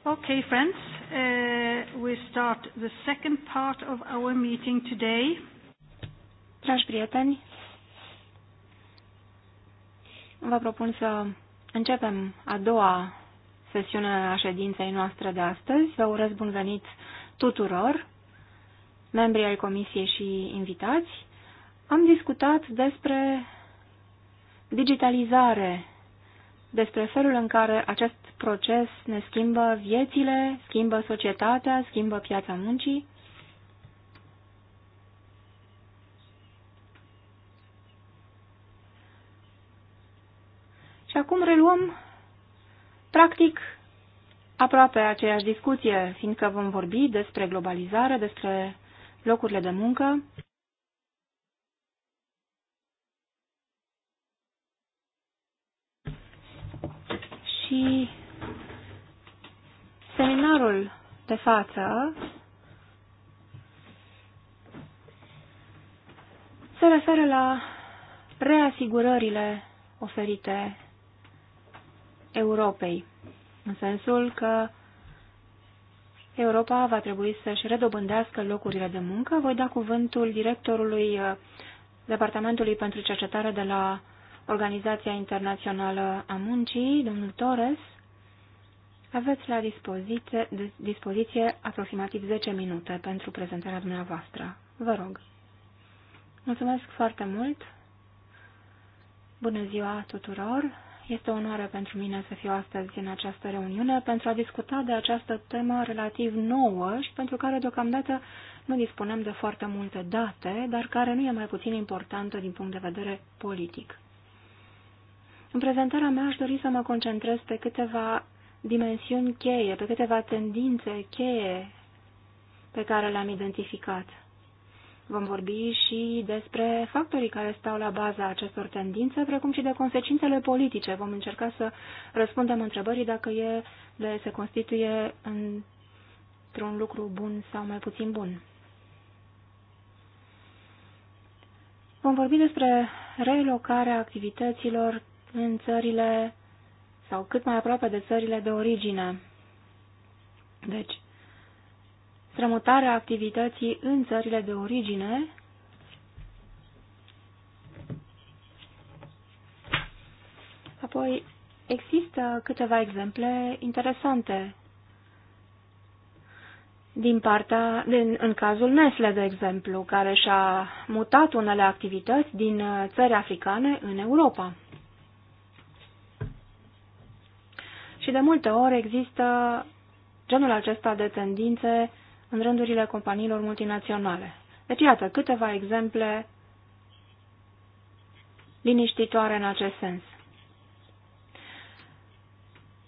Okay, friends, uh, we start the second part of our meeting today. Dragi prieteni, vă propun să începem a doua sesiune a ședinței noastre de astăzi. Vă urez bun venit tuturor, membrii ai comisiei și invitați. Am discutat despre digitalizare despre felul în care acest proces ne schimbă viețile, schimbă societatea, schimbă piața muncii. Și acum reluăm, practic, aproape aceeași discuție, fiindcă vom vorbi despre globalizare, despre locurile de muncă. și seminarul de față se referă la reasigurările oferite Europei, în sensul că Europa va trebui să-și redobândească locurile de muncă. Voi da cuvântul directorului uh, Departamentului pentru Cercetare de la Organizația Internațională a Muncii, domnul Torres, aveți la dispoziție, dispoziție aproximativ 10 minute pentru prezentarea dumneavoastră. Vă rog. Mulțumesc foarte mult. Bună ziua tuturor. Este o onoare pentru mine să fiu astăzi în această reuniune pentru a discuta de această temă relativ nouă și pentru care deocamdată nu dispunem de foarte multe date, dar care nu e mai puțin importantă din punct de vedere politic. În prezentarea mea aș dori să mă concentrez pe câteva dimensiuni cheie, pe câteva tendințe cheie pe care le-am identificat. Vom vorbi și despre factorii care stau la baza acestor tendințe, precum și de consecințele politice. Vom încerca să răspundem întrebării dacă ele se constituie într-un lucru bun sau mai puțin bun. Vom vorbi despre relocarea activităților în țările sau cât mai aproape de țările de origine. Deci, strămutarea activității în țările de origine Apoi, există câteva exemple interesante din partea, din, în cazul Nestle, de exemplu, care și-a mutat unele activități din uh, țări africane în Europa. și de multe ori există genul acesta de tendințe în rândurile companiilor multinaționale. Deci, iată, câteva exemple liniștitoare în acest sens.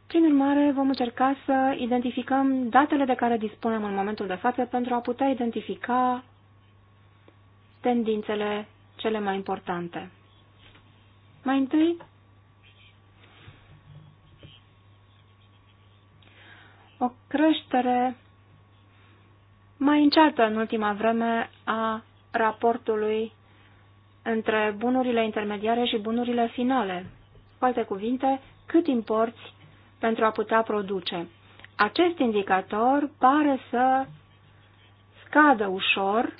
Prin urmare, vom încerca să identificăm datele de care dispunem în momentul de față pentru a putea identifica tendințele cele mai importante. Mai întâi, o creștere mai înceată în ultima vreme a raportului între bunurile intermediare și bunurile finale. Cu alte cuvinte, cât importi pentru a putea produce. Acest indicator pare să scadă ușor,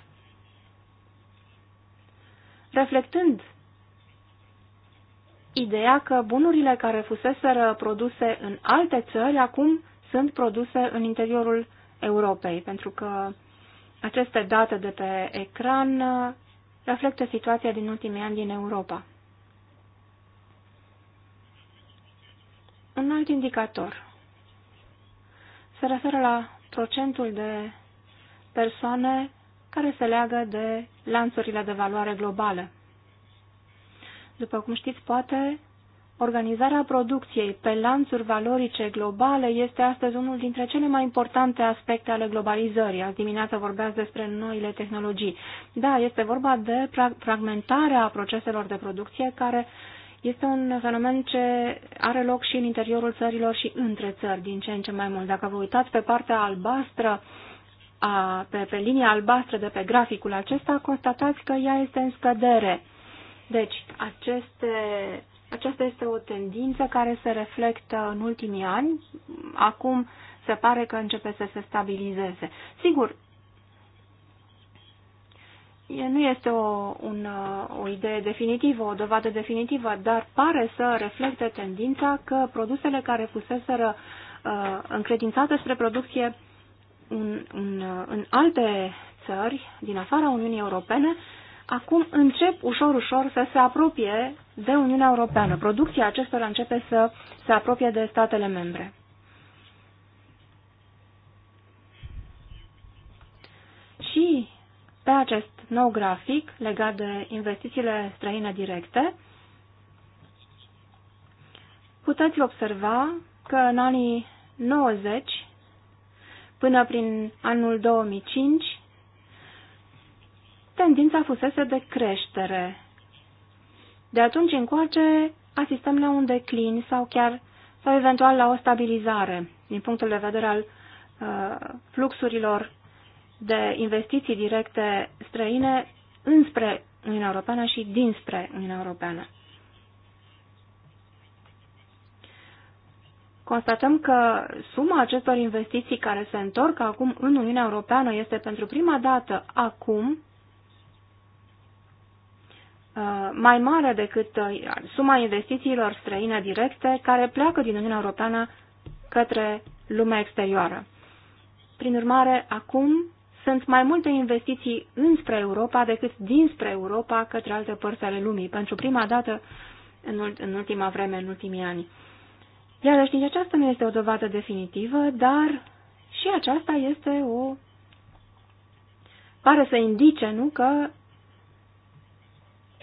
reflectând ideea că bunurile care fuseseră produse în alte țări acum sunt produse în interiorul Europei, pentru că aceste date de pe ecran uh, reflectă situația din ultimii ani din Europa. Un alt indicator se referă la procentul de persoane care se leagă de lanțurile de valoare globale. După cum știți, poate, Organizarea producției pe lanțuri valorice globale este astăzi unul dintre cele mai importante aspecte ale globalizării. Azi dimineață vorbeați despre noile tehnologii. Da, este vorba de fragmentarea proceselor de producție care este un fenomen ce are loc și în interiorul țărilor și între țări, din ce în ce mai mult. Dacă vă uitați pe partea albastră, a, pe, pe linia albastră de pe graficul acesta, constatați că ea este în scădere. Deci, aceste aceasta este o tendință care se reflectă în ultimii ani. Acum se pare că începe să se stabilizeze. Sigur, nu este o, un, o idee definitivă, o dovadă definitivă, dar pare să reflecte tendința că produsele care fuseseră uh, încredințate spre producție în, în, în alte țări din afara Uniunii Europene acum încep ușor, ușor să se apropie de Uniunea Europeană. Producția acestora începe să se apropie de statele membre. Și pe acest nou grafic legat de investițiile străine directe, puteți observa că în anii 90 până prin anul 2005 tendința fusese de creștere. De atunci încoace asistăm la un declin sau chiar sau eventual la o stabilizare din punctul de vedere al uh, fluxurilor de investiții directe străine înspre Uniunea Europeană și dinspre Uniunea Europeană. Constatăm că suma acestor investiții care se întorc acum în Uniunea Europeană este pentru prima dată acum Uh, mai mare decât uh, suma investițiilor străine directe care pleacă din Uniunea Europeană către lumea exterioară. Prin urmare, acum sunt mai multe investiții înspre Europa decât dinspre Europa către alte părți ale lumii, pentru prima dată în, ultima vreme, în ultimii ani. Iar nici aceasta nu este o dovadă definitivă, dar și aceasta este o... pare să indice, nu, că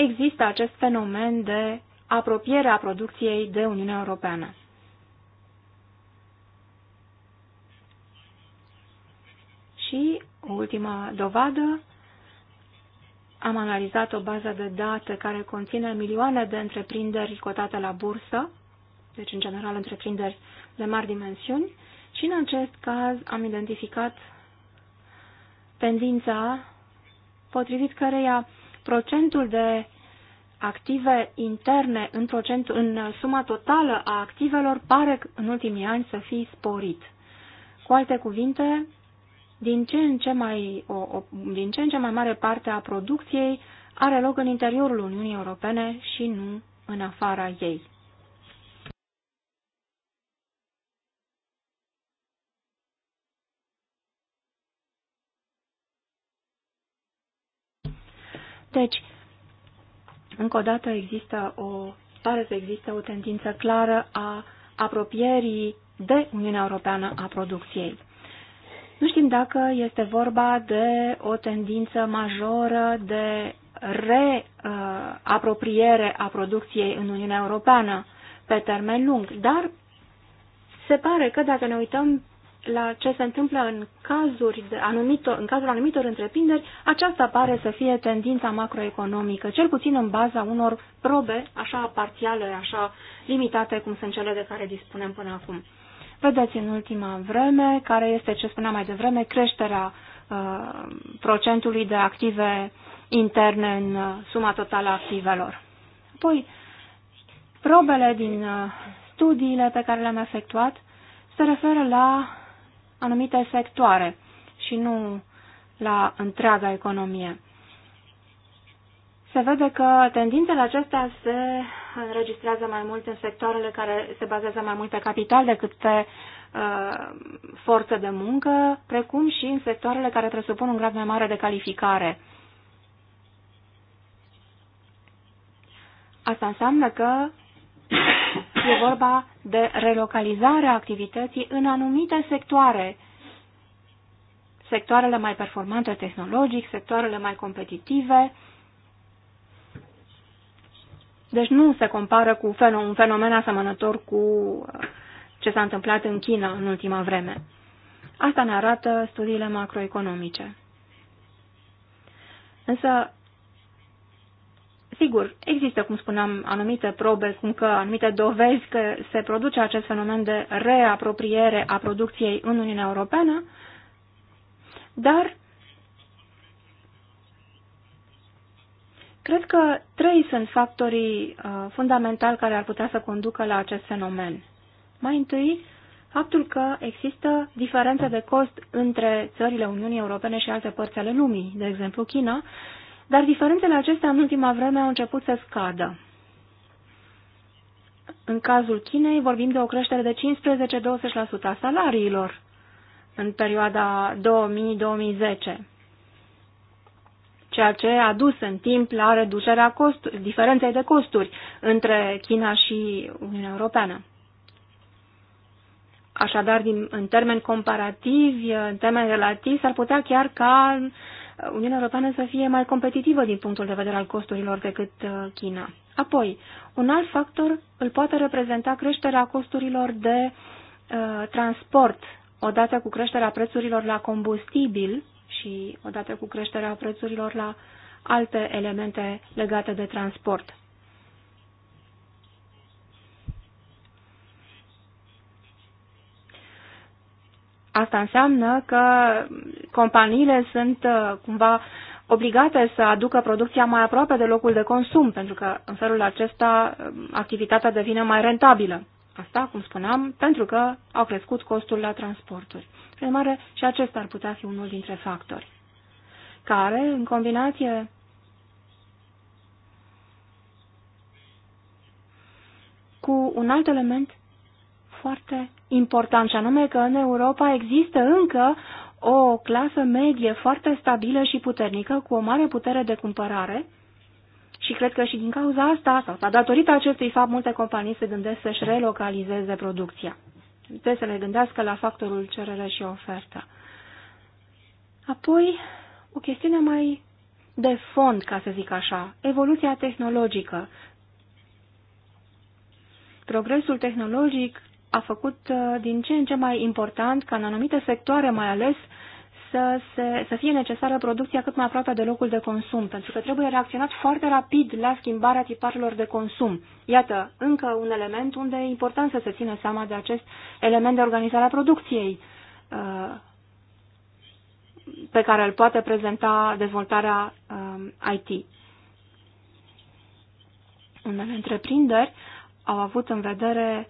există acest fenomen de apropiere a producției de Uniunea Europeană. Și ultima dovadă, am analizat o bază de date care conține milioane de întreprinderi cotate la bursă, deci în general întreprinderi de mari dimensiuni, și în acest caz am identificat tendința potrivit căreia procentul de active interne în, procent, în suma totală a activelor pare în ultimii ani să fi sporit. Cu alte cuvinte, din ce în ce mai, o, o, din ce în ce mai mare parte a producției are loc în interiorul Uniunii Europene și nu în afara ei. Deci, încă o dată există o, pare să există o tendință clară a apropierii de Uniunea Europeană a producției. Nu știm dacă este vorba de o tendință majoră de reapropiere a producției în Uniunea Europeană pe termen lung, dar se pare că dacă ne uităm la ce se întâmplă în, cazuri de anumitor, în cazul anumitor întreprinderi, aceasta pare să fie tendința macroeconomică, cel puțin în baza unor probe așa parțiale, așa limitate cum sunt cele de care dispunem până acum. Vedeți în ultima vreme, care este ce spuneam mai devreme, creșterea uh, procentului de active interne în uh, suma totală a activelor. Apoi, probele din uh, studiile pe care le-am efectuat se referă la anumite sectoare și nu la întreaga economie. Se vede că tendințele acestea se înregistrează mai mult în sectoarele care se bazează mai mult pe capital decât pe uh, forță de muncă, precum și în sectoarele care presupun un grad mai mare de calificare. Asta înseamnă că E vorba de relocalizarea activității în anumite sectoare, sectoarele mai performante tehnologic, sectoarele mai competitive. Deci nu se compară cu un fenomen asemănător cu uh, ce s-a întâmplat în China în ultima vreme. Asta ne arată studiile macroeconomice. Însă Sigur, există, cum spuneam, anumite probe, cum că anumite dovezi că se produce acest fenomen de reapropiere a producției în Uniunea Europeană, dar cred că trei sunt factorii uh, fundamentali care ar putea să conducă la acest fenomen. Mai întâi, faptul că există diferențe de cost între țările Uniunii Europene și alte părți ale lumii, de exemplu China, dar diferențele acestea în ultima vreme au început să scadă. În cazul Chinei vorbim de o creștere de 15-20% a salariilor în perioada 2000-2010, ceea ce a dus în timp la reducerea costuri, diferenței de costuri între China și Uniunea Europeană. Așadar, din, în termeni comparativi, în termeni relativi, s-ar putea chiar ca Uniunea Europeană să fie mai competitivă din punctul de vedere al costurilor decât uh, China. Apoi, un alt factor îl poate reprezenta creșterea costurilor de uh, transport odată cu creșterea prețurilor la combustibil și odată cu creșterea prețurilor la alte elemente legate de transport. Asta înseamnă că companiile sunt uh, cumva obligate să aducă producția mai aproape de locul de consum, pentru că în felul acesta um, activitatea devine mai rentabilă. Asta, cum spuneam, pentru că au crescut costul la transporturi. Prin mare, și acesta ar putea fi unul dintre factori, care, în combinație cu un alt element foarte important, și anume că în Europa există încă o clasă medie foarte stabilă și puternică, cu o mare putere de cumpărare. Și cred că și din cauza asta, sau, datorită acestui fapt, multe companii se gândesc să-și relocalizeze producția. Trebuie să le gândească la factorul cerere și ofertă. Apoi, o chestiune mai de fond, ca să zic așa, evoluția tehnologică. Progresul tehnologic a făcut uh, din ce în ce mai important ca în anumite sectoare mai ales să, se, să fie necesară producția cât mai aproape de locul de consum, pentru că trebuie reacționat foarte rapid la schimbarea tiparilor de consum. Iată, încă un element unde e important să se țină seama de acest element de organizare a producției uh, pe care îl poate prezenta dezvoltarea uh, IT. Unele întreprinderi au avut în vedere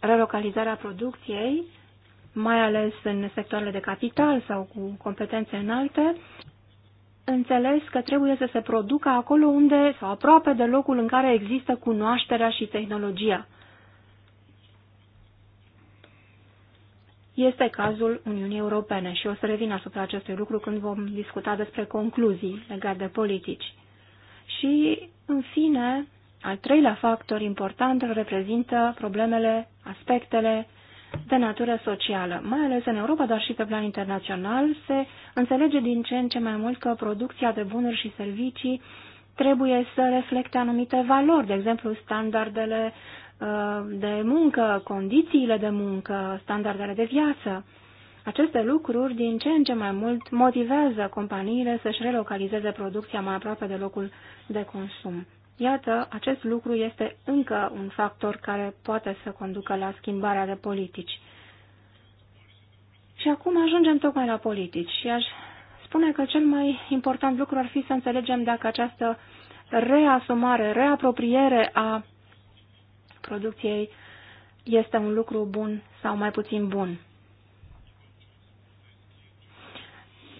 relocalizarea producției, mai ales în sectoarele de capital sau cu competențe înalte, înțeles că trebuie să se producă acolo unde sau aproape de locul în care există cunoașterea și tehnologia. Este cazul Uniunii Europene și o să revin asupra acestui lucru când vom discuta despre concluzii legate de politici. Și, în fine, al treilea factor important îl reprezintă problemele, aspectele de natură socială. Mai ales în Europa, dar și pe plan internațional, se înțelege din ce în ce mai mult că producția de bunuri și servicii trebuie să reflecte anumite valori, de exemplu standardele uh, de muncă, condițiile de muncă, standardele de viață. Aceste lucruri din ce în ce mai mult motivează companiile să-și relocalizeze producția mai aproape de locul de consum. Iată, acest lucru este încă un factor care poate să conducă la schimbarea de politici. Și acum ajungem tocmai la politici și aș spune că cel mai important lucru ar fi să înțelegem dacă această reasumare, reapropriere a producției este un lucru bun sau mai puțin bun.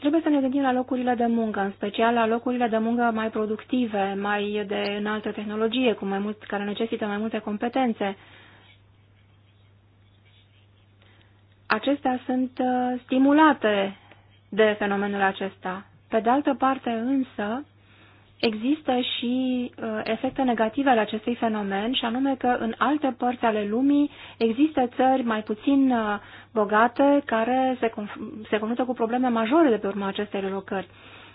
Trebuie să ne gândim la locurile de muncă, în special la locurile de muncă mai productive, mai de înaltă tehnologie, cu mai mult, care necesită mai multe competențe. Acestea sunt uh, stimulate de fenomenul acesta. Pe de altă parte, însă, există și uh, efecte negative ale acestui fenomen, și anume că în alte părți ale lumii există țări mai puțin uh, bogate care se, conf- se confruntă cu probleme majore de pe urma acestei relocări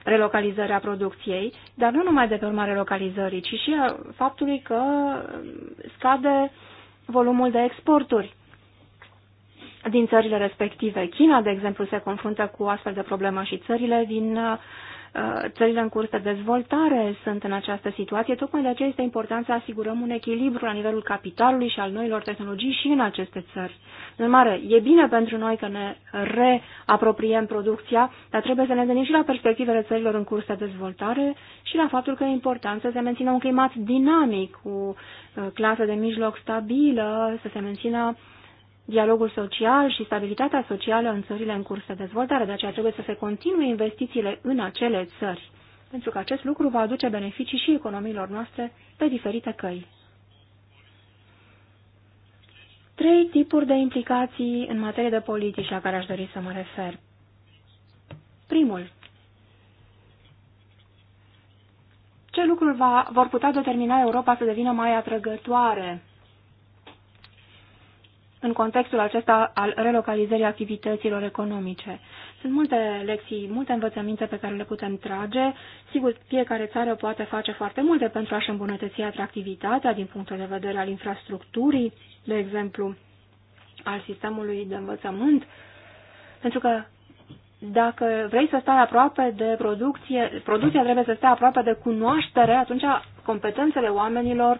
relocalizarea producției, dar nu numai de pe urma relocalizării, ci și a faptului că uh, scade volumul de exporturi din țările respective. China, de exemplu, se confruntă cu astfel de problemă și țările din Uh, țările în curs de dezvoltare sunt în această situație. Tocmai de aceea este important să asigurăm un echilibru la nivelul capitalului și al noilor tehnologii și în aceste țări. În mare, e bine pentru noi că ne reapropiem producția, dar trebuie să ne gândim și la perspectivele țărilor în curs de dezvoltare și la faptul că e important să se mențină un climat dinamic, cu uh, clasă de mijloc stabilă, să se mențină dialogul social și stabilitatea socială în țările în curs de dezvoltare, de aceea trebuie să se continue investițiile în acele țări, pentru că acest lucru va aduce beneficii și economiilor noastre pe diferite căi. Trei tipuri de implicații în materie de politici la care aș dori să mă refer. Primul. Ce lucruri va, vor putea determina Europa să devină mai atrăgătoare în contextul acesta al relocalizării activităților economice. Sunt multe lecții, multe învățăminte pe care le putem trage. Sigur, fiecare țară poate face foarte multe pentru a-și îmbunătăți atractivitatea din punctul de vedere al infrastructurii, de exemplu, al sistemului de învățământ, pentru că dacă vrei să stai aproape de producție, producția trebuie să stea aproape de cunoaștere, atunci competențele oamenilor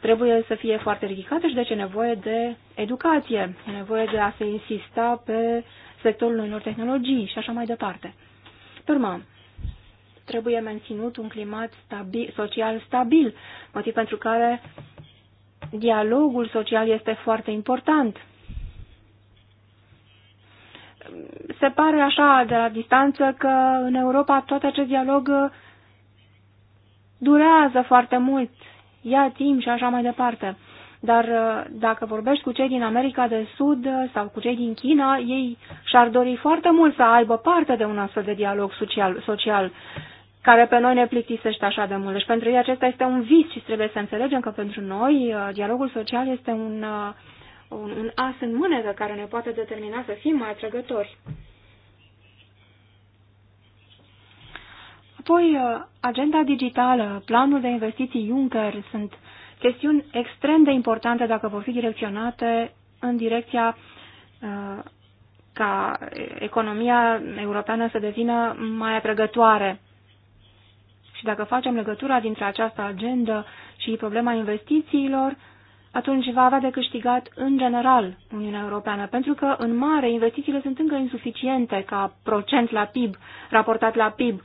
trebuie să fie foarte ridicată și deci e nevoie de educație, e nevoie de a se insista pe sectorul noilor tehnologii și așa mai departe. Pe urmă, trebuie menținut un climat stabil, social stabil, motiv pentru care dialogul social este foarte important. Se pare așa de la distanță că în Europa tot acest dialog durează foarte mult ia timp și așa mai departe. Dar uh, dacă vorbești cu cei din America de Sud uh, sau cu cei din China, ei și-ar dori foarte mult să aibă parte de un astfel de dialog social, social care pe noi ne plictisește așa de mult. Deci pentru ei acesta este un vis și trebuie să înțelegem că pentru noi uh, dialogul social este un, un, un as în mână care ne poate determina să fim mai atrăgători. Apoi, uh, agenda digitală, planul de investiții Juncker sunt chestiuni extrem de importante dacă vor fi direcționate în direcția uh, ca economia europeană să devină mai pregătoare. Și dacă facem legătura dintre această agendă și problema investițiilor, atunci va avea de câștigat în general Uniunea Europeană, pentru că în mare investițiile sunt încă insuficiente ca procent la PIB, raportat la PIB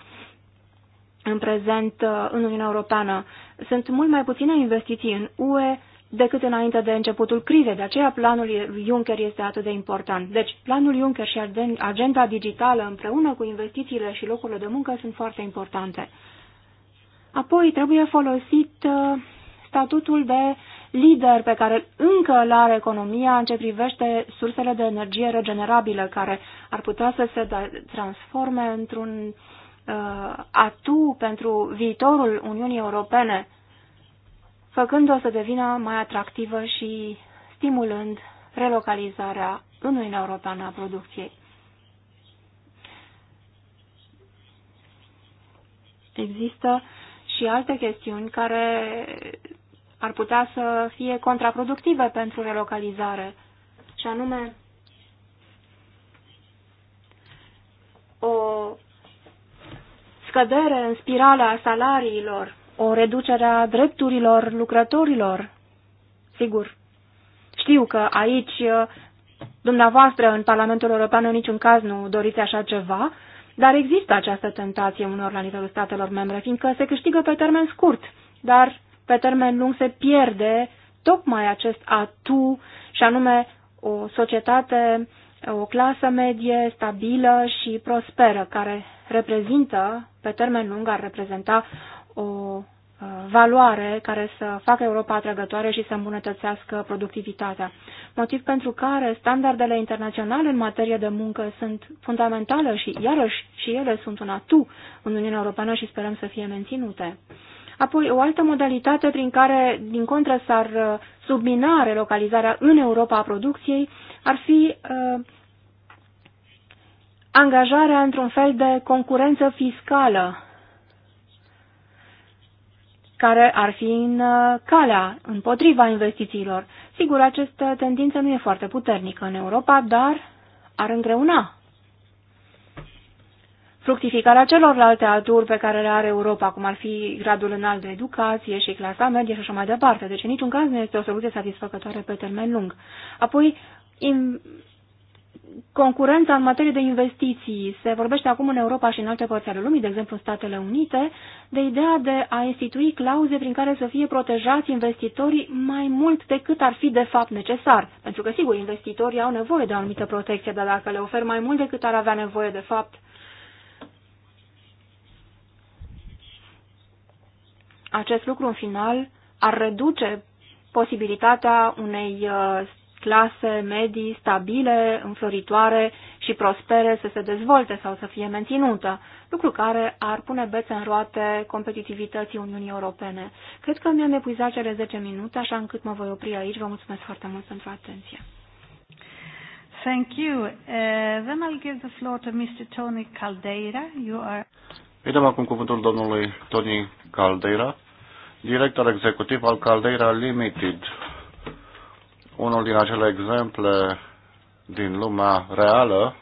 în prezent uh, în Uniunea Europeană. Sunt mult mai puține investiții în UE decât înainte de începutul crizei. De aceea planul Juncker este atât de important. Deci planul Juncker și agenda digitală împreună cu investițiile și locurile de muncă sunt foarte importante. Apoi trebuie folosit uh, statutul de lider pe care încă îl are economia în ce privește sursele de energie regenerabilă care ar putea să se transforme într-un uh, Uh, atu pentru viitorul Uniunii Europene, făcând-o să devină mai atractivă și stimulând relocalizarea în Uniunea Europeană a producției. Există și alte chestiuni care ar putea să fie contraproductive pentru relocalizare, și anume o scădere în spirală a salariilor, o reducere a drepturilor lucrătorilor. Sigur, știu că aici uh, dumneavoastră în Parlamentul European în niciun caz nu doriți așa ceva, dar există această tentație unor la nivelul statelor membre, fiindcă se câștigă pe termen scurt, dar pe termen lung se pierde tocmai acest atu, și anume o societate, o clasă medie stabilă și prosperă, care reprezintă, pe termen lung, ar reprezenta o uh, valoare care să facă Europa atrăgătoare și să îmbunătățească productivitatea. Motiv pentru care standardele internaționale în materie de muncă sunt fundamentale și, iarăși, și ele sunt un atu în Uniunea Europeană și sperăm să fie menținute. Apoi, o altă modalitate prin care, din contră, s-ar uh, submina relocalizarea în Europa a producției ar fi uh, angajarea într-un fel de concurență fiscală care ar fi în uh, calea împotriva investițiilor. Sigur, această tendință nu e foarte puternică în Europa, dar ar îngreuna fructificarea celorlalte alturi pe care le are Europa, cum ar fi gradul înalt de educație și clasa medie și așa mai departe. Deci în niciun caz nu este o soluție satisfăcătoare pe termen lung. Apoi, concurența în materie de investiții. Se vorbește acum în Europa și în alte părți ale lumii, de exemplu în Statele Unite, de ideea de a institui clauze prin care să fie protejați investitorii mai mult decât ar fi de fapt necesar. Pentru că, sigur, investitorii au nevoie de o anumită protecție, dar dacă le ofer mai mult decât ar avea nevoie de fapt, acest lucru în final ar reduce posibilitatea unei uh, clase medii stabile, înfloritoare și prospere să se dezvolte sau să fie menținută, lucru care ar pune bețe în roate competitivității Uniunii Europene. Cred că mi-am epuizat cele 10 minute, așa încât mă voi opri aici. Vă mulțumesc foarte mult pentru atenție. Thank you. Uh, then I'll give the floor to Mr. Tony Caldeira. You are... Îi dăm acum cuvântul domnului Tony Caldeira, director executiv al Caldeira Limited, unul din acele exemple din lumea reală.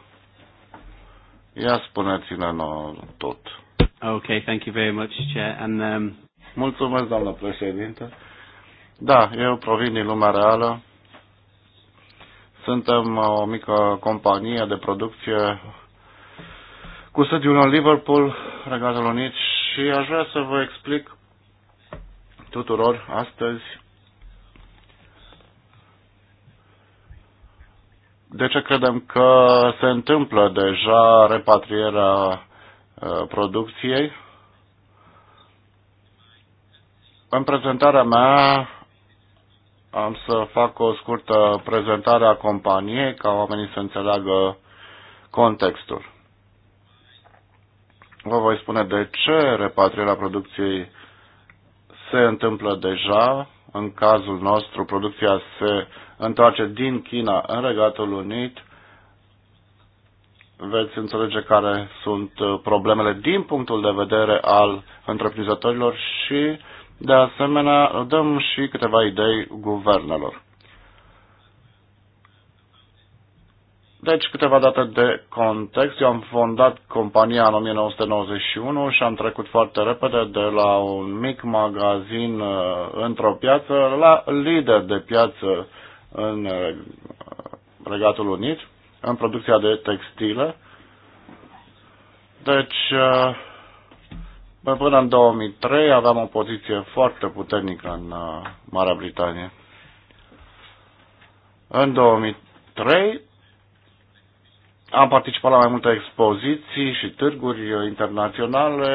Ia spuneți-ne tot. Okay, thank you very much, Chair. And, um... Mulțumesc, doamnă președinte. Da, eu provin din lumea reală. Suntem o mică companie de producție cu sediul în Liverpool, Regatul Unit și aș vrea să vă explic tuturor astăzi de ce credem că se întâmplă deja repatrierea ă, producției? În prezentarea mea am să fac o scurtă prezentare a companiei ca oamenii să înțeleagă contextul. Vă voi spune de ce repatrierea producției se întâmplă deja. În cazul nostru, producția se întoarce din China în Regatul Unit, veți înțelege care sunt uh, problemele din punctul de vedere al întreprinzătorilor și, de asemenea, dăm și câteva idei guvernelor. Deci, câteva date de context. Eu am fondat compania în 1991 și am trecut foarte repede de la un mic magazin uh, într-o piață la lider de piață în uh, Regatul Unit, în producția de textile. Deci, uh, până în 2003 aveam o poziție foarte puternică în uh, Marea Britanie. În 2003 am participat la mai multe expoziții și târguri internaționale.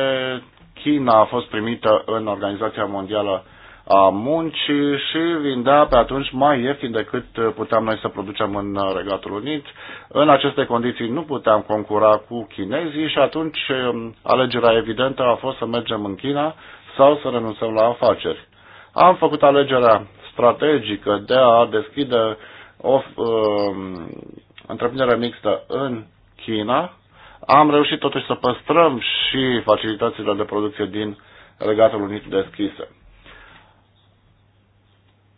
China a fost primită în Organizația Mondială a muncii și vindea pe atunci mai ieftin decât puteam noi să producem în Regatul Unit. În aceste condiții nu puteam concura cu chinezii și atunci um, alegerea evidentă a fost să mergem în China sau să renunțăm la afaceri. Am făcut alegerea strategică de a deschide o uh, întreprindere mixtă în China. Am reușit totuși să păstrăm și facilitățile de producție din Regatul Unit deschise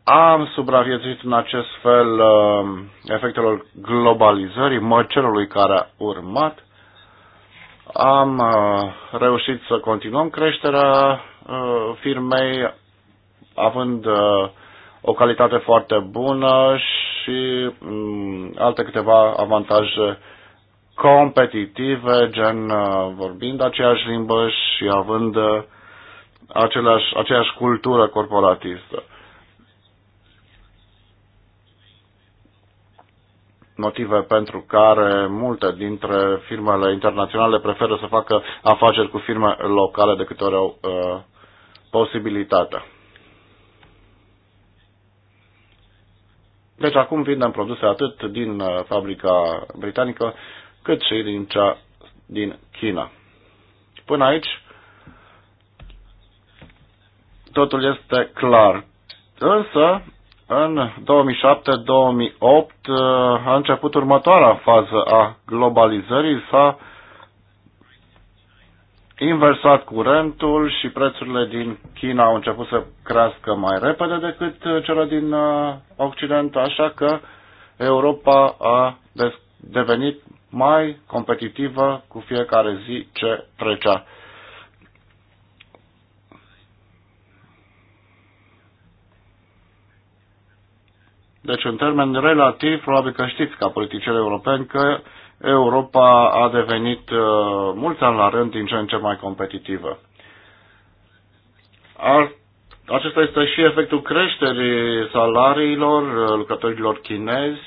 am supraviețuit în acest fel uh, efectelor globalizării, măcelului care a urmat. Am uh, reușit să continuăm creșterea uh, firmei având o calitate foarte bună și mm, alte câteva avantaje competitive, gen vorbind aceeași limbă și având aceleași, aceeași cultură corporatistă. motive pentru care multe dintre firmele internaționale preferă să facă afaceri cu firme locale de câte ori au uh, posibilitatea. Deci acum vindem produse atât din uh, fabrica britanică cât și din cea din China. Până aici totul este clar. Însă în 2007-2008 uh, a început următoarea fază a globalizării, s-a inversat curentul și prețurile din China au început să crească mai repede decât uh, cele din uh, Occident, așa că Europa a devenit mai competitivă cu fiecare zi ce trecea. Deci, în termen relativ, probabil că știți ca politicieni europeni că Europa a devenit uh, mulți ani la rând din ce în ce mai competitivă. Ar, acesta este și efectul creșterii salariilor uh, lucrătorilor chinezi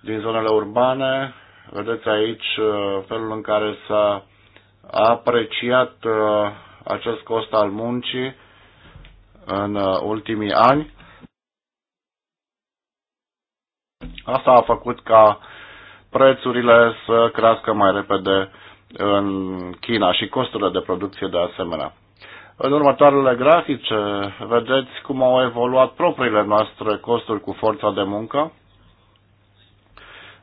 din zonele urbane. Vedeți aici uh, felul în care s-a apreciat acest cost al muncii în ultimii ani. Asta a făcut ca prețurile să crească mai repede în China și costurile de producție de asemenea. În următoarele grafice vedeți cum au evoluat propriile noastre costuri cu forța de muncă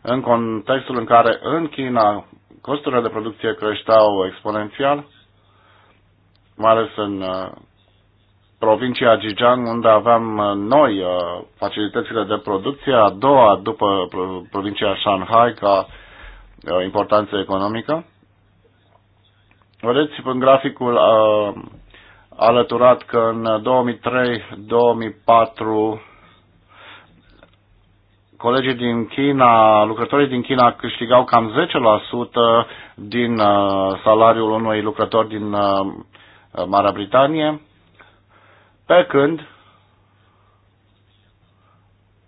în contextul în care în China costurile de producție creșteau exponențial, mai ales în uh, provincia Zhejiang, unde aveam uh, noi uh, facilitățile de producție, a doua după provincia Shanghai ca uh, importanță economică. Vedeți în graficul alăturat că în 2003-2004 colegii din China, lucrătorii din China câștigau cam 10% din salariul unui lucrător din Marea Britanie. Pe când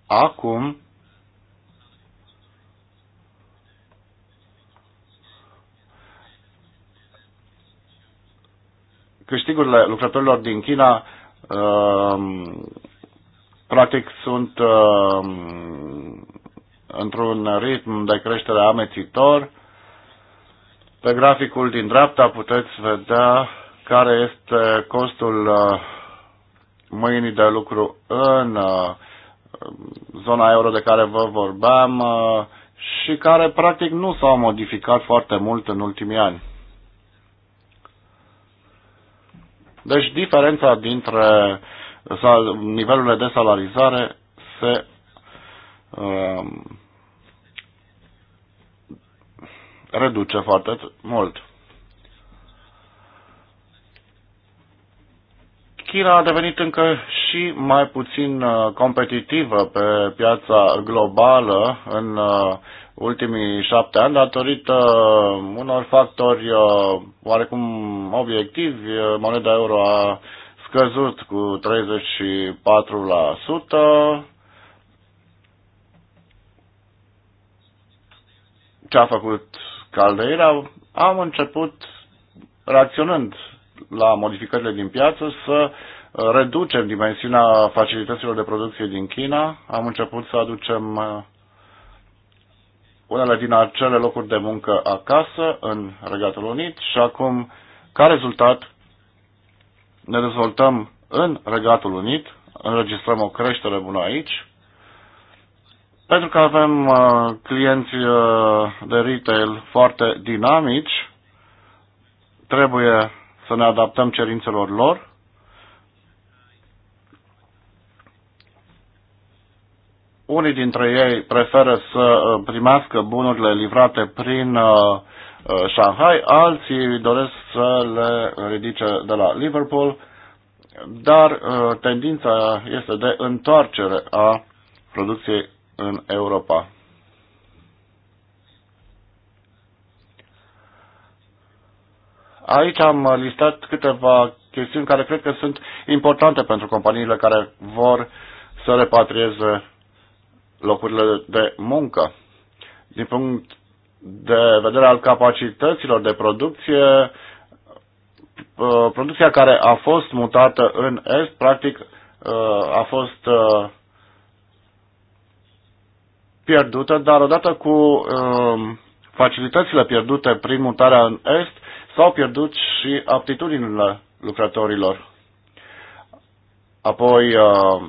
acum câștigurile lucrătorilor din China uh, practic sunt uh, într-un ritm de creștere amețitor. Pe graficul din dreapta puteți vedea care este costul uh, mâinii de lucru în uh, zona euro de care vă vorbeam uh, și care practic nu s-au modificat foarte mult în ultimii ani. Deci diferența dintre nivelurile de salarizare se um, reduce foarte mult. China a devenit încă și mai puțin uh, competitivă pe piața globală în uh, ultimii șapte ani datorită uh, unor factori oarecum obiectivi. Moneda euro a scăzut cu 34%. Ce a făcut caldeirea? Am început reacționând la modificările din piață, să uh, reducem dimensiunea facilităților de producție din China. Am început să aducem uh, unele din acele locuri de muncă acasă, în Regatul Unit, și acum, ca rezultat, ne dezvoltăm în Regatul Unit, înregistrăm o creștere bună aici, pentru că avem uh, clienți de retail foarte dinamici, trebuie să ne adaptăm cerințelor lor. Unii dintre ei preferă să uh, primească bunurile livrate prin uh, uh, Shanghai, alții doresc să le ridice de la Liverpool, dar tendința este de întoarcere a producției în Europa. Aici am listat câteva chestiuni care cred că sunt importante pentru companiile care vor să repatrieze locurile de muncă. Din punct de vedere al capacităților de producție, uh, producția care a fost mutată în Est, practic, uh, a fost uh, pierdută, dar odată cu facilitățile pierdute prin mutarea în Est, S-au pierdut și aptitudinile lucrătorilor. Apoi, uh,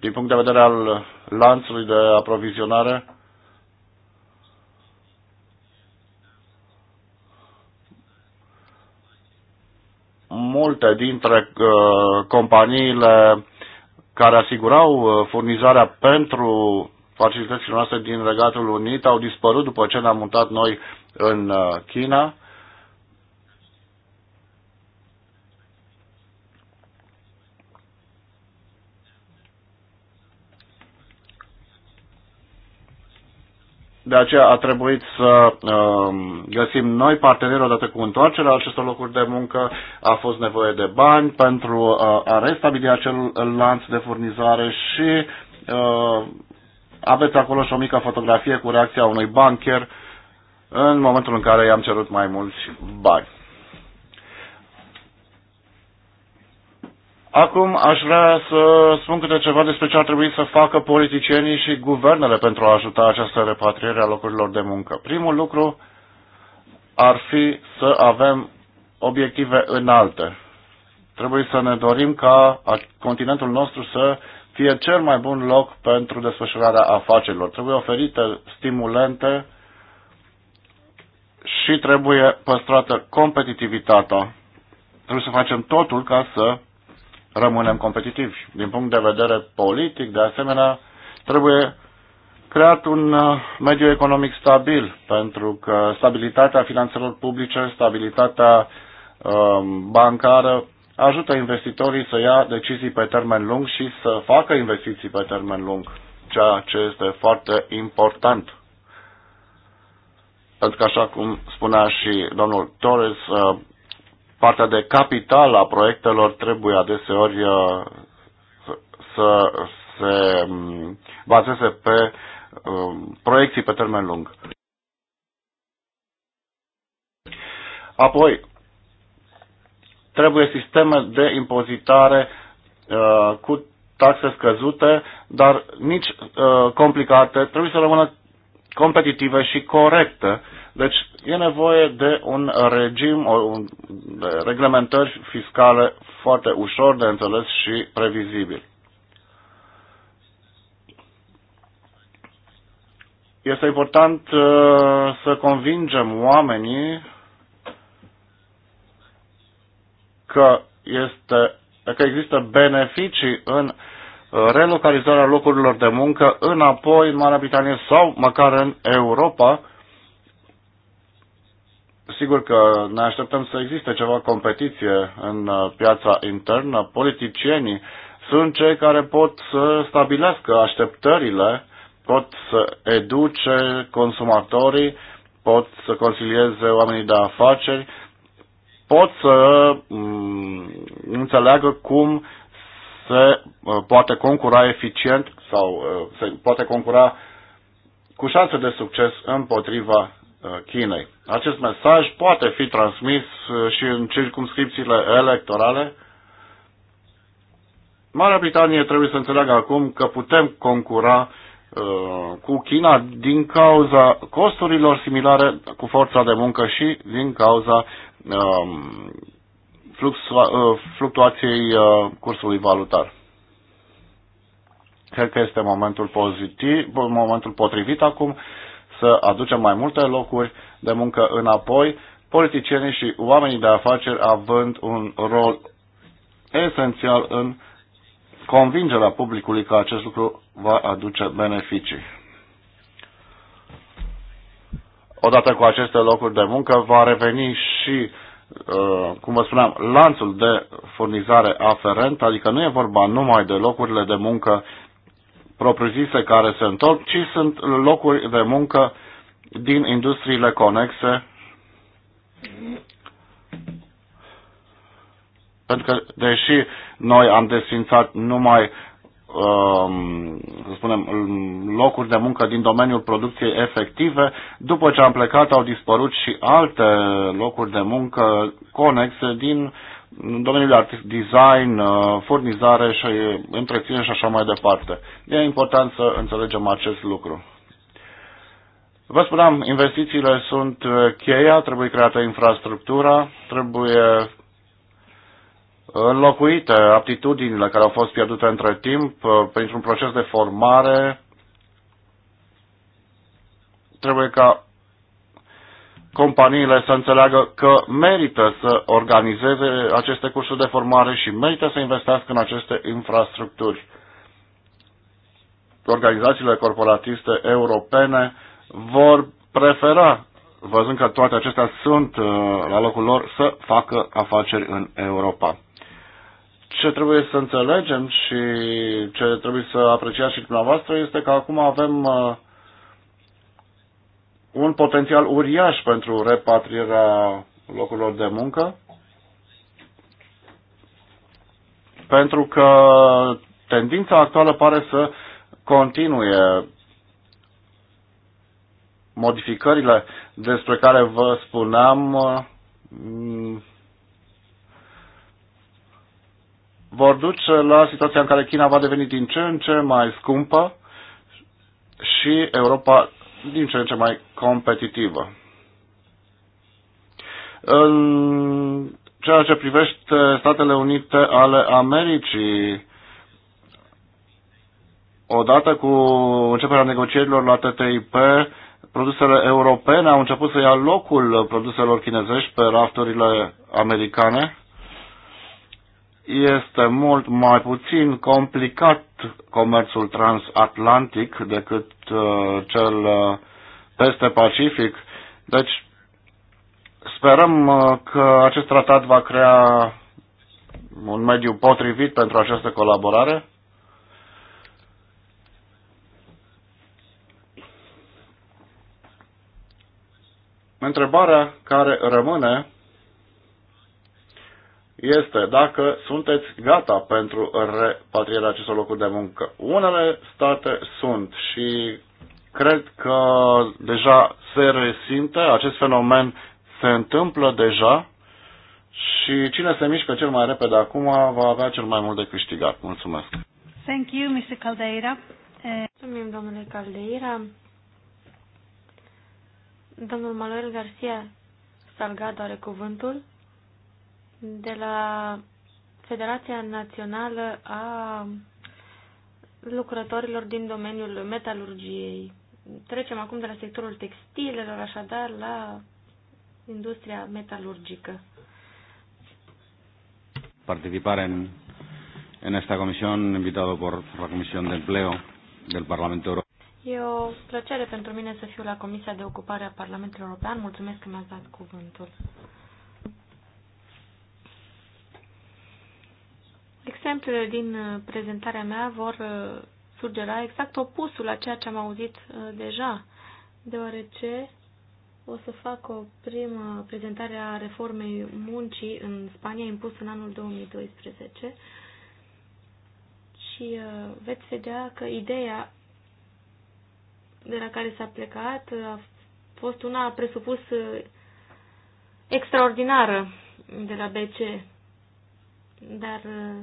din punct de vedere al lanțului de aprovizionare, multe dintre uh, companiile care asigurau uh, furnizarea pentru facilitățile noastre din Regatul Unit au dispărut după ce ne-am mutat noi în China De aceea a trebuit să um, găsim noi parteneri odată cu întoarcerea acestor locuri de muncă. A fost nevoie de bani pentru uh, a restabili acel lanț de furnizare și uh, aveți acolo și o mică fotografie cu reacția unui bancher în momentul în care i-am cerut mai mulți bani. Acum aș vrea să spun câte ceva despre ce ar trebui să facă politicienii și guvernele pentru a ajuta această repatriere a locurilor de muncă. Primul lucru ar fi să avem obiective înalte. Trebuie să ne dorim ca continentul nostru să fie cel mai bun loc pentru desfășurarea afacerilor. Trebuie oferite stimulente și trebuie păstrată competitivitatea. Trebuie să facem totul ca să rămânem competitivi. Din punct de vedere politic, de asemenea, trebuie creat un uh, mediu economic stabil, pentru că stabilitatea finanțelor publice, stabilitatea um, bancară ajută investitorii să ia decizii pe termen lung și să facă investiții pe termen lung, ceea ce este foarte important. Pentru că, așa cum spunea și domnul Torres, uh, partea de capital a proiectelor trebuie adeseori uh, să se mm, bazeze pe um, proiecții pe termen lung. Apoi, trebuie sisteme de impozitare uh, cu taxe scăzute, dar nici uh, complicate, trebuie să rămână competitive și corecte deci e nevoie de un regim, o, de reglementări fiscale foarte ușor de înțeles și previzibil. Este important uh, să convingem oamenii că, este, că există beneficii în uh, relocalizarea locurilor de muncă înapoi în Marea Britanie sau măcar în Europa, Sigur că ne așteptăm să existe ceva competiție în uh, piața internă. Politicienii sunt cei care pot să stabilească așteptările, pot să educe consumatorii, pot să consilieze oamenii de afaceri, pot să mm, înțeleagă cum se uh, poate concura eficient sau uh, se poate concura cu șanse de succes împotriva Uh, Chinei. Acest mesaj poate fi transmis uh, și în circumscripțiile electorale. Marea Britanie trebuie să înțeleagă acum că putem concura uh, cu China din cauza costurilor similare cu forța de muncă și din cauza um, fluctuației cursului valutar. Cred că este momentul, pozitiv, momentul potrivit acum să aducem mai multe locuri de muncă înapoi, politicienii și oamenii de afaceri având un rol esențial în convingerea publicului că acest lucru va aduce beneficii. Odată cu aceste locuri de muncă va reveni și, uh, cum vă spuneam, lanțul de furnizare aferent, adică nu e vorba numai de locurile de muncă propriu-zise care se întorc, ci sunt locuri de muncă din industriile conexe, pentru că deși noi am desfințat numai um, să spunem, locuri de muncă din domeniul producției efective. După ce am plecat au dispărut și alte locuri de muncă conexe din în domeniul artist design, uh, furnizare și uh, întreținere și așa mai departe. E important să înțelegem acest lucru. Vă spuneam, investițiile sunt uh, cheia, trebuie creată infrastructura, trebuie înlocuite aptitudinile care au fost pierdute între timp printr-un proces de formare. Trebuie ca companiile să înțeleagă că merită să organizeze aceste cursuri de formare și merită să investească în aceste infrastructuri. Organizațiile corporatiste europene vor prefera, văzând că toate acestea sunt uh, la locul lor, să facă afaceri în Europa. Ce trebuie să înțelegem și ce trebuie să apreciați și dumneavoastră este că acum avem uh, un potențial uriaș pentru repatrierea locurilor de muncă, pentru că tendința actuală pare să continue modificările despre care vă spuneam mm, vor duce la situația în care China va deveni din ce în ce mai scumpă și Europa din ce în ce mai competitivă. În ceea ce privește Statele Unite ale Americii, odată cu începerea negocierilor la TTIP, produsele europene au început să ia locul produselor chinezești pe rafturile americane este mult mai puțin complicat comerțul transatlantic decât uh, cel uh, peste Pacific. Deci sperăm uh, că acest tratat va crea un mediu potrivit pentru această colaborare. Întrebarea care rămâne este dacă sunteți gata pentru repatrierea acestor locuri de muncă. Unele state sunt și cred că deja se resimte, acest fenomen se întâmplă deja și cine se mișcă cel mai repede acum va avea cel mai mult de câștigat. Mulțumesc! Thank you, Mr. Caldeira. Eh, Mulțumim, domnule Caldeira. Domnul Manuel Garcia Salgado are cuvântul de la Federația Națională a lucrătorilor din domeniul metalurgiei. Trecem acum de la sectorul textilelor, așadar, la industria metalurgică. Participar în în această comisiune, invitat por la Comisión de Empleo del Parlamento Europeo. E o plăcere pentru mine să fiu la Comisia de Ocupare a Parlamentului European. Mulțumesc că mi-ați dat cuvântul. Exemplele din uh, prezentarea mea vor uh, sugera exact opusul a ceea ce am auzit uh, deja, deoarece o să fac o primă prezentare a reformei muncii în Spania impusă în anul 2012 și veți vedea că ideea de la care s-a plecat a fost una presupus extraordinară de la BC dar uh,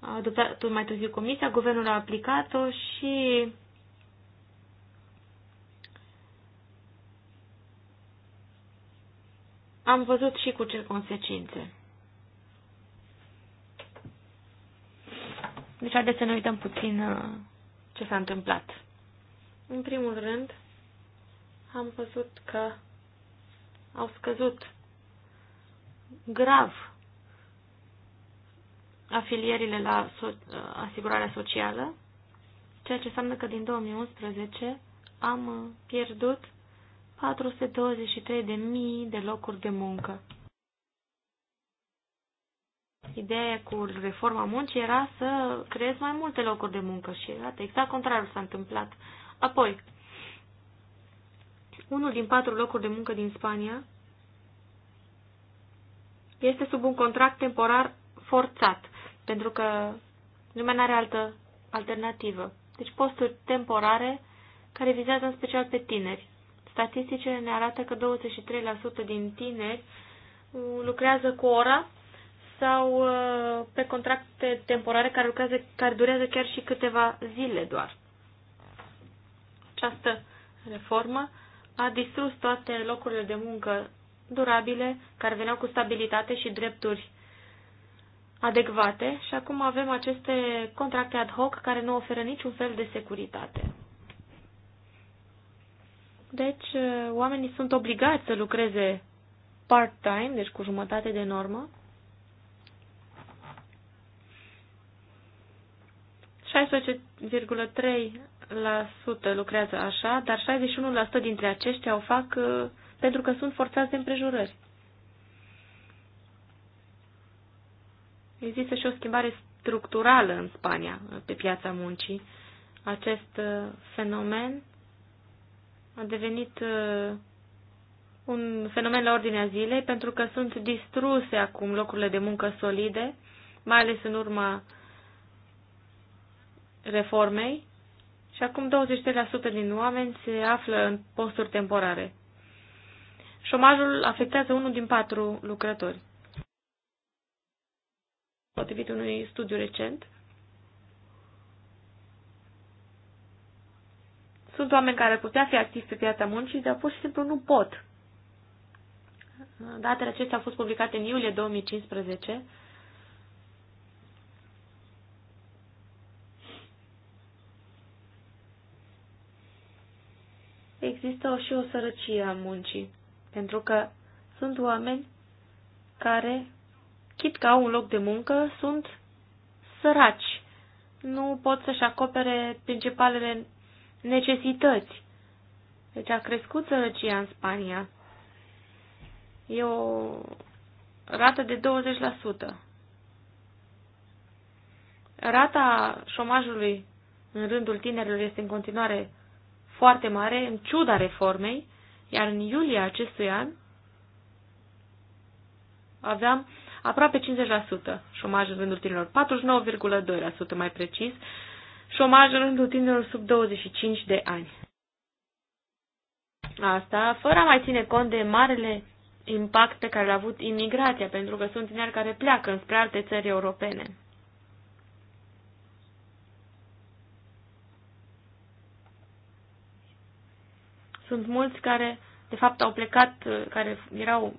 a adoptat mai târziu comisia, guvernul a aplicat-o și am văzut și cu ce consecințe. Deci haideți să ne uităm puțin uh, ce s-a întâmplat. În primul rând, am văzut că au scăzut grav afilierile la so- uh, asigurarea socială, ceea ce înseamnă că din 2011 am uh, pierdut 423.000 de locuri de muncă. Ideea cu reforma muncii era să creez mai multe locuri de muncă și era exact contrarul s-a întâmplat. Apoi, unul din patru locuri de muncă din Spania este sub un contract temporar forțat pentru că lumea nu are altă alternativă. Deci posturi temporare care vizează în special pe tineri. Statisticile ne arată că 23% din tineri uh, lucrează cu ora sau uh, pe contracte temporare care, lucrează, care durează chiar și câteva zile doar. Această reformă a distrus toate locurile de muncă durabile care veneau cu stabilitate și drepturi adecvate și acum avem aceste contracte ad hoc care nu oferă niciun fel de securitate. Deci, eh, oamenii sunt obligați să lucreze part-time, deci cu jumătate de normă. 16,3% lucrează așa, dar 61% dintre aceștia o fac eh, pentru că sunt forțați de împrejurări. Există și o schimbare structurală în Spania, pe piața muncii. Acest uh, fenomen a devenit uh, un fenomen la ordinea zilei pentru că sunt distruse acum locurile de muncă solide, mai ales în urma reformei și acum 23% din oameni se află în posturi temporare. Șomajul afectează unul din patru lucrători potrivit unui studiu recent. Sunt oameni care ar putea fi activi pe piața muncii, dar pur și simplu nu pot. Datele acestea au fost publicate în iulie 2015. Există și o sărăcie a muncii, pentru că sunt oameni care chit că au un loc de muncă, sunt săraci. Nu pot să-și acopere principalele necesități. Deci a crescut sărăcia în Spania. E o rată de 20%. Rata șomajului în rândul tinerilor este în continuare foarte mare, în ciuda reformei, iar în iulie acestui an aveam aproape 50% șomaj în rândul tinerilor, 49,2% mai precis, șomaj în rândul tinerilor sub 25 de ani. Asta fără a mai ține cont de marele impact pe care l-a avut imigrația, pentru că sunt tineri care pleacă înspre alte țări europene. Sunt mulți care, de fapt, au plecat, care erau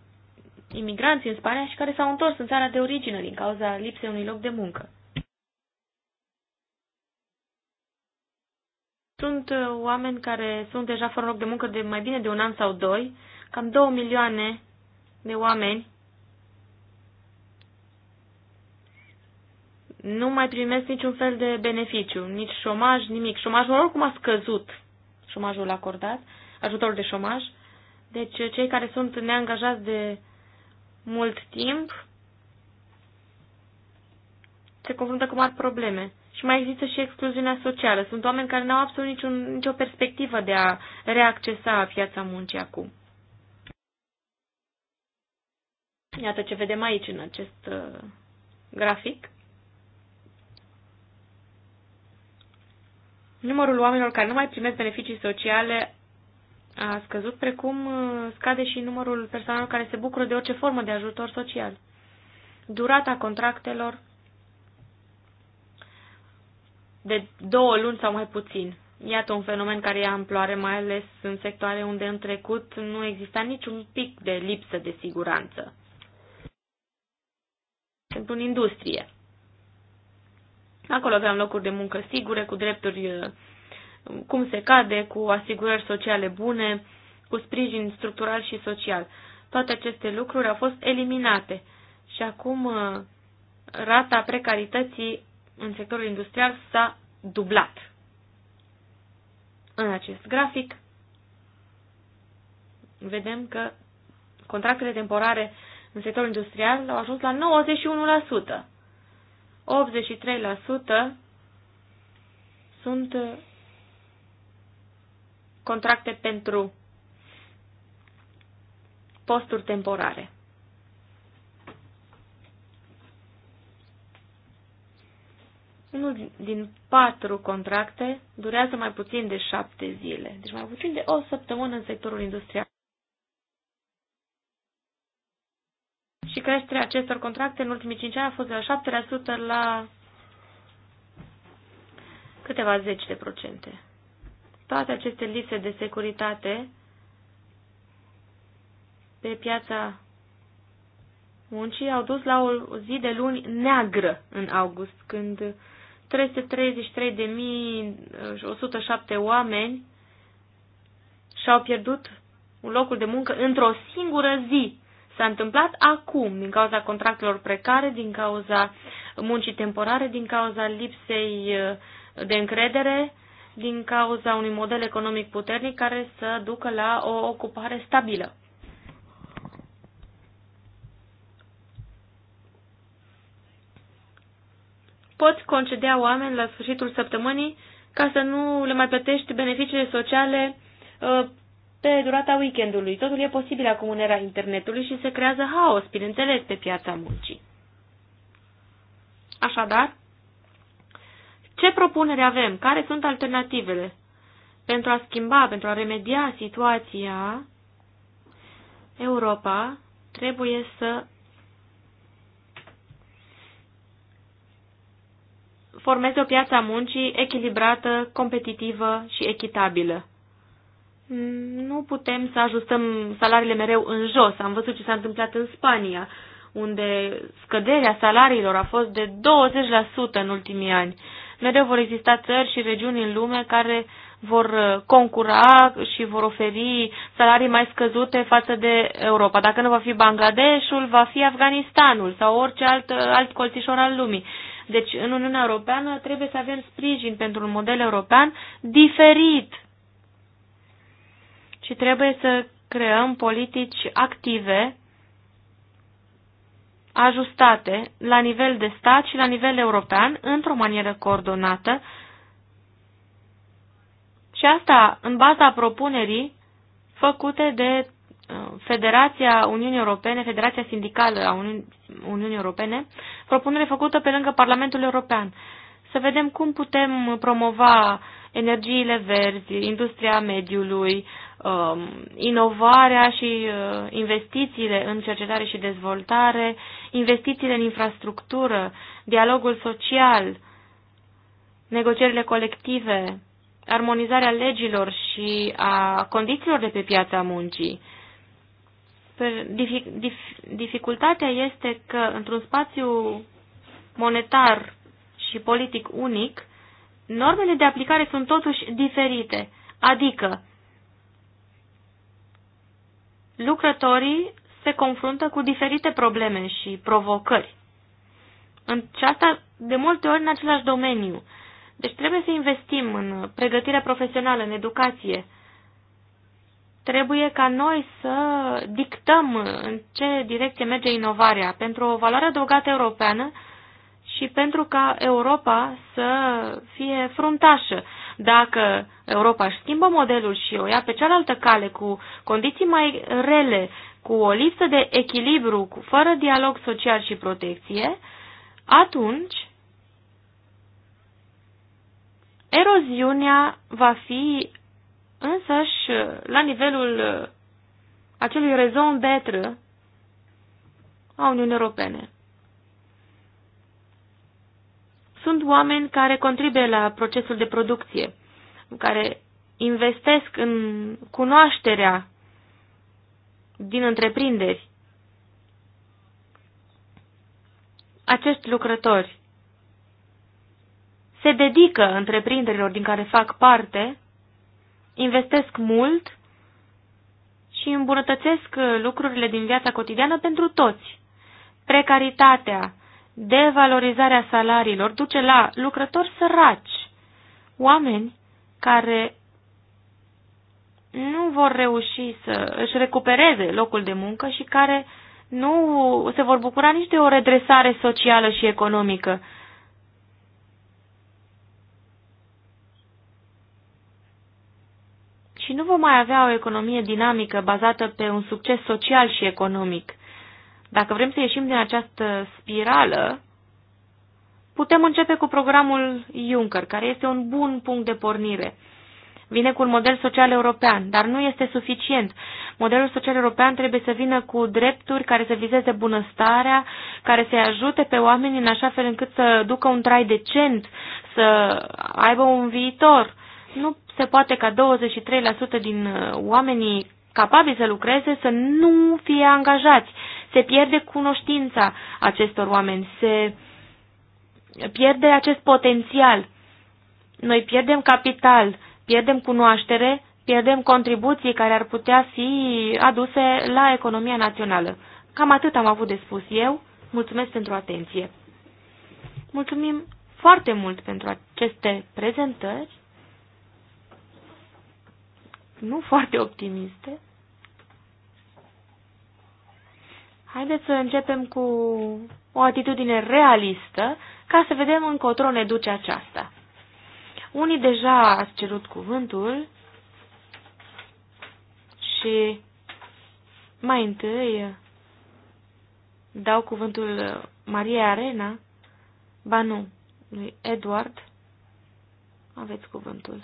imigranți în Spania și care s-au întors în țara de origine din cauza lipsei unui loc de muncă. Sunt uh, oameni care sunt deja fără loc de muncă de mai bine de un an sau doi, cam două milioane de oameni nu mai primesc niciun fel de beneficiu, nici șomaj, nimic. Șomajul oricum a scăzut, șomajul acordat, ajutorul de șomaj. Deci cei care sunt neangajați de mult timp, se confruntă cu mari probleme. Și mai există și excluziunea socială. Sunt oameni care nu au absolut niciun, nicio perspectivă de a reaccesa piața muncii acum. Iată ce vedem aici în acest uh, grafic. Numărul oamenilor care nu mai primesc beneficii sociale a scăzut, precum uh, scade și numărul persoanelor care se bucură de orice formă de ajutor social. Durata contractelor de două luni sau mai puțin. Iată un fenomen care ia amploare, mai ales în sectoare unde în trecut nu exista niciun pic de lipsă de siguranță. Sunt în industrie. Acolo aveam locuri de muncă sigure, cu drepturi uh, cum se cade, cu asigurări sociale bune, cu sprijin structural și social. Toate aceste lucruri au fost eliminate și acum uh, rata precarității în sectorul industrial s-a dublat. În acest grafic vedem că contractele temporare în sectorul industrial au ajuns la 91%. 83% sunt uh, contracte pentru posturi temporare. Unul din patru contracte durează mai puțin de șapte zile, deci mai puțin de o săptămână în sectorul industrial. Și creșterea acestor contracte în ultimii cinci ani a fost de la 7% la câteva zeci de procente toate aceste lipse de securitate pe piața muncii au dus la o zi de luni neagră în august, când 333.107 oameni și-au pierdut un locul de muncă într-o singură zi. S-a întâmplat acum, din cauza contractelor precare, din cauza muncii temporare, din cauza lipsei uh, de încredere din cauza unui model economic puternic care să ducă la o ocupare stabilă. Poți concedea oameni la sfârșitul săptămânii ca să nu le mai plătești beneficiile sociale uh, pe durata weekendului. Totul e posibil acum în era internetului și se creează haos, bineînțeles, pe piața muncii. Așadar, ce propunere avem? Care sunt alternativele? Pentru a schimba, pentru a remedia situația, Europa trebuie să formeze o piață a muncii echilibrată, competitivă și echitabilă. Nu putem să ajustăm salariile mereu în jos. Am văzut ce s-a întâmplat în Spania, unde scăderea salariilor a fost de 20% în ultimii ani mereu vor exista țări și regiuni în lume care vor uh, concura și vor oferi salarii mai scăzute față de Europa. Dacă nu va fi Bangladeshul, va fi Afganistanul sau orice alt, uh, alt colțișor al lumii. Deci, în Uniunea Europeană trebuie să avem sprijin pentru un model european diferit. Și trebuie să creăm politici active ajustate la nivel de stat și la nivel european într-o manieră coordonată și asta în baza propunerii făcute de uh, Federația Uniunii Europene, Federația Sindicală a Uniunii, Uniunii Europene, propunere făcută pe lângă Parlamentul European. Să vedem cum putem promova energiile verzi, industria mediului, Um, inovarea și uh, investițiile în cercetare și dezvoltare, investițiile în infrastructură, dialogul social, negocierile colective, armonizarea legilor și a condițiilor de pe piața muncii. Dificultatea este că într-un spațiu monetar și politic unic, normele de aplicare sunt totuși diferite, adică lucrătorii se confruntă cu diferite probleme și provocări. În asta de multe ori în același domeniu. Deci trebuie să investim în pregătirea profesională, în educație. Trebuie ca noi să dictăm în ce direcție merge inovarea pentru o valoare adăugată europeană și pentru ca Europa să fie fruntașă dacă Europa își schimbă modelul și o ia pe cealaltă cale cu condiții mai rele, cu o lipsă de echilibru, cu, fără dialog social și protecție, atunci eroziunea va fi însăși la nivelul acelui rezon betră a Uniunii Europene. sunt oameni care contribuie la procesul de producție, care investesc în cunoașterea din întreprinderi. Acești lucrători se dedică întreprinderilor din care fac parte, investesc mult și îmbunătățesc lucrurile din viața cotidiană pentru toți. Precaritatea devalorizarea salariilor duce la lucrători săraci, oameni care nu vor reuși să își recupereze locul de muncă și care nu se vor bucura nici de o redresare socială și economică. Și nu vom mai avea o economie dinamică bazată pe un succes social și economic. Dacă vrem să ieșim din această spirală, putem începe cu programul Juncker, care este un bun punct de pornire. Vine cu un model social european, dar nu este suficient. Modelul social european trebuie să vină cu drepturi care să vizeze bunăstarea, care să ajute pe oameni în așa fel încât să ducă un trai decent, să aibă un viitor. Nu se poate ca 23% din oamenii capabili să lucreze să nu fie angajați se pierde cunoștința acestor oameni, se pierde acest potențial. Noi pierdem capital, pierdem cunoaștere, pierdem contribuții care ar putea fi aduse la economia națională. Cam atât am avut de spus eu. Mulțumesc pentru atenție. Mulțumim foarte mult pentru aceste prezentări. Nu foarte optimiste. Haideți să începem cu o atitudine realistă ca să vedem încotro ne duce aceasta. Unii deja ați cerut cuvântul și mai întâi dau cuvântul Maria Arena, ba nu, lui Edward, aveți cuvântul.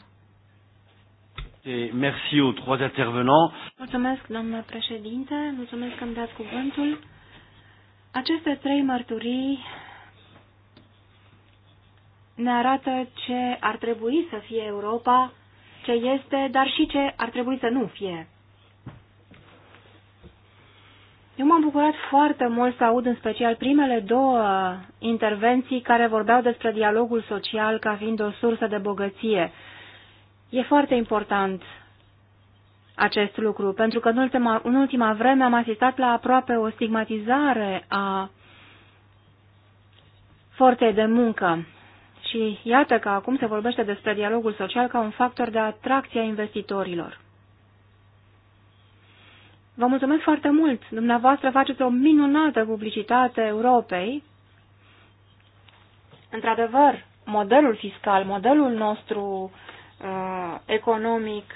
Et merci aux trois intervenants. Mulțumesc, doamna președinte, mulțumesc că îmi dați cuvântul. Aceste trei mărturii ne arată ce ar trebui să fie Europa, ce este, dar și ce ar trebui să nu fie. Eu m-am bucurat foarte mult să aud în special primele două intervenții care vorbeau despre dialogul social ca fiind o sursă de bogăție. E foarte important acest lucru, pentru că în ultima, în ultima vreme am asistat la aproape o stigmatizare a forței de muncă. Și iată că acum se vorbește despre dialogul social ca un factor de atracție a investitorilor. Vă mulțumesc foarte mult! Dumneavoastră faceți o minunată publicitate Europei. Într-adevăr, modelul fiscal, modelul nostru uh, uh, economic.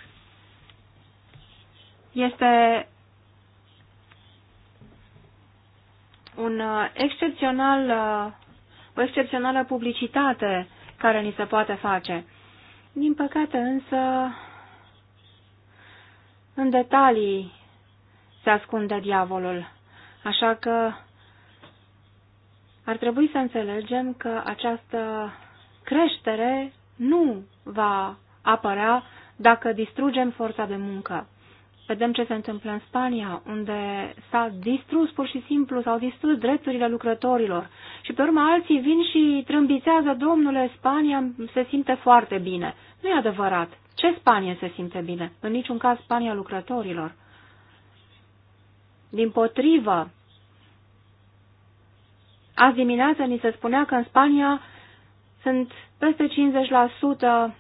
Este un uh, excepțional, uh, o excepțională publicitate care ni se poate face. Din păcate însă, în detalii se ascunde diavolul, așa că ar trebui să înțelegem că această creștere nu va apărea dacă distrugem forța de muncă. Vedem ce se întâmplă în Spania, unde s-a distrus pur și simplu, s-au distrus drepturile lucrătorilor. Și pe urmă alții vin și trâmbițează, domnule, Spania se simte foarte bine. Nu e adevărat. Ce Spania se simte bine? În niciun caz Spania lucrătorilor. Din potrivă, azi dimineață ni se spunea că în Spania sunt peste 50%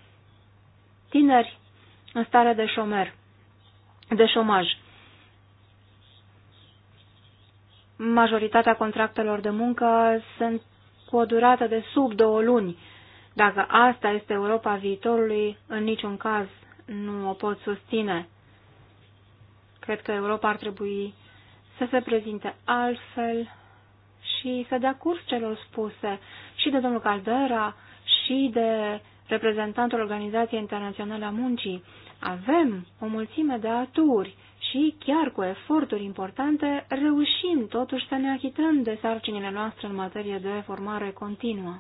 tineri în stare de șomer, de șomaj. Majoritatea contractelor de muncă sunt cu o durată de sub două luni. Dacă asta este Europa viitorului, în niciun caz nu o pot susține. Cred că Europa ar trebui să se prezinte altfel și să dea curs celor spuse și de domnul Caldera și de reprezentantul Organizației Internaționale a Muncii, avem o mulțime de aturi și, chiar cu eforturi importante, reușim totuși să ne achităm de sarcinile noastre în materie de formare continuă.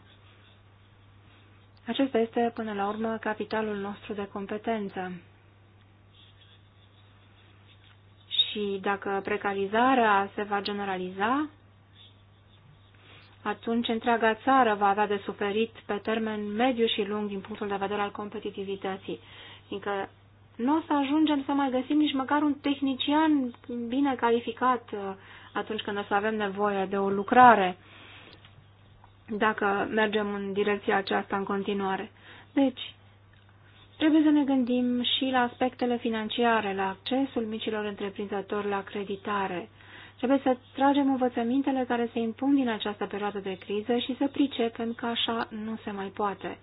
Acesta este, până la urmă, capitalul nostru de competență. Și dacă precarizarea se va generaliza, atunci întreaga țară va avea de suferit pe termen mediu și lung din punctul de vedere al competitivității, fiindcă nu o să ajungem să mai găsim nici măcar un tehnician bine calificat uh, atunci când o să avem nevoie de o lucrare, dacă mergem în direcția aceasta în continuare. Deci, trebuie să ne gândim și la aspectele financiare, la accesul micilor întreprinzători la creditare, Trebuie să tragem învățămintele care se impun din această perioadă de criză și să pricepem că așa nu se mai poate.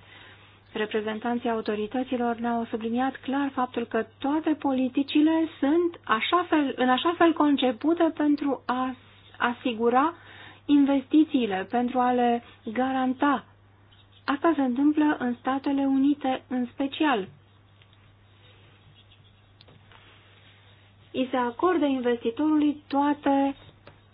Reprezentanții autorităților ne-au subliniat clar faptul că toate politicile sunt așa fel, în așa fel concepute pentru a asigura investițiile, pentru a le garanta. Asta se întâmplă în Statele Unite în special, îi se acorde investitorului toate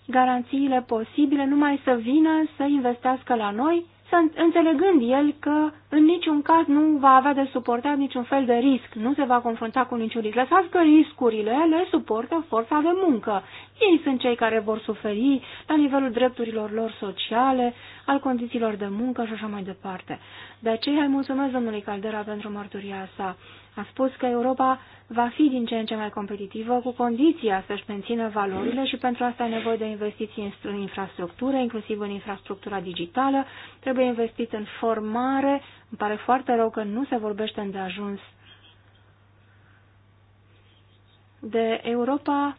garanțiile posibile, numai să vină să investească la noi, să înțelegând el că în niciun caz nu va avea de suportat niciun fel de risc, nu se va confrunta cu niciun risc. Lăsați că riscurile le suportă forța de muncă. Ei sunt cei care vor suferi la nivelul drepturilor lor sociale, al condițiilor de muncă și așa mai departe. De aceea îi mulțumesc domnului Caldera pentru mărturia sa. A spus că Europa va fi din ce în ce mai competitivă cu condiția să-și mențină valorile și pentru asta e nevoie de investiții în infrastructură, inclusiv în infrastructura digitală. Trebuie investit în formare. Îmi pare foarte rău că nu se vorbește îndeajuns de Europa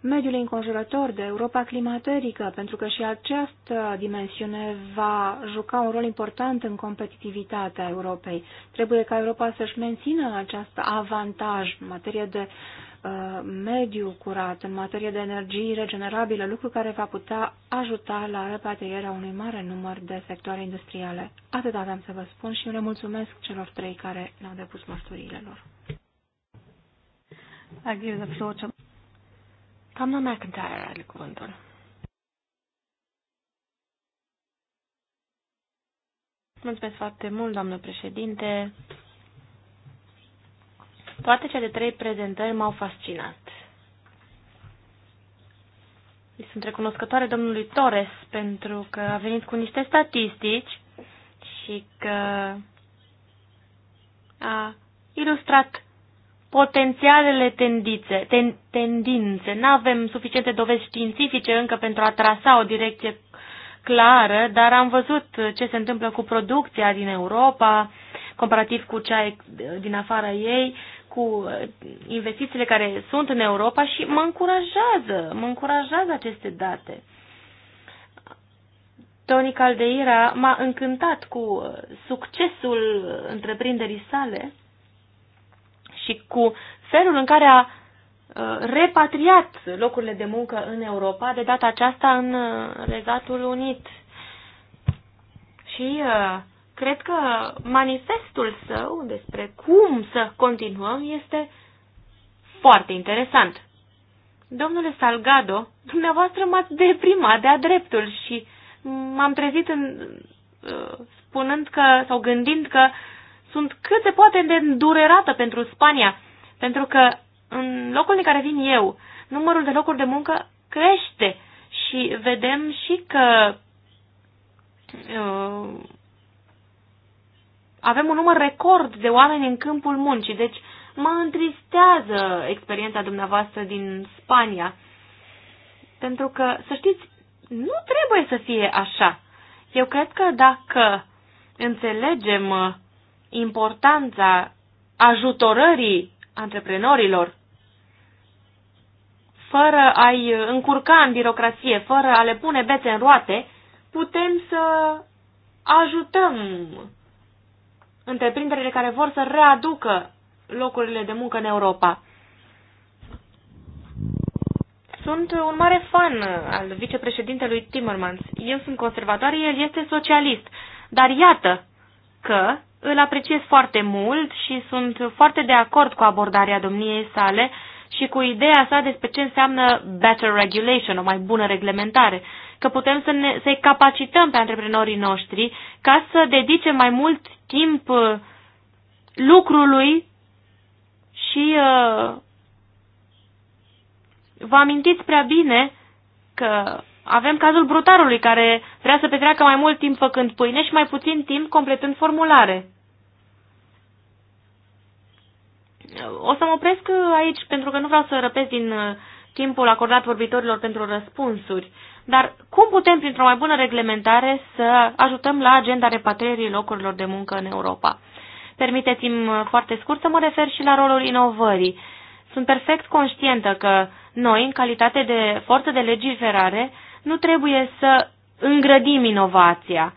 mediul înconjurător, de Europa climaterică, pentru că și această dimensiune va juca un rol important în competitivitatea Europei. Trebuie ca Europa să-și mențină acest avantaj în materie de uh, mediu curat, în materie de energii regenerabile, lucru care va putea ajuta la repatrierea unui mare număr de sectoare industriale. Atât aveam să vă spun și le mulțumesc celor trei care ne-au depus mărturile lor. I give the floor to Doamna McIntyre are cuvântul. Mulțumesc foarte mult, doamnă președinte. Toate cele trei prezentări m-au fascinat. Îi sunt recunoscătoare domnului Torres pentru că a venit cu niște statistici și că a ilustrat potențialele tendințe, ten, tendințe. Nu avem suficiente dovezi științifice încă pentru a trasa o direcție clară, dar am văzut ce se întâmplă cu producția din Europa, comparativ cu cea din afara ei, cu uh, investițiile care sunt în Europa și mă încurajează, mă încurajează aceste date. Tony Caldeira m-a încântat cu uh, succesul uh, întreprinderii sale și cu felul în care a uh, repatriat locurile de muncă în Europa, de data aceasta în uh, Regatul Unit. Și uh, cred că manifestul său despre cum să continuăm este foarte interesant. Domnule Salgado, dumneavoastră m-ați deprimat de-a dreptul și m-am trezit în, spunând că, sau gândind că uh, sunt cât de poate de îndurerată pentru Spania, pentru că în locul din care vin eu, numărul de locuri de muncă crește și vedem și că uh, avem un număr record de oameni în câmpul muncii, deci mă întristează experiența dumneavoastră din Spania, pentru că, să știți, nu trebuie să fie așa. Eu cred că dacă înțelegem uh, importanța ajutorării antreprenorilor fără a-i încurca în birocrație, fără a le pune bețe în roate, putem să ajutăm întreprinderile care vor să readucă locurile de muncă în Europa. Sunt un mare fan al vicepreședintelui Timmermans. Eu sunt conservator, el este socialist. Dar iată, că îl apreciez foarte mult și sunt foarte de acord cu abordarea domniei sale și cu ideea sa despre ce înseamnă better regulation, o mai bună reglementare, că putem să ne, să capacităm pe antreprenorii noștri ca să dedice mai mult timp uh, lucrului și uh, vă amintiți prea bine că avem cazul brutarului care vrea să petreacă mai mult timp făcând pâine și mai puțin timp completând formulare. O să mă opresc aici pentru că nu vreau să răpesc din uh, timpul acordat vorbitorilor pentru răspunsuri. Dar cum putem, printr-o mai bună reglementare, să ajutăm la agenda repatrierii locurilor de muncă în Europa? Permiteți-mi uh, foarte scurt să mă refer și la rolul inovării. Sunt perfect conștientă că noi, în calitate de forță de legiferare, nu trebuie să îngrădim inovația.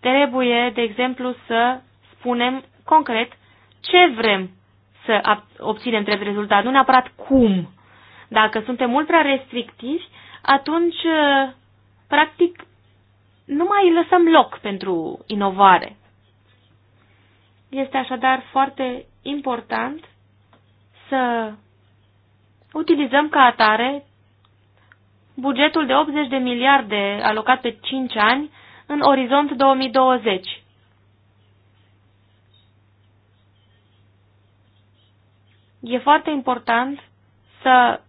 Trebuie, de exemplu, să spunem concret ce vrem să obținem drept rezultat, nu neapărat cum. Dacă suntem mult prea restrictivi, atunci, uh, practic, nu mai lăsăm loc pentru inovare. Este așadar foarte important să utilizăm ca atare bugetul de 80 de miliarde alocat pe 5 ani în orizont 2020. E foarte important să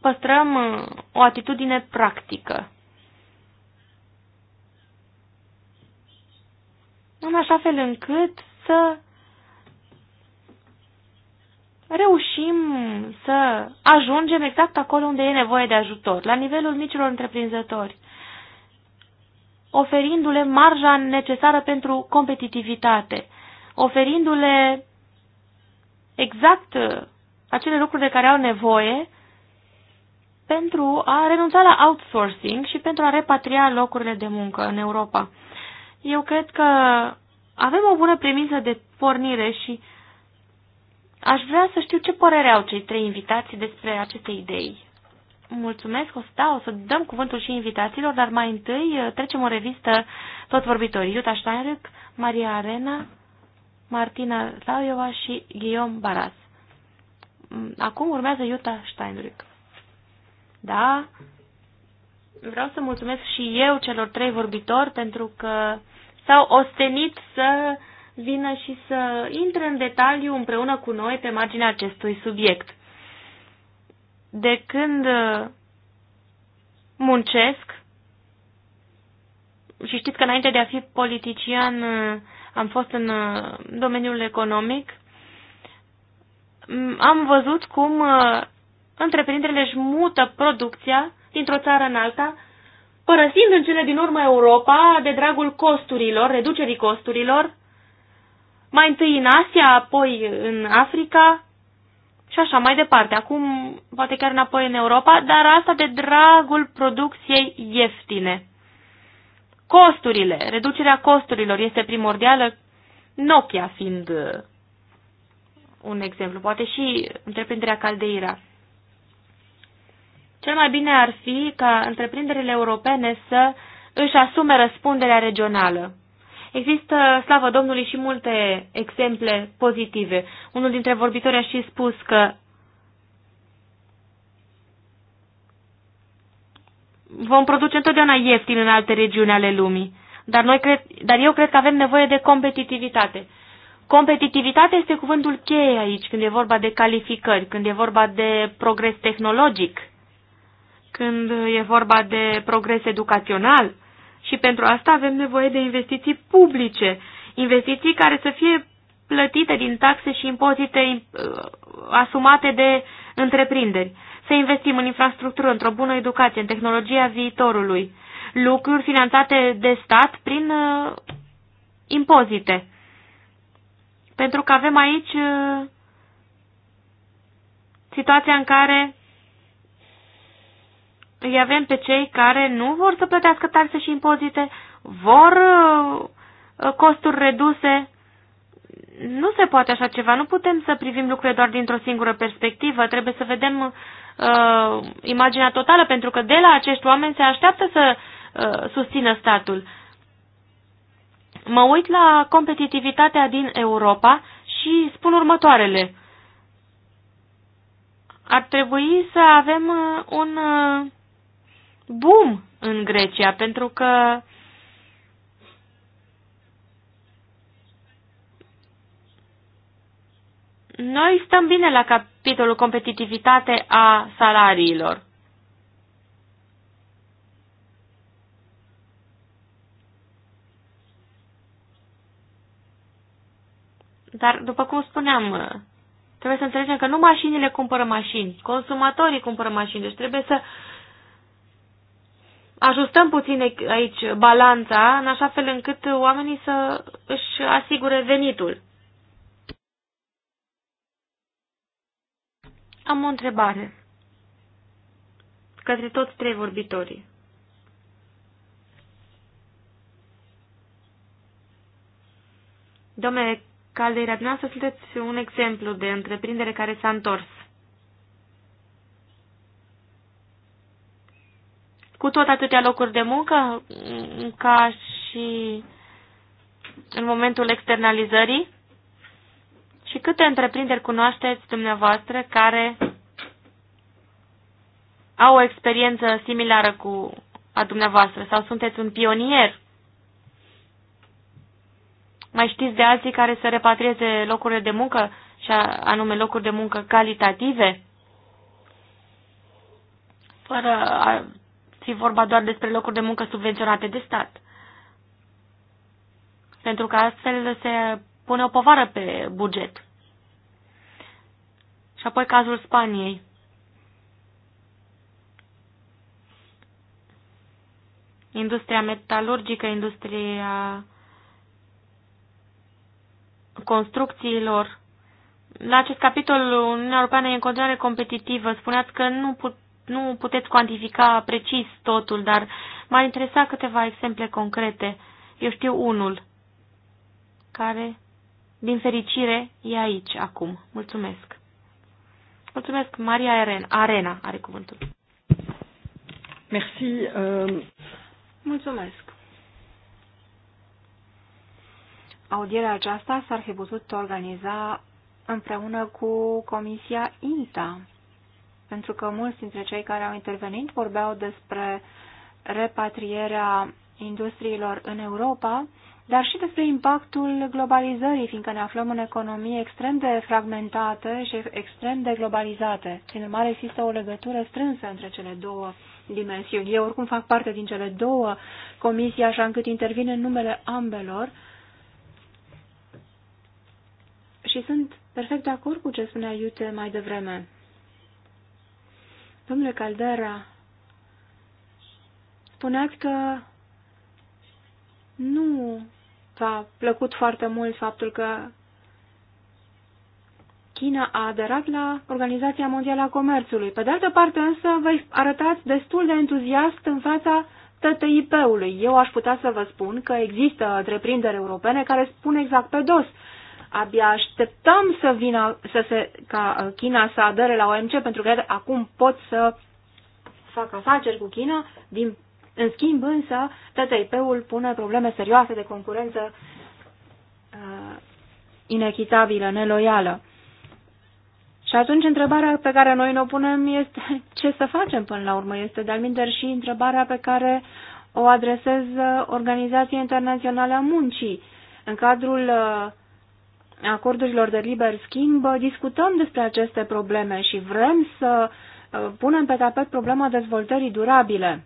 păstrăm uh, o atitudine practică. În așa fel încât să reușim să ajungem exact acolo unde e nevoie de ajutor, la nivelul micilor întreprinzători, oferindu-le marja necesară pentru competitivitate, oferindu-le exact uh, acele lucruri de care au nevoie pentru a renunța la outsourcing și pentru a repatria locurile de muncă în Europa. Eu cred că avem o bună premisă de pornire și Aș vrea să știu ce părere au cei trei invitați despre aceste idei. Mulțumesc, o, da, o să dăm cuvântul și invitațiilor, dar mai întâi eh, trecem o revistă tot vorbitorii. Iuta Steinrück, Maria Arena, Martina Slaiova și Guillaume Baras. Mm, acum urmează Iuta Steinrück. Da, vreau să mulțumesc și eu celor trei vorbitori pentru că s-au ostenit să vină și să intre în detaliu împreună cu noi pe marginea acestui subiect. De când uh, muncesc, și știți că înainte de a fi politician uh, am fost în uh, domeniul economic, am văzut cum întreprinderile își mută producția dintr-o țară în alta, părăsind în cele din urmă Europa de dragul costurilor, reducerii costurilor, mai întâi în Asia, apoi în Africa și așa mai departe. Acum poate chiar înapoi în Europa, dar asta de dragul producției ieftine. Costurile, reducerea costurilor este primordială, Nokia fiind uh, un exemplu, poate și întreprinderea Caldeira. Cel mai bine ar fi ca întreprinderile europene să își asume răspunderea regională. Există, slavă Domnului, și multe exemple pozitive. Unul dintre vorbitori a și spus că vom produce întotdeauna ieftin în alte regiuni ale lumii. Dar, noi cred, dar eu cred că avem nevoie de competitivitate. Competitivitate este cuvântul cheie aici, când e vorba de calificări, când e vorba de progres tehnologic, când e vorba de progres educațional. Și pentru asta avem nevoie de investiții publice, investiții care să fie plătite din taxe și impozite uh, asumate de întreprinderi. Să investim în infrastructură, într-o bună educație, în tehnologia viitorului, lucruri finanțate de stat prin uh, impozite. Pentru că avem aici uh, situația în care îi avem pe cei care nu vor să plătească taxe și impozite, vor uh, uh, costuri reduse. Nu se poate așa ceva, nu putem să privim lucrurile doar dintr-o singură perspectivă, trebuie să vedem uh, imaginea totală, pentru că de la acești oameni se așteaptă să uh, susțină statul. Mă uit la competitivitatea din Europa și spun următoarele. Ar trebui să avem uh, un uh, boom în Grecia, pentru că noi stăm bine la capitolul competitivitate a salariilor. Dar, după cum spuneam, trebuie să înțelegem că nu mașinile cumpără mașini, consumatorii cumpără mașini, deci trebuie să ajustăm puțin aici balanța, în așa fel încât oamenii să își asigure venitul. Am o întrebare către toți trei vorbitorii. Domnule Caldeira, dumneavoastră sunteți un exemplu de întreprindere care s-a întors. cu tot atâtea locuri de muncă mm, ca și în momentul externalizării? Și câte întreprinderi cunoașteți dumneavoastră care au o experiență similară cu a dumneavoastră sau sunteți un pionier? Mai știți de alții care să repatrieze locurile de muncă și anume locuri de muncă calitative? Fără fi vorba doar despre locuri de muncă subvenționate de stat. Pentru că astfel se pune o povară pe buget. Și apoi cazul Spaniei. Industria metalurgică, industria construcțiilor. La acest capitol, Uniunea Europeană e în continuare competitivă. Spuneați că nu put, nu puteți cuantifica precis totul, dar m-ar interesa câteva exemple concrete. Eu știu unul care, din fericire, e aici acum. Mulțumesc. Mulțumesc, Maria Aren. Arena are cuvântul. Merci. Um... Mulțumesc. Audierea aceasta s-ar fi putut organiza împreună cu Comisia INTA pentru că mulți dintre cei care au intervenit vorbeau despre repatrierea industriilor în Europa, dar și despre impactul globalizării, fiindcă ne aflăm în economii extrem de fragmentate și extrem de globalizate. Prin urmare, există o legătură strânsă între cele două dimensiuni. Eu oricum fac parte din cele două comisii, așa încât intervin în numele ambelor și sunt perfect de acord cu ce spunea Iute mai devreme. Domnule Caldera, spuneați că nu v-a plăcut foarte mult faptul că China a aderat la Organizația Mondială a Comerțului. Pe de altă parte însă vă arătați destul de entuziast în fața TTIP-ului. Eu aș putea să vă spun că există întreprinderi europene care spun exact pe dos Abia așteptăm să vină, să se, ca uh, China să adere la OMC, pentru că acum pot să fac afaceri cu China. Din, în schimb, însă, TTIP-ul pune probleme serioase de concurență uh, inechitabilă, neloială. Și atunci întrebarea pe care noi ne punem este ce să facem până la urmă. Este de-al și întrebarea pe care o adresez uh, Organizației Internaționale a Muncii. În cadrul uh, acordurilor de liber schimb, discutăm despre aceste probleme și vrem să uh, punem pe tapet problema dezvoltării durabile.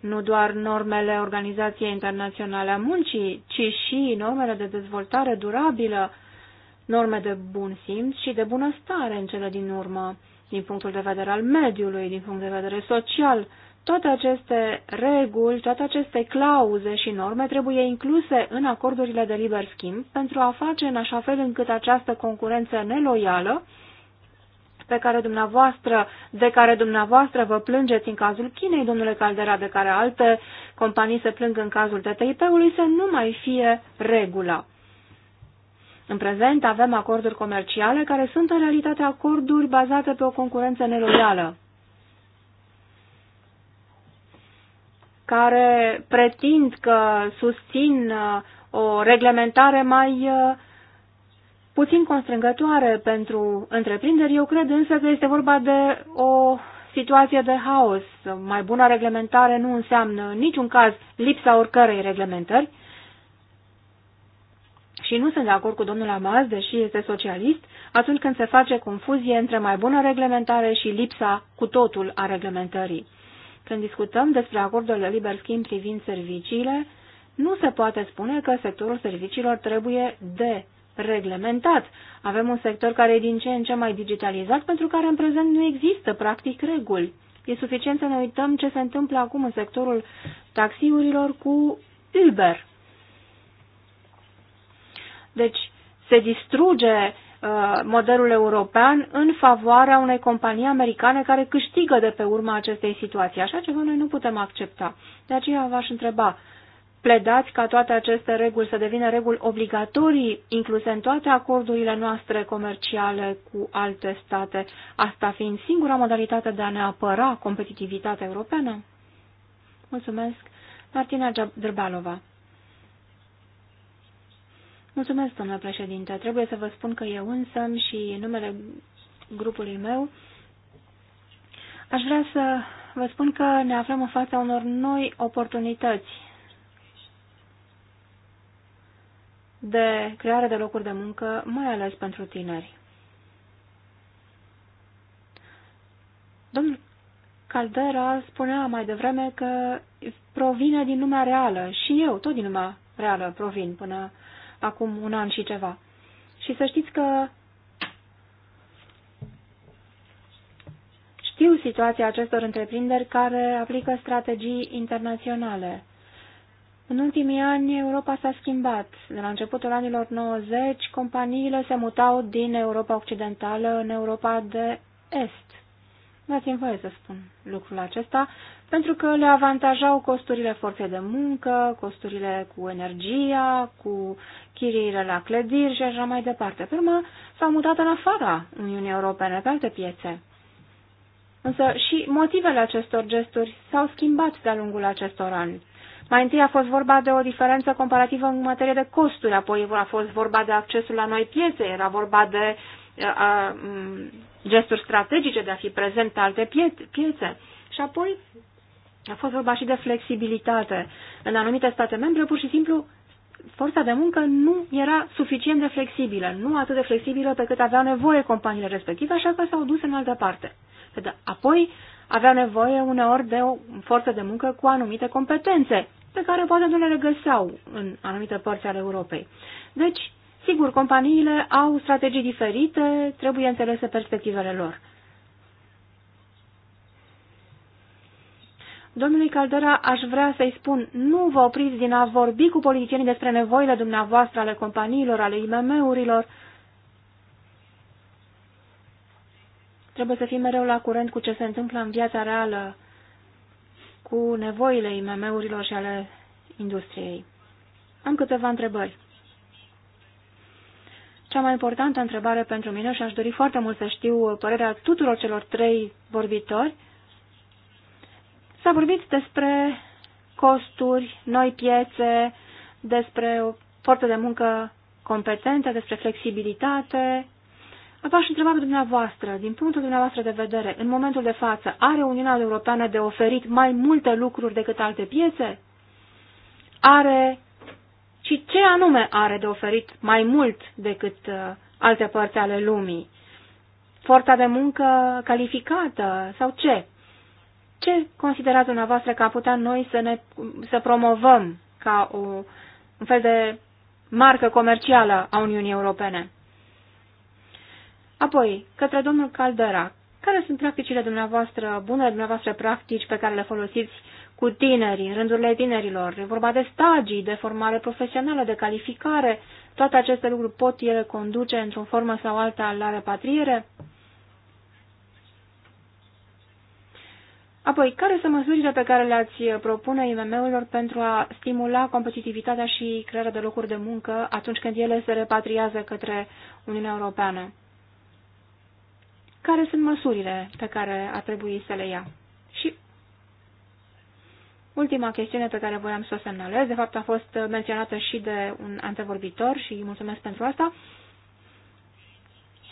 Nu doar normele Organizației Internaționale a Muncii, ci și normele de dezvoltare durabilă, norme de bun simț și de bunăstare în cele din urmă, din punctul de vedere al mediului, din punct de vedere social, toate aceste reguli, toate aceste clauze și norme trebuie incluse în acordurile de liber schimb pentru a face în așa fel încât această concurență neloială pe care dumneavoastră, de care dumneavoastră vă plângeți în cazul Chinei, domnule Caldera, de care alte companii se plâng în cazul TTIP-ului, să nu mai fie regula. În prezent avem acorduri comerciale care sunt în realitate acorduri bazate pe o concurență neloială. care pretind că susțin uh, o reglementare mai uh, puțin constrângătoare pentru întreprinderi. Eu cred însă că este vorba de o situație de haos. Mai bună reglementare nu înseamnă în niciun caz lipsa oricărei reglementări. Și nu sunt de acord cu domnul Amaz, deși este socialist, atunci când se face confuzie între mai bună reglementare și lipsa cu totul a reglementării. Când discutăm despre acordul de liber schimb privind serviciile, nu se poate spune că sectorul serviciilor trebuie de reglementat. Avem un sector care e din ce în ce mai digitalizat, pentru care în prezent nu există practic reguli. E suficient să ne uităm ce se întâmplă acum în sectorul taxiurilor cu Uber. Deci se distruge Uh, modelul european în favoarea unei companii americane care câștigă de pe urma acestei situații. Așa ceva noi nu putem accepta. De aceea v-aș întreba, pledați ca toate aceste reguli să devină reguli obligatorii incluse în toate acordurile noastre comerciale cu alte state, asta fiind singura modalitate de a ne apăra competitivitatea europeană? Mulțumesc, Martina Drbalova. Mulțumesc, domnule președinte. Trebuie să vă spun că eu însă și numele grupului meu aș vrea să vă spun că ne aflăm în fața unor noi oportunități de creare de locuri de muncă, mai ales pentru tineri. Domnul Caldera spunea mai devreme că provine din lumea reală și eu tot din lumea reală provin până acum un an și ceva. Și să știți că știu situația acestor întreprinderi care aplică strategii internaționale. În ultimii ani, Europa s-a schimbat. De la începutul anilor 90, companiile se mutau din Europa Occidentală în Europa de Est. Dați-mi voie să spun lucrul acesta, pentru că le avantajau costurile forței de muncă, costurile cu energia, cu chiriile la clădiri și așa mai departe. Pe urmă, s-au mutat în afara Uniunii Europene, pe alte piețe. Însă și motivele acestor gesturi s-au schimbat de-a lungul acestor ani. Mai întâi a fost vorba de o diferență comparativă în materie de costuri, apoi a fost vorba de accesul la noi piețe, era vorba de a, gesturi strategice de a fi prezent pe alte piețe. Și apoi a fost vorba și de flexibilitate. În anumite state membre, pur și simplu, forța de muncă nu era suficient de flexibilă, nu atât de flexibilă pe cât aveau nevoie companiile respective, așa că s-au dus în altă parte. Apoi aveau nevoie uneori de o forță de muncă cu anumite competențe, pe care poate nu le găseau în anumite părți ale Europei. Deci, Sigur, companiile au strategii diferite, trebuie înțelese perspectivele lor. Domnului Caldera, aș vrea să-i spun, nu vă opriți din a vorbi cu politicienii despre nevoile dumneavoastră ale companiilor, ale IMM-urilor. Trebuie să fim mereu la curent cu ce se întâmplă în viața reală, cu nevoile IMM-urilor și ale industriei. Am câteva întrebări. Cea mai importantă întrebare pentru mine și aș dori foarte mult să știu părerea tuturor celor trei vorbitori, s-a vorbit despre costuri, noi piețe, despre o forță de muncă competentă, despre flexibilitate. V-aș întreba pe dumneavoastră, din punctul dumneavoastră de vedere, în momentul de față, are Uniunea Europeană de oferit mai multe lucruri decât alte piețe? Are ci ce anume are de oferit mai mult decât uh, alte părți ale lumii. Forța de muncă calificată sau ce? Ce considerați dumneavoastră că am putea noi să, ne, să promovăm ca o, un fel de marcă comercială a Uniunii Europene? Apoi, către domnul Caldera, care sunt practicile dumneavoastră, bunele dumneavoastră practici pe care le folosiți cu tinerii, în rândurile tinerilor. E vorba de stagii, de formare profesională, de calificare. Toate aceste lucruri pot ele conduce într-o formă sau alta la repatriere? Apoi, care sunt măsurile pe care le-ați propune IMM-urilor pentru a stimula competitivitatea și crearea de locuri de muncă atunci când ele se repatriază către Uniunea Europeană? Care sunt măsurile pe care ar trebui să le ia? Ultima chestiune pe care voiam să o semnalez, de fapt a fost menționată și de un antevorbitor și îi mulțumesc pentru asta.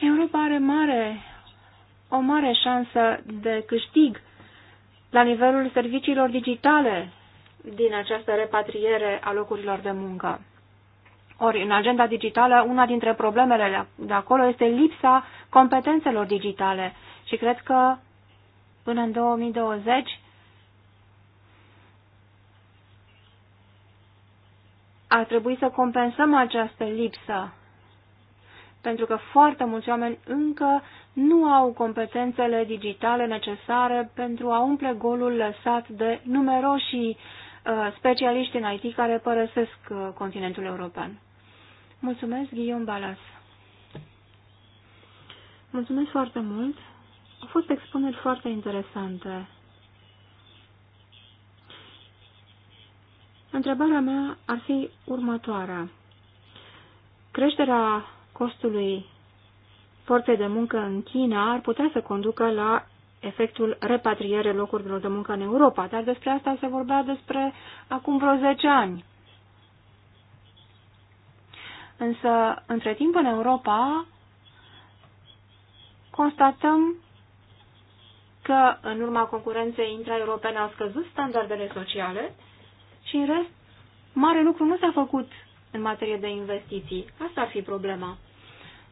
Europa are mare, o mare șansă de câștig la nivelul serviciilor digitale din această repatriere a locurilor de muncă. Ori, în agenda digitală, una dintre problemele de acolo este lipsa competențelor digitale și cred că până în 2020 ar trebui să compensăm această lipsă, pentru că foarte mulți oameni încă nu au competențele digitale necesare pentru a umple golul lăsat de numeroși uh, specialiști în IT care părăsesc uh, continentul european. Mulțumesc, Guillaume Balas. Mulțumesc foarte mult. Au fost expuneri foarte interesante. Întrebarea mea ar fi următoarea. Creșterea costului forței de muncă în China ar putea să conducă la efectul repatriere locurilor de muncă în Europa, dar despre asta se vorbea despre acum vreo 10 ani. Însă, între timp, în Europa, constatăm că, în urma concurenței intra-europene au scăzut standardele sociale și în rest, mare lucru nu s-a făcut în materie de investiții. Asta ar fi problema.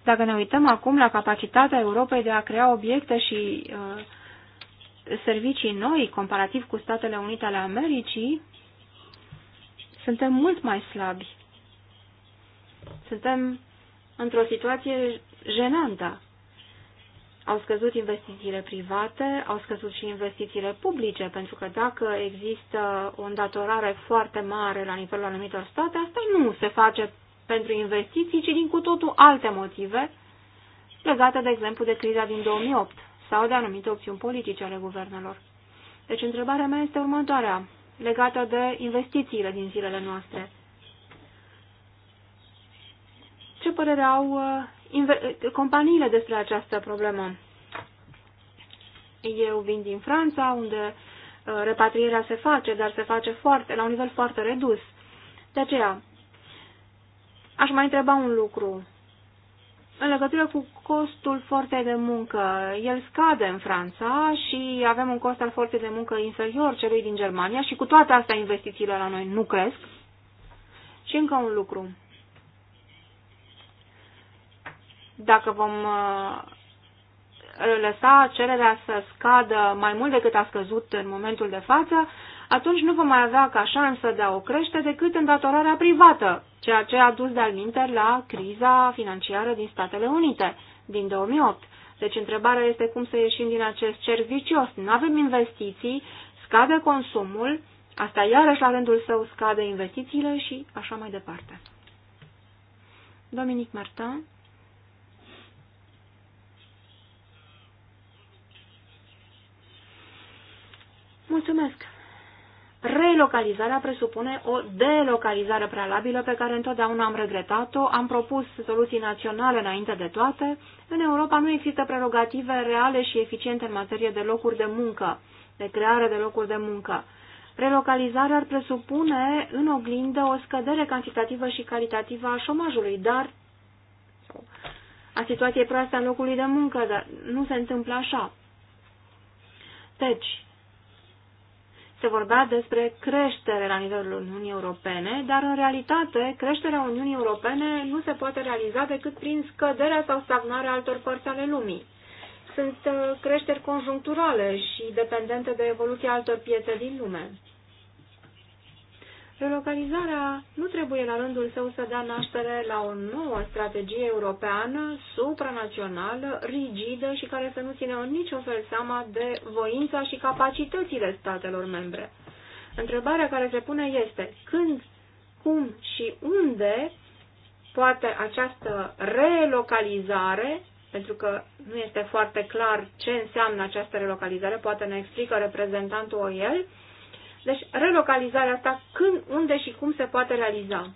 Dacă ne uităm acum la capacitatea Europei de a crea obiecte și uh, servicii noi, comparativ cu Statele Unite ale Americii, suntem mult mai slabi. Suntem într-o situație jenantă. Au scăzut investițiile private, au scăzut și investițiile publice, pentru că dacă există o îndatorare foarte mare la nivelul anumitor state, asta nu se face pentru investiții, ci din cu totul alte motive, legate, de exemplu, de criza din 2008 sau de anumite opțiuni politice ale guvernelor. Deci, întrebarea mea este următoarea, legată de investițiile din zilele noastre. Ce părere au uh, companiile despre această problemă. Eu vin din Franța, unde uh, repatrierea se face, dar se face foarte, la un nivel foarte redus. De aceea, aș mai întreba un lucru. În legătură cu costul forței de muncă, el scade în Franța și avem un cost al forței de muncă inferior celui din Germania și cu toate astea investițiile la noi nu cresc. Și încă un lucru. Dacă vom uh, lăsa cererea să scadă mai mult decât a scăzut în momentul de față, atunci nu vom mai avea ca șansă de a o crește decât îndatorarea privată, ceea ce a dus de-al la criza financiară din Statele Unite din 2008. Deci întrebarea este cum să ieșim din acest cer vicios. Nu avem investiții, scade consumul, asta iarăși la rândul său scade investițiile și așa mai departe. Dominic Martin Mulțumesc! Relocalizarea presupune o delocalizare prealabilă pe care întotdeauna am regretat-o, am propus soluții naționale înainte de toate. În Europa nu există prerogative reale și eficiente în materie de locuri de muncă, de creare de locuri de muncă. Relocalizarea ar presupune în oglindă o scădere cantitativă și calitativă a șomajului, dar a situației proaste a locului de muncă, dar nu se întâmplă așa. Deci, se vorbea despre creștere la nivelul Uniunii Europene, dar în realitate creșterea Uniunii Europene nu se poate realiza decât prin scăderea sau stagnarea altor părți ale lumii. Sunt uh, creșteri conjuncturale și dependente de evoluția altor piețe din lume. Relocalizarea nu trebuie la rândul său să dea naștere la o nouă strategie europeană, supranațională, rigidă și care să nu țină în niciun fel seama de voința și capacitățile statelor membre. Întrebarea care se pune este când, cum și unde poate această relocalizare, pentru că nu este foarte clar ce înseamnă această relocalizare, poate ne explică reprezentantul OIL, deci, relocalizarea asta când, unde și cum se poate realiza.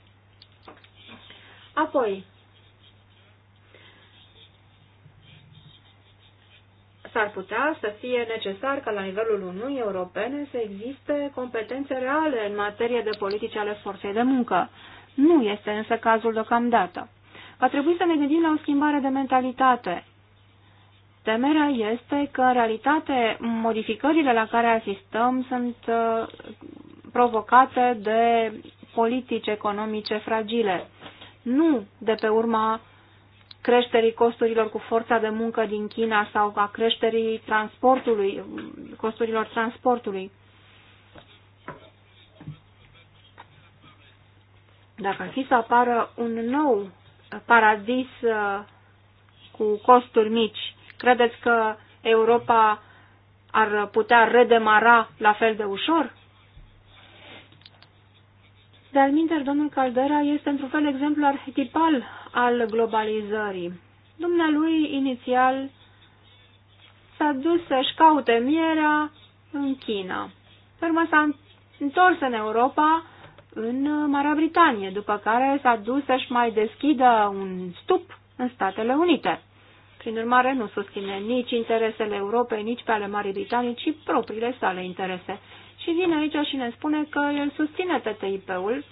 Apoi, s-ar putea să fie necesar ca la nivelul Uniunii Europene să existe competențe reale în materie de politici ale forței de muncă. Nu este însă cazul deocamdată. Va trebui să ne gândim la o schimbare de mentalitate. Temerea este că, în realitate, modificările la care asistăm sunt uh, provocate de politici economice fragile, nu de pe urma creșterii costurilor cu forța de muncă din China sau a creșterii transportului, costurilor transportului. Dacă ar fi să apară un nou paradis uh, cu costuri mici, Credeți că Europa ar putea redemara la fel de ușor? de minter, domnul Caldera este într-un fel exemplu arhetipal al globalizării. Dumnealui, inițial, s-a dus să-și caute mierea în China. urmă s-a întors în Europa, în Marea Britanie, după care s-a dus să-și mai deschidă un stup în Statele Unite. Prin urmare, nu susține nici interesele Europei, nici pe ale Marii Britanii, ci propriile sale interese. Și vine aici și ne spune că el susține TTIP-ul,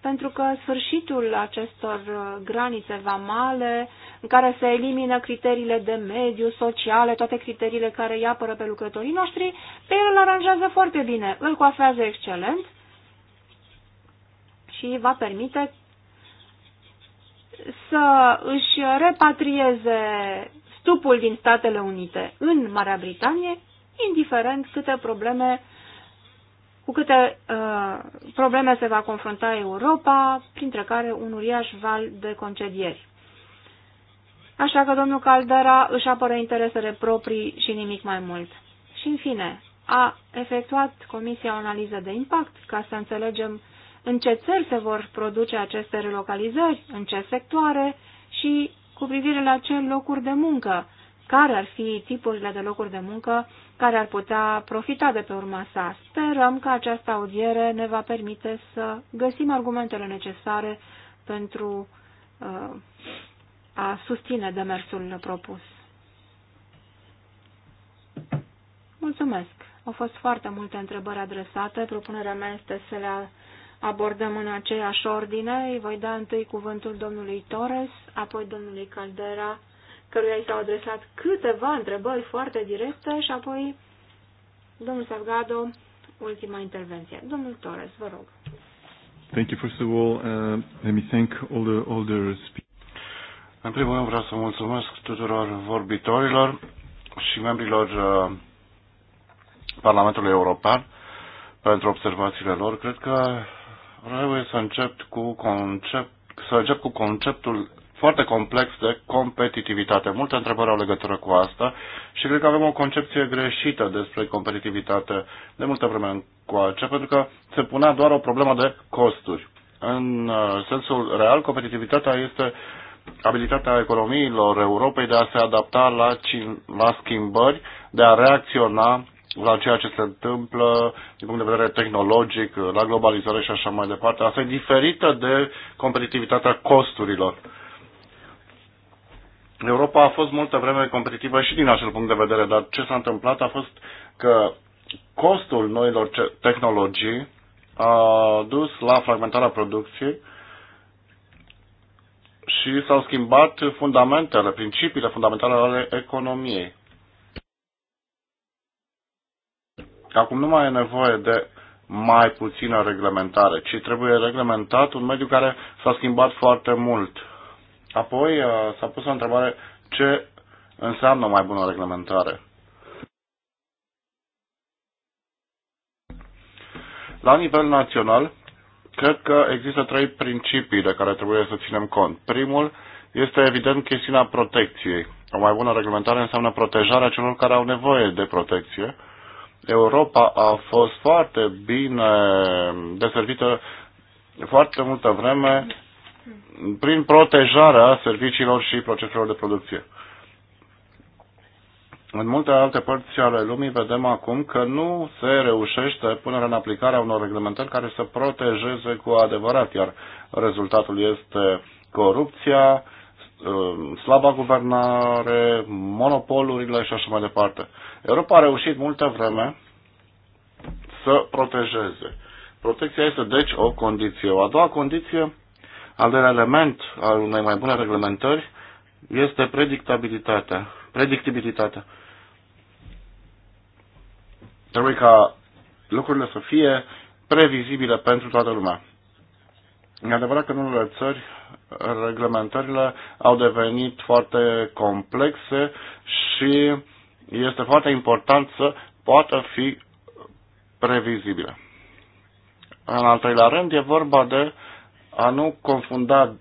pentru că sfârșitul acestor uh, granițe vamale, în care se elimină criteriile de mediu, sociale, toate criteriile care îi apără pe lucrătorii noștri, pe el îl aranjează foarte bine, îl coafează excelent și va permite să își repatrieze stupul din Statele Unite în Marea Britanie, indiferent câte probleme, cu câte uh, probleme se va confrunta Europa, printre care un uriaș val de concedieri. Așa că domnul Caldera își apără interesele proprii și nimic mai mult. Și în fine, a efectuat Comisia o analiză de impact ca să înțelegem în ce țări se vor produce aceste relocalizări, în ce sectoare și cu privire la ce locuri de muncă, care ar fi tipurile de locuri de muncă care ar putea profita de pe urma sa. Sperăm că această audiere ne va permite să găsim argumentele necesare pentru uh, a susține demersul propus. Mulțumesc! Au fost foarte multe întrebări adresate. Propunerea mea este să le abordăm în aceeași ordine. Îi voi da întâi cuvântul domnului Torres, apoi domnului Caldera, căruia i s-au adresat câteva întrebări foarte directe și apoi domnul Salgado, ultima intervenție. Domnul Torres, vă rog. Thank you first of all. Uh, let me thank all the, all the speakers. În primul rând vreau să mulțumesc tuturor vorbitorilor și membrilor uh, Parlamentului European pentru observațiile lor. Cred că Trebuie să încep cu, concept, să încep cu conceptul foarte complex de competitivitate. Multe întrebări au legătură cu asta și cred că avem o concepție greșită despre competitivitate de multă vreme încoace, pentru că se punea doar o problemă de costuri. În uh, sensul real, competitivitatea este abilitatea economiilor Europei de a se adapta la, la schimbări, de a reacționa la ceea ce se întâmplă din punct de vedere tehnologic, la globalizare și așa mai departe. Asta e diferită de competitivitatea costurilor. Europa a fost multă vreme competitivă și din acel punct de vedere, dar ce s-a întâmplat a fost că costul noilor tehnologii a dus la fragmentarea producției și s-au schimbat fundamentele, principiile fundamentale ale economiei. Acum nu mai e nevoie de mai puțină reglementare, ci trebuie reglementat un mediu care s-a schimbat foarte mult. Apoi uh, s-a pus o întrebare ce înseamnă mai bună reglementare. La nivel național, cred că există trei principii de care trebuie să ținem cont. Primul este evident chestiunea protecției. O mai bună reglementare înseamnă protejarea celor care au nevoie de protecție. Europa a fost foarte bine deservită foarte multă vreme prin protejarea serviciilor și proceselor de producție. În multe alte părți ale lumii vedem acum că nu se reușește punerea în aplicare a unor reglementări care să protejeze cu adevărat, iar rezultatul este corupția, Um, slaba guvernare, monopolurile și așa mai departe. Europa a reușit multă vreme să protejeze. Protecția este deci o condiție. O a doua condiție, al doilea element al unei mai bune reglementări, este predictabilitatea. Predictibilitatea. Trebuie ca lucrurile să fie previzibile pentru toată lumea. E adevărat că în unele țări reglementările au devenit foarte complexe și este foarte important să poată fi previzibile. În al treilea rând, e vorba de a nu confunda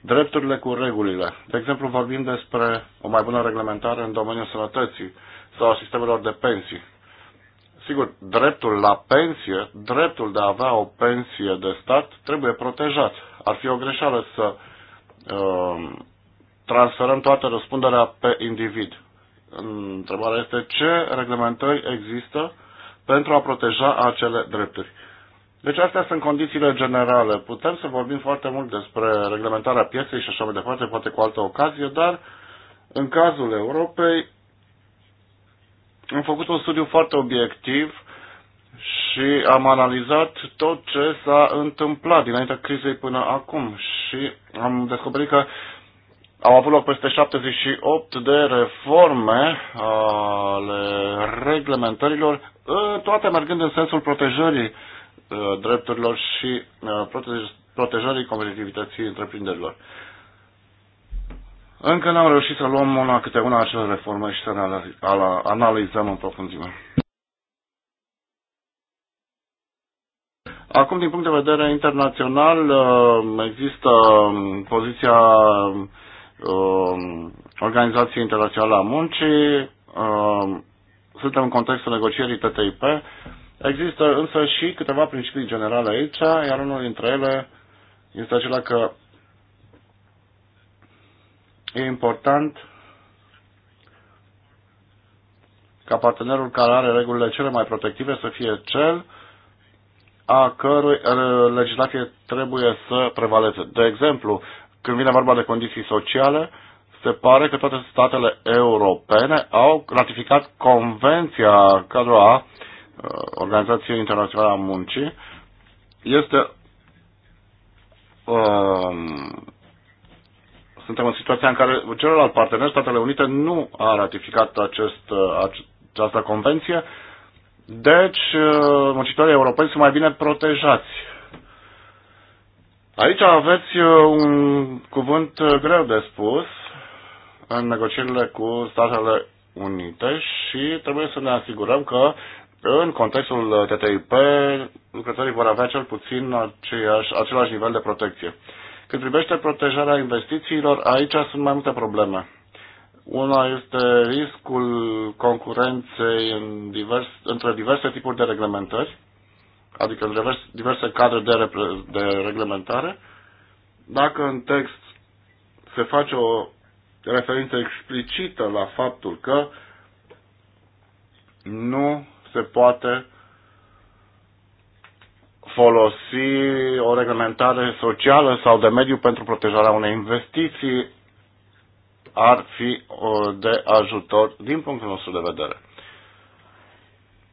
drepturile cu regulile. De exemplu, vorbim despre o mai bună reglementare în domeniul sănătății sau a sistemelor de pensii. Sigur, dreptul la pensie, dreptul de a avea o pensie de stat trebuie protejat. Ar fi o greșeală să uh, transferăm toată răspunderea pe individ. Întrebarea este ce reglementări există pentru a proteja acele drepturi. Deci astea sunt condițiile generale. Putem să vorbim foarte mult despre reglementarea pieței și așa mai departe, poate cu altă ocazie, dar în cazul Europei am făcut un studiu foarte obiectiv și am analizat tot ce s-a întâmplat dinaintea crizei până acum și am descoperit că au avut loc peste 78 de reforme ale reglementărilor, ă, toate mergând în sensul protejării ă, drepturilor și ă, protejării competitivității întreprinderilor. Încă n-am reușit să luăm una câte una acele reformă și să ne analizăm în profunzime. Acum, din punct de vedere internațional, uh, există um, poziția um, Organizației Internaționale a Muncii, um, suntem în contextul negocierii TTIP, există însă și câteva principii generale aici, iar unul dintre ele este acela că E important ca partenerul care are regulile cele mai protective să fie cel a cărui legislație trebuie să prevaleze. De exemplu, când vine vorba de condiții sociale, se pare că toate statele europene au ratificat Convenția cadrul a Organizației Internaționale a Muncii. Este um, suntem în situația în care celălalt partener, Statele Unite, nu a ratificat acest, această convenție, deci uh, muncitorii europeni sunt mai bine protejați. Aici aveți uh, un cuvânt uh, greu de spus în negocierile cu Statele Unite și trebuie să ne asigurăm că în contextul TTIP lucrătorii vor avea cel puțin aceeași, același nivel de protecție. Cât privește protejarea investițiilor, aici sunt mai multe probleme. Una este riscul concurenței în divers, între diverse tipuri de reglementări, adică în divers, diverse cadre de, repre, de reglementare. Dacă în text se face o referință explicită la faptul că nu se poate folosi o reglementare socială sau de mediu pentru protejarea unei investiții ar fi uh, de ajutor din punctul nostru de vedere.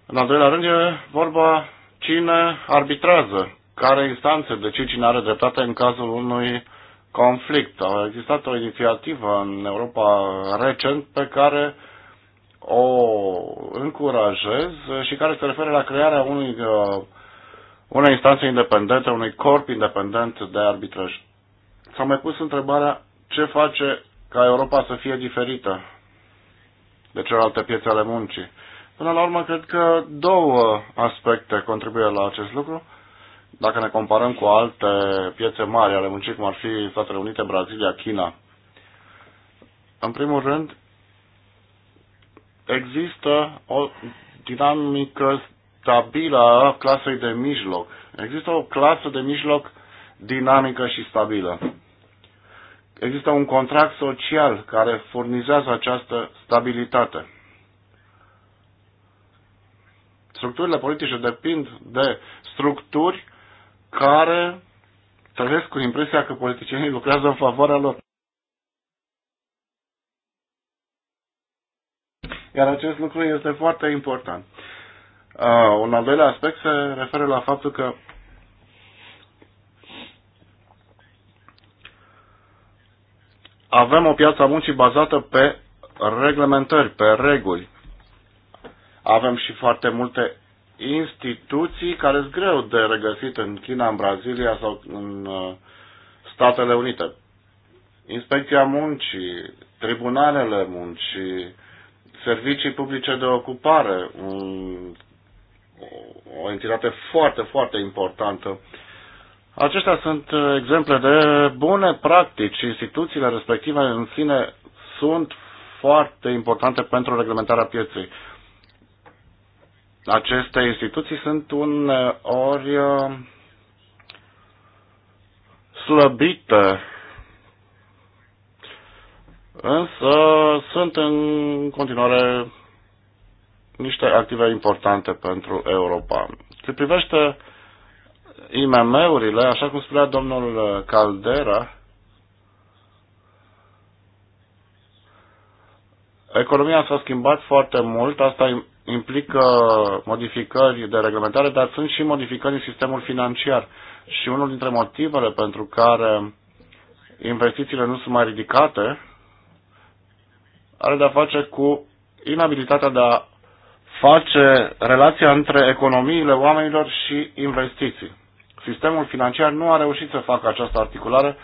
În al doilea rând e vorba cine arbitrează, care instanțe decide cine are dreptate în cazul unui conflict. A existat o inițiativă în Europa recent pe care o încurajez și care se referă la crearea unui uh, unei instanțe independente, unui corp independent de arbitraj. S-a mai pus întrebarea ce face ca Europa să fie diferită de celelalte piețe ale muncii. Până la urmă, cred că două aspecte contribuie la acest lucru. Dacă ne comparăm cu alte piețe mari ale muncii, cum ar fi Statele Unite, Brazilia, China, în primul rând, există o dinamică stabilă a clasei de mijloc. Există o clasă de mijloc dinamică și stabilă. Există un contract social care furnizează această stabilitate. Structurile politice depind de structuri care trăiesc cu impresia că politicienii lucrează în favoarea lor. Iar acest lucru este foarte important. Uh, un al doilea aspect se referă la faptul că avem o piață a muncii bazată pe reglementări, pe reguli. Avem și foarte multe instituții care sunt greu de regăsit în China, în Brazilia sau în uh, Statele Unite. Inspecția muncii, tribunalele muncii, servicii publice de ocupare, un o entitate foarte, foarte importantă. Acestea sunt uh, exemple de bune practici. Instituțiile respective în sine sunt foarte importante pentru reglementarea pieței. Aceste instituții sunt uneori uh, slăbite, însă sunt în continuare niște active importante pentru Europa. Se privește IMM-urile, așa cum spunea domnul Caldera, economia s-a schimbat foarte mult, asta implică modificări de reglementare, dar sunt și modificări în sistemul financiar. Și unul dintre motivele pentru care investițiile nu sunt mai ridicate are de-a face cu inabilitatea de a face relația între economiile oamenilor și investiții. Sistemul financiar nu a reușit să facă această articulare.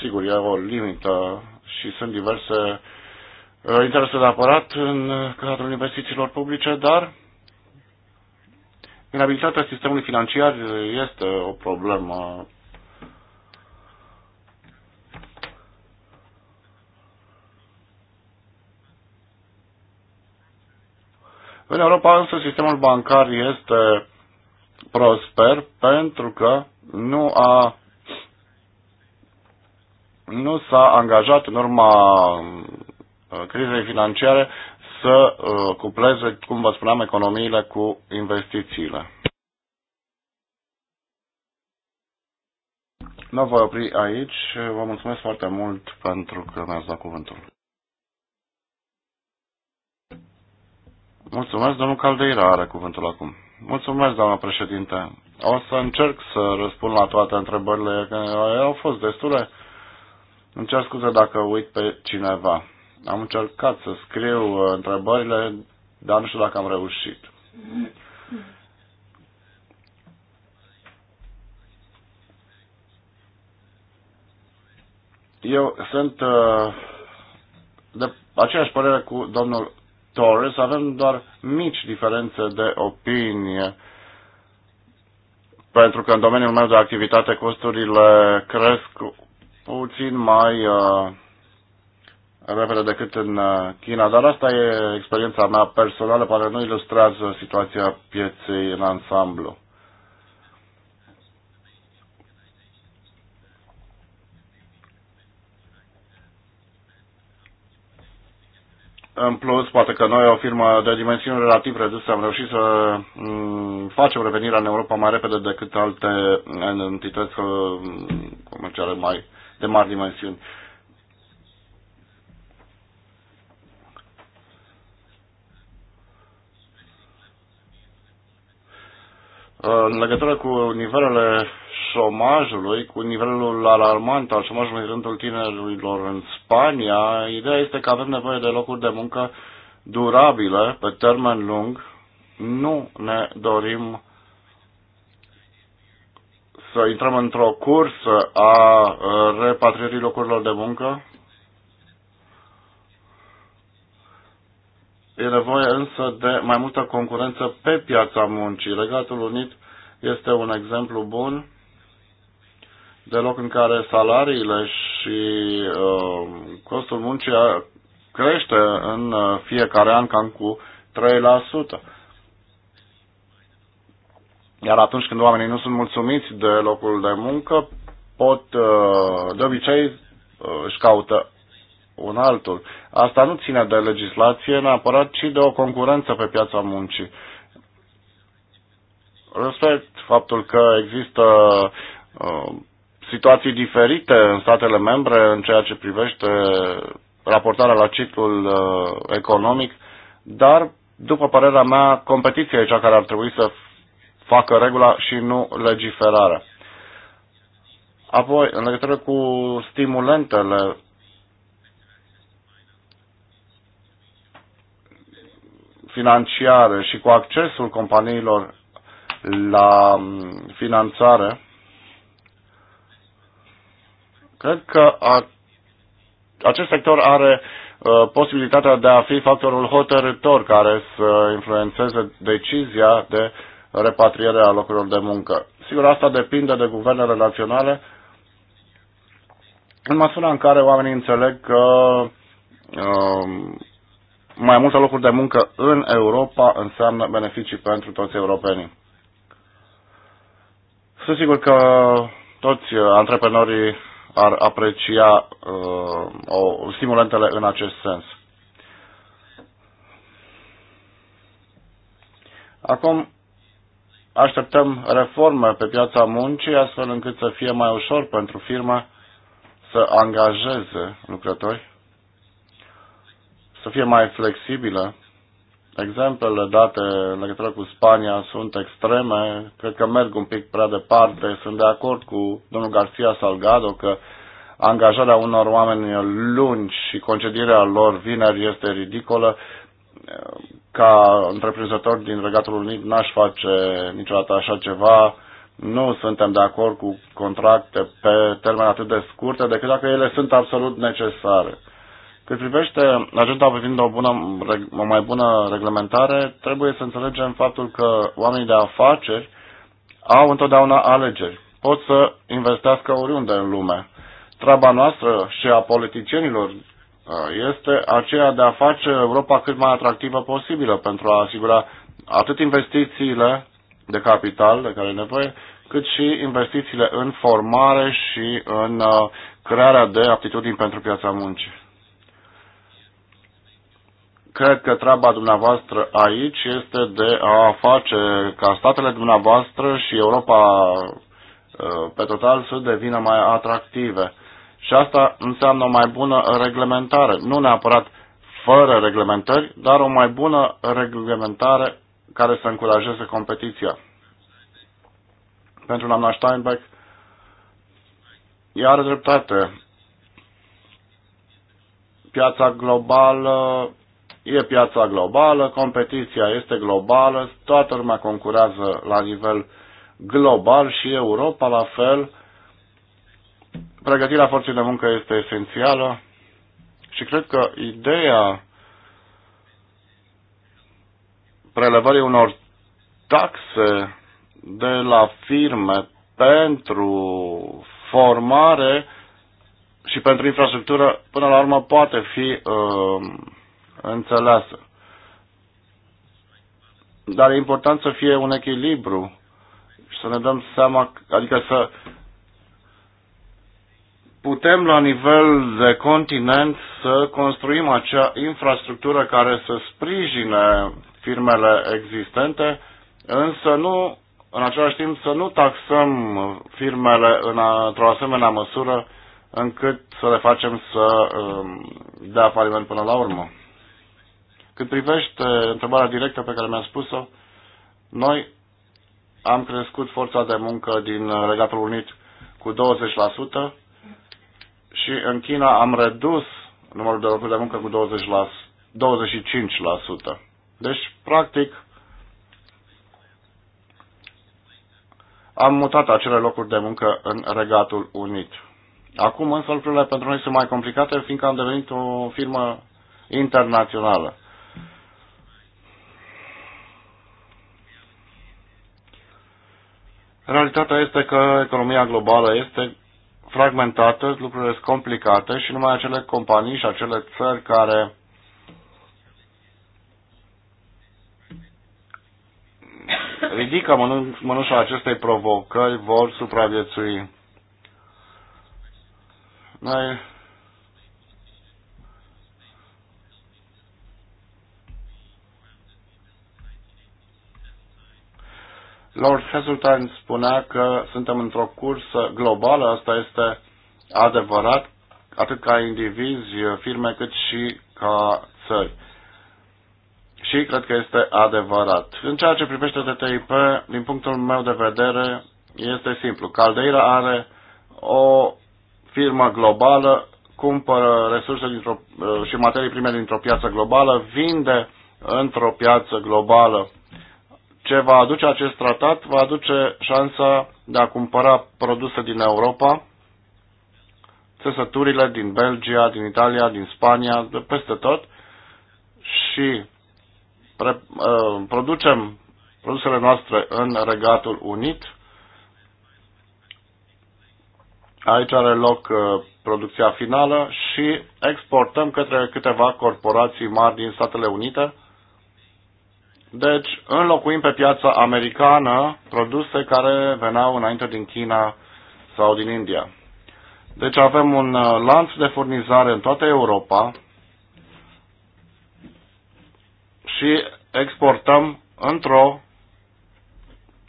Sigur, e o limită și sunt diverse uh, interese de apărat în cadrul investițiilor publice, dar inabilitatea sistemului financiar este o problemă În Europa însă sistemul bancar este prosper pentru că nu a nu s-a angajat în urma uh, crizei financiare să uh, cupleze, cum vă spuneam, economiile cu investițiile. Nu voi opri aici. Vă mulțumesc foarte mult pentru că mi-ați dat cuvântul. Mulțumesc, domnul Caldeira are cuvântul acum. Mulțumesc, doamna președinte. O să încerc să răspund la toate întrebările, că au fost destule. Îmi cer scuze dacă uit pe cineva. Am încercat să scriu uh, întrebările, dar nu știu dacă am reușit. Eu sunt uh, de aceeași părere cu domnul Torres avem doar mici diferențe de opinie, pentru că în domeniul meu de activitate costurile cresc puțin mai uh, repede decât în uh, China, dar asta e experiența mea personală, care nu ilustrează situația pieței în ansamblu. În plus, poate că noi, o firmă de dimensiuni relativ reduse, am reușit să mm, facem revenirea în Europa mai repede decât alte entități uh, comerciale mai de mari dimensiuni. În legătură cu nivelele șomajului, cu nivelul alarmant al șomajului în rândul tinerilor în Spania, ideea este că avem nevoie de locuri de muncă durabile, pe termen lung. Nu ne dorim să intrăm într-o cursă a repatrierii locurilor de muncă. E nevoie însă de mai multă concurență pe piața muncii. Legatul Unit este un exemplu bun de loc în care salariile și uh, costul muncii crește în uh, fiecare an cam cu 3%. Iar atunci când oamenii nu sunt mulțumiți de locul de muncă, pot, uh, de obicei, uh, își caută un altul. Asta nu ține de legislație neapărat, ci de o concurență pe piața muncii. Respect faptul că există situații diferite în statele membre în ceea ce privește raportarea la ciclul uh, economic, dar, după părerea mea, competiția e cea care ar trebui să facă regula și nu legiferarea. Apoi, în legătură cu stimulentele, financiare și cu accesul companiilor la mm, finanțare, Cred că a, acest sector are uh, posibilitatea de a fi factorul hotărător care să influențeze decizia de repatriere a locurilor de muncă. Sigur, asta depinde de guvernele naționale în măsura în care oamenii înțeleg că uh, mai multe locuri de muncă în Europa înseamnă beneficii pentru toți europenii. Sunt sigur că toți antreprenorii ar aprecia uh, o, stimulentele în acest sens. Acum așteptăm reforme pe piața muncii astfel încât să fie mai ușor pentru firmă să angajeze lucrători, să fie mai flexibile Exemplele date în legătură cu Spania sunt extreme, cred că merg un pic prea departe. Sunt de acord cu domnul Garcia Salgado că angajarea unor oameni lungi și concedierea lor vineri este ridicolă. Ca întreprinzător din Regatul Unit n-aș face niciodată așa ceva. Nu suntem de acord cu contracte pe termen atât de scurte, decât dacă ele sunt absolut necesare. Cât privește agenda privind o, bună, o mai bună reglementare, trebuie să înțelegem faptul că oamenii de afaceri au întotdeauna alegeri. Pot să investească oriunde în lume. Treaba noastră și a politicienilor uh, este aceea de a face Europa cât mai atractivă posibilă pentru a asigura atât investițiile de capital de care e nevoie, cât și investițiile în formare și în uh, crearea de aptitudini pentru piața muncii cred că treaba dumneavoastră aici este de a face ca statele dumneavoastră și Europa ă, pe total să devină mai atractive. Și asta înseamnă o mai bună reglementare, nu neapărat fără reglementări, dar o mai bună reglementare care să încurajeze competiția. Pentru doamna Steinbeck, ea are dreptate. Piața globală E piața globală, competiția este globală, toată lumea concurează la nivel global și Europa la fel. Pregătirea forței de muncă este esențială și cred că ideea prelevării unor taxe de la firme pentru formare și pentru infrastructură, până la urmă, poate fi uh, înțeleasă. Dar e important să fie un echilibru și să ne dăm seama, adică să putem la nivel de continent să construim acea infrastructură care să sprijine firmele existente, însă nu, în același timp, să nu taxăm firmele într-o asemenea măsură încât să le facem să um, dea faliment până la urmă. Cât privește întrebarea directă pe care mi-a spus-o, noi am crescut forța de muncă din Regatul Unit cu 20% și în China am redus numărul de locuri de muncă cu 20 la, 25%. Deci, practic, am mutat acele locuri de muncă în Regatul Unit. Acum însă lucrurile pentru noi sunt mai complicate, fiindcă am devenit o firmă internațională. Realitatea este că economia globală este fragmentată, lucrurile sunt complicate și numai acele companii și acele țări care ridică mânușa acestei provocări vor supraviețui. Noi Lord Heseltine spunea că suntem într-o cursă globală, asta este adevărat, atât ca indivizi, firme, cât și ca țări. Și cred că este adevărat. În ceea ce privește TTIP, din punctul meu de vedere, este simplu. Caldeira are o firmă globală, cumpără resurse dintr-o, uh, și materii prime dintr-o piață globală, vinde într-o piață globală ce va aduce acest tratat va aduce șansa de a cumpăra produse din Europa, țesăturile din Belgia, din Italia, din Spania, de peste tot și pre, uh, producem produsele noastre în Regatul Unit. Aici are loc uh, producția finală și exportăm către câteva corporații mari din Statele Unite deci înlocuim pe piața americană produse care veneau înainte din China sau din India. Deci avem un uh, lanț de furnizare în toată Europa și exportăm într-o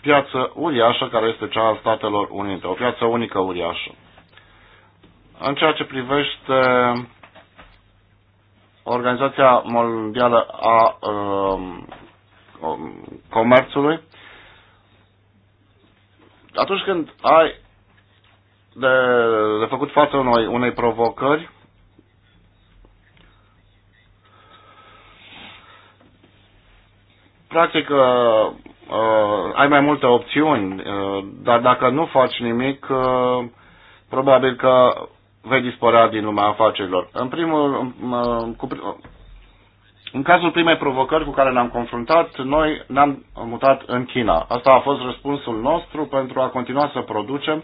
piață uriașă care este cea a Statelor Unite, o piață unică uriașă. În ceea ce privește Organizația Mondială a uh, Um, comerțului. Atunci când ai de, de făcut față unei, unei provocări, practic uh, uh, ai mai multe opțiuni, uh, dar dacă nu faci nimic, uh, probabil că vei dispărea din lumea afacerilor. În primul, uh, cu, în cazul primei provocări cu care ne-am confruntat, noi ne-am mutat în China. Asta a fost răspunsul nostru pentru a continua să producem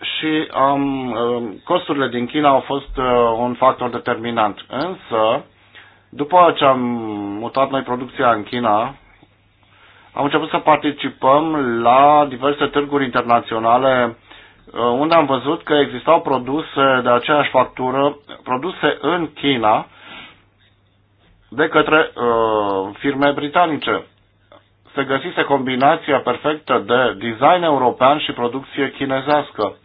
și um, costurile din China au fost uh, un factor determinant. Însă, după ce am mutat noi producția în China, am început să participăm la diverse târguri internaționale Uh, unde am văzut că existau produse de aceeași factură, produse în China de către uh, firme britanice. Se găsise combinația perfectă de design european și producție chinezească.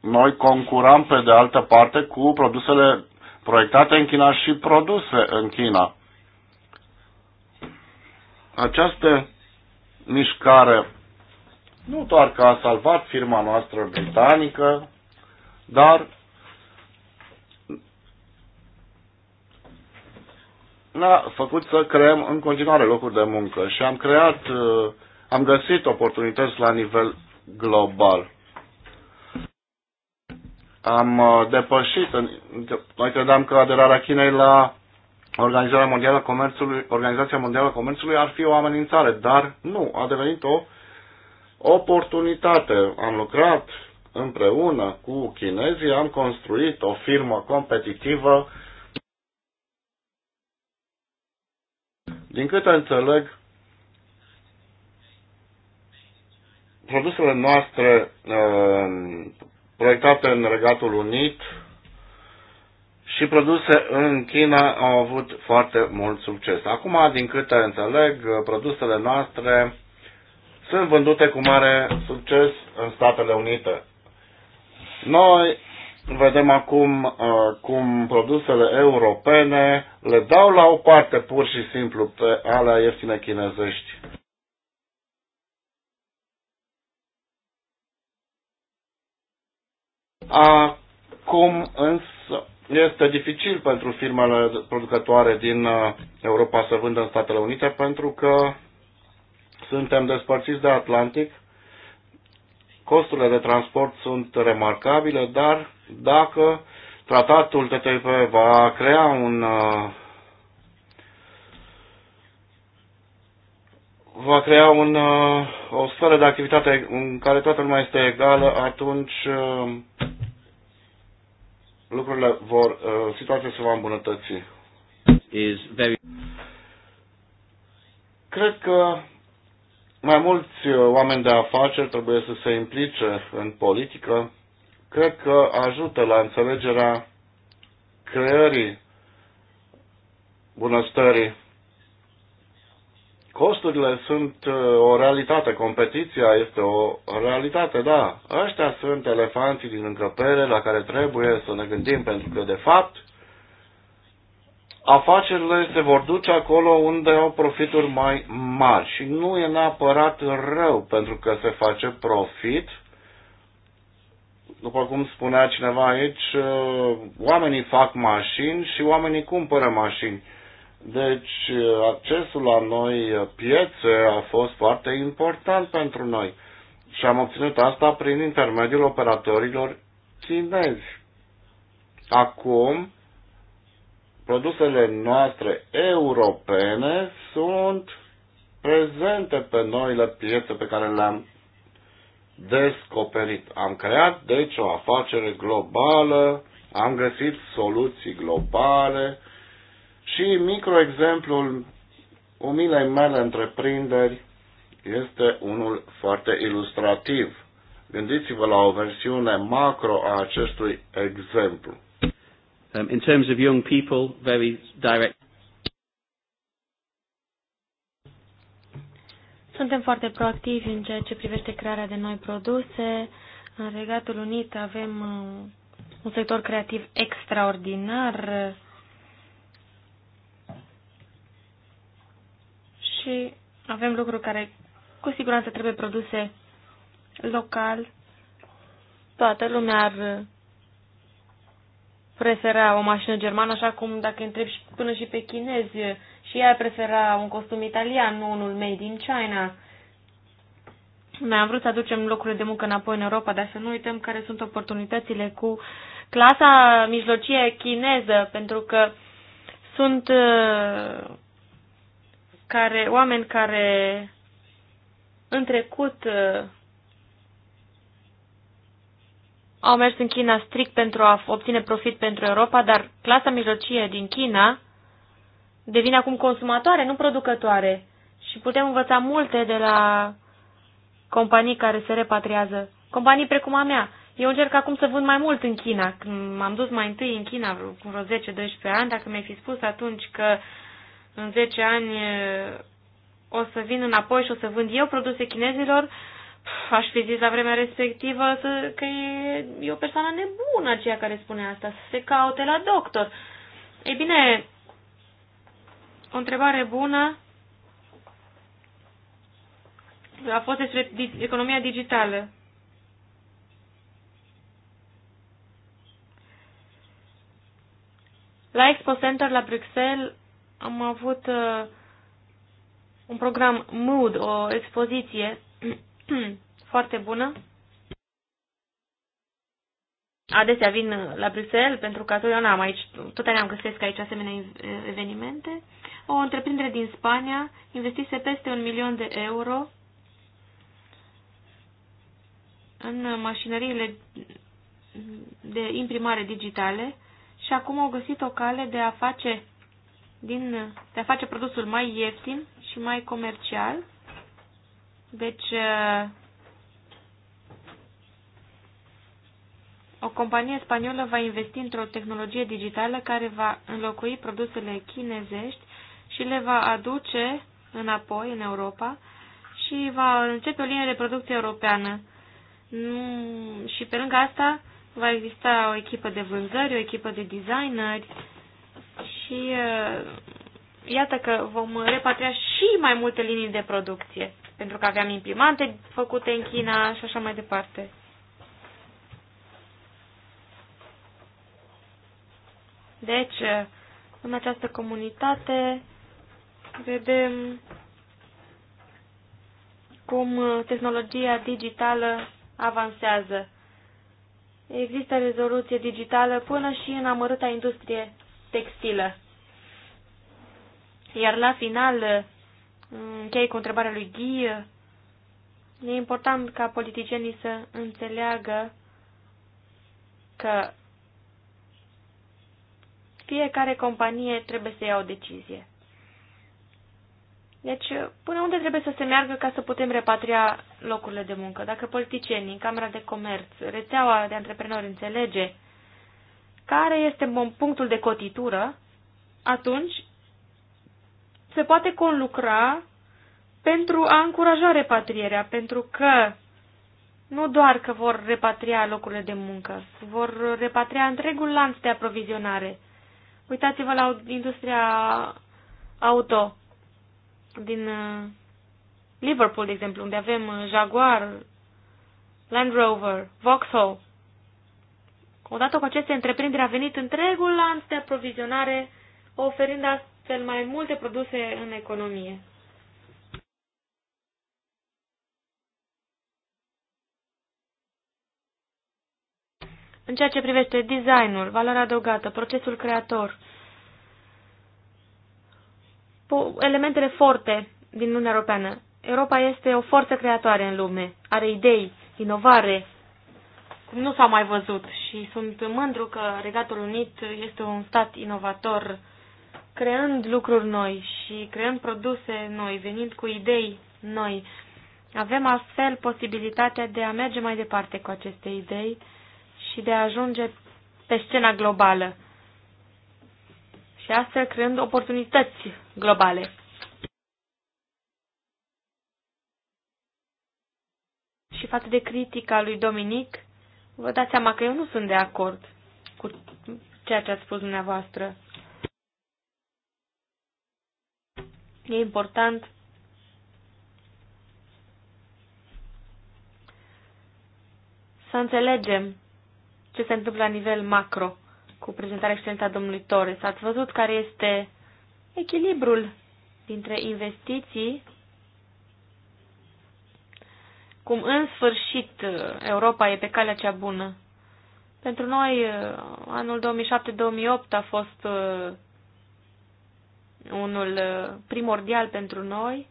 Noi concuram pe de altă parte cu produsele proiectate în China și produse în China. Această mișcare nu doar că a salvat firma noastră britanică, dar ne-a făcut să creăm în continuare locuri de muncă și am creat, uh, am găsit oportunități la nivel global. Am uh, depășit, noi credeam că aderarea Chinei la Organizația Mondială a Comerțului, Organizația Mondială a Comerțului ar fi o amenințare, dar nu, a devenit o oportunitate. Am lucrat împreună cu chinezii, am construit o firmă competitivă. Din câte înțeleg, produsele noastre uh, proiectate în Regatul Unit și produse în China au avut foarte mult succes. Acum, din câte înțeleg, uh, produsele noastre sunt vândute cu mare succes în Statele Unite. Noi vedem acum uh, cum produsele europene le dau la o parte pur și simplu pe alea ieftine chinezești. Acum însă este dificil pentru firmele producătoare din uh, Europa să vândă în Statele Unite pentru că suntem despărțiți de Atlantic, costurile de transport sunt remarcabile, dar dacă tratatul TTIP va crea un uh, va crea un, uh, o sferă de activitate în care toată lumea este egală, atunci uh, lucrurile vor, situația se va îmbunătăți. Is very... Cred că mai mulți uh, oameni de afaceri trebuie să se implice în politică. Cred că ajută la înțelegerea creării bunăstării. Costurile sunt uh, o realitate, competiția este o realitate, da. Ăștia sunt elefanții din încăpere la care trebuie să ne gândim, pentru că, de fapt, afacerile se vor duce acolo unde au profituri mai mari și nu e neapărat rău pentru că se face profit. După cum spunea cineva aici, oamenii fac mașini și oamenii cumpără mașini. Deci accesul la noi piețe a fost foarte important pentru noi și am obținut asta prin intermediul operatorilor chinezi. Acum, produsele noastre europene sunt prezente pe noile piețe pe care le-am descoperit. Am creat, deci, o afacere globală, am găsit soluții globale și microexemplul umilei mele întreprinderi este unul foarte ilustrativ. Gândiți-vă la o versiune macro a acestui exemplu. Um, in terms of young people, very direct. Suntem foarte proactivi în ceea ce privește crearea de noi produse. În Regatul Unit avem uh, un sector creativ extraordinar și avem lucruri care cu siguranță trebuie produse local. Toată lumea ar prefera o mașină germană, așa cum dacă întreb și, până și pe chinezi, și ea prefera un costum italian, nu unul made in China. Noi am vrut să aducem locurile de muncă înapoi în Europa, dar să nu uităm care sunt oportunitățile cu clasa mijlocie chineză, pentru că sunt uh, care, oameni care în trecut uh, au mers în China strict pentru a obține profit pentru Europa, dar clasa mijlocie din China devine acum consumatoare, nu producătoare. Și putem învăța multe de la companii care se repatriază. Companii precum a mea. Eu încerc acum să vând mai mult în China. Când m-am dus mai întâi în China, cu vreo 10-12 ani, dacă mi-ai fi spus atunci că în 10 ani eh, o să vin înapoi și o să vând eu produse chinezilor, aș fi zis la vremea respectivă că e, e o persoană nebună aceea care spune asta, să se caute la doctor. Ei bine, o întrebare bună a fost despre economia digitală. La Expo Center la Bruxelles am avut uh, un program Mood, o expoziție Hmm, foarte bună. Adesea vin la Bruxelles, pentru că totdeauna am aici, totdeauna am găsesc aici asemenea evenimente. O întreprindere din Spania investise peste un milion de euro în mașinăriile de imprimare digitale și acum au găsit o cale de a face, din, de a face produsul mai ieftin și mai comercial deci, uh, o companie spaniolă va investi într-o tehnologie digitală care va înlocui produsele chinezești și le va aduce înapoi în Europa și va începe o linie de producție europeană. Și pe lângă asta va exista o echipă de vânzări, o echipă de designeri și uh, iată că vom repatria și mai multe linii de producție pentru că aveam imprimante făcute în China și așa mai departe. Deci, în această comunitate vedem cum tehnologia digitală avansează. Există rezoluție digitală până și în amărâta industrie textilă. Iar la final, Închei cu întrebarea lui Ghi. E important ca politicienii să înțeleagă că fiecare companie trebuie să ia o decizie. Deci, până unde trebuie să se meargă ca să putem repatria locurile de muncă? Dacă politicienii, Camera de Comerț, rețeaua de antreprenori înțelege care este punctul de cotitură, atunci se poate conlucra pentru a încuraja repatrierea, pentru că nu doar că vor repatria locurile de muncă, vor repatria întregul lanț de aprovizionare. Uitați-vă la industria auto din uh, Liverpool, de exemplu, unde avem uh, Jaguar, Land Rover, Vauxhall. Odată cu aceste întreprinderi a venit întregul lanț de aprovizionare, oferind cel mai multe produse în economie. În ceea ce privește designul, valoarea adăugată, procesul creator, elementele forte din Uniunea Europeană. Europa este o forță creatoare în lume, are idei, inovare, cum nu s a mai văzut și sunt mândru că Regatul Unit este un stat inovator creând lucruri noi și creând produse noi, venind cu idei noi, avem astfel posibilitatea de a merge mai departe cu aceste idei și de a ajunge pe scena globală și astfel creând oportunități globale. Și față de critica lui Dominic, vă dați seama că eu nu sunt de acord cu ceea ce ați spus dumneavoastră. E important să înțelegem ce se întâmplă la nivel macro cu prezentarea excelentă a domnului Torres. Ați văzut care este echilibrul dintre investiții, cum în sfârșit uh, Europa e pe calea cea bună. Pentru noi, uh, anul 2007-2008 a fost uh, unul uh, primordial pentru noi.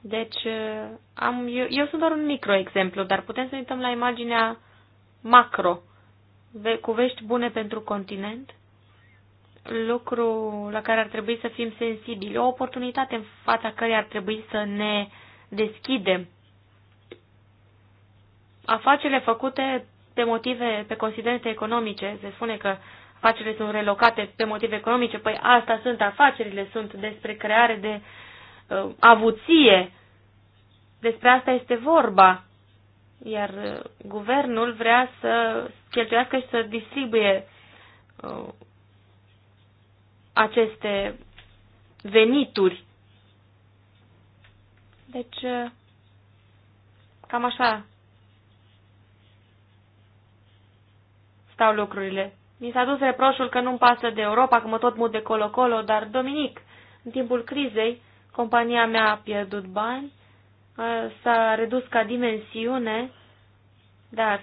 Deci, uh, am, eu, eu sunt doar un microexemplu, dar putem să ne uităm la imaginea macro, cu vești bune pentru continent, lucru la care ar trebui să fim sensibili, o oportunitate în fața cărei ar trebui să ne deschidem. Afacerile făcute pe motive, pe considerente economice, se spune că afacerile sunt relocate pe motive economice, păi asta sunt afacerile, sunt despre creare de uh, avuție. Despre asta este vorba. Iar uh, guvernul vrea să cheltuiască și să distribuie uh, aceste venituri. Deci, uh, cam așa stau lucrurile. Mi s-a dus reproșul că nu-mi pasă de Europa, că mă tot mut de colo-colo, dar, Dominic, în timpul crizei, compania mea a pierdut bani, s-a redus ca dimensiune, dar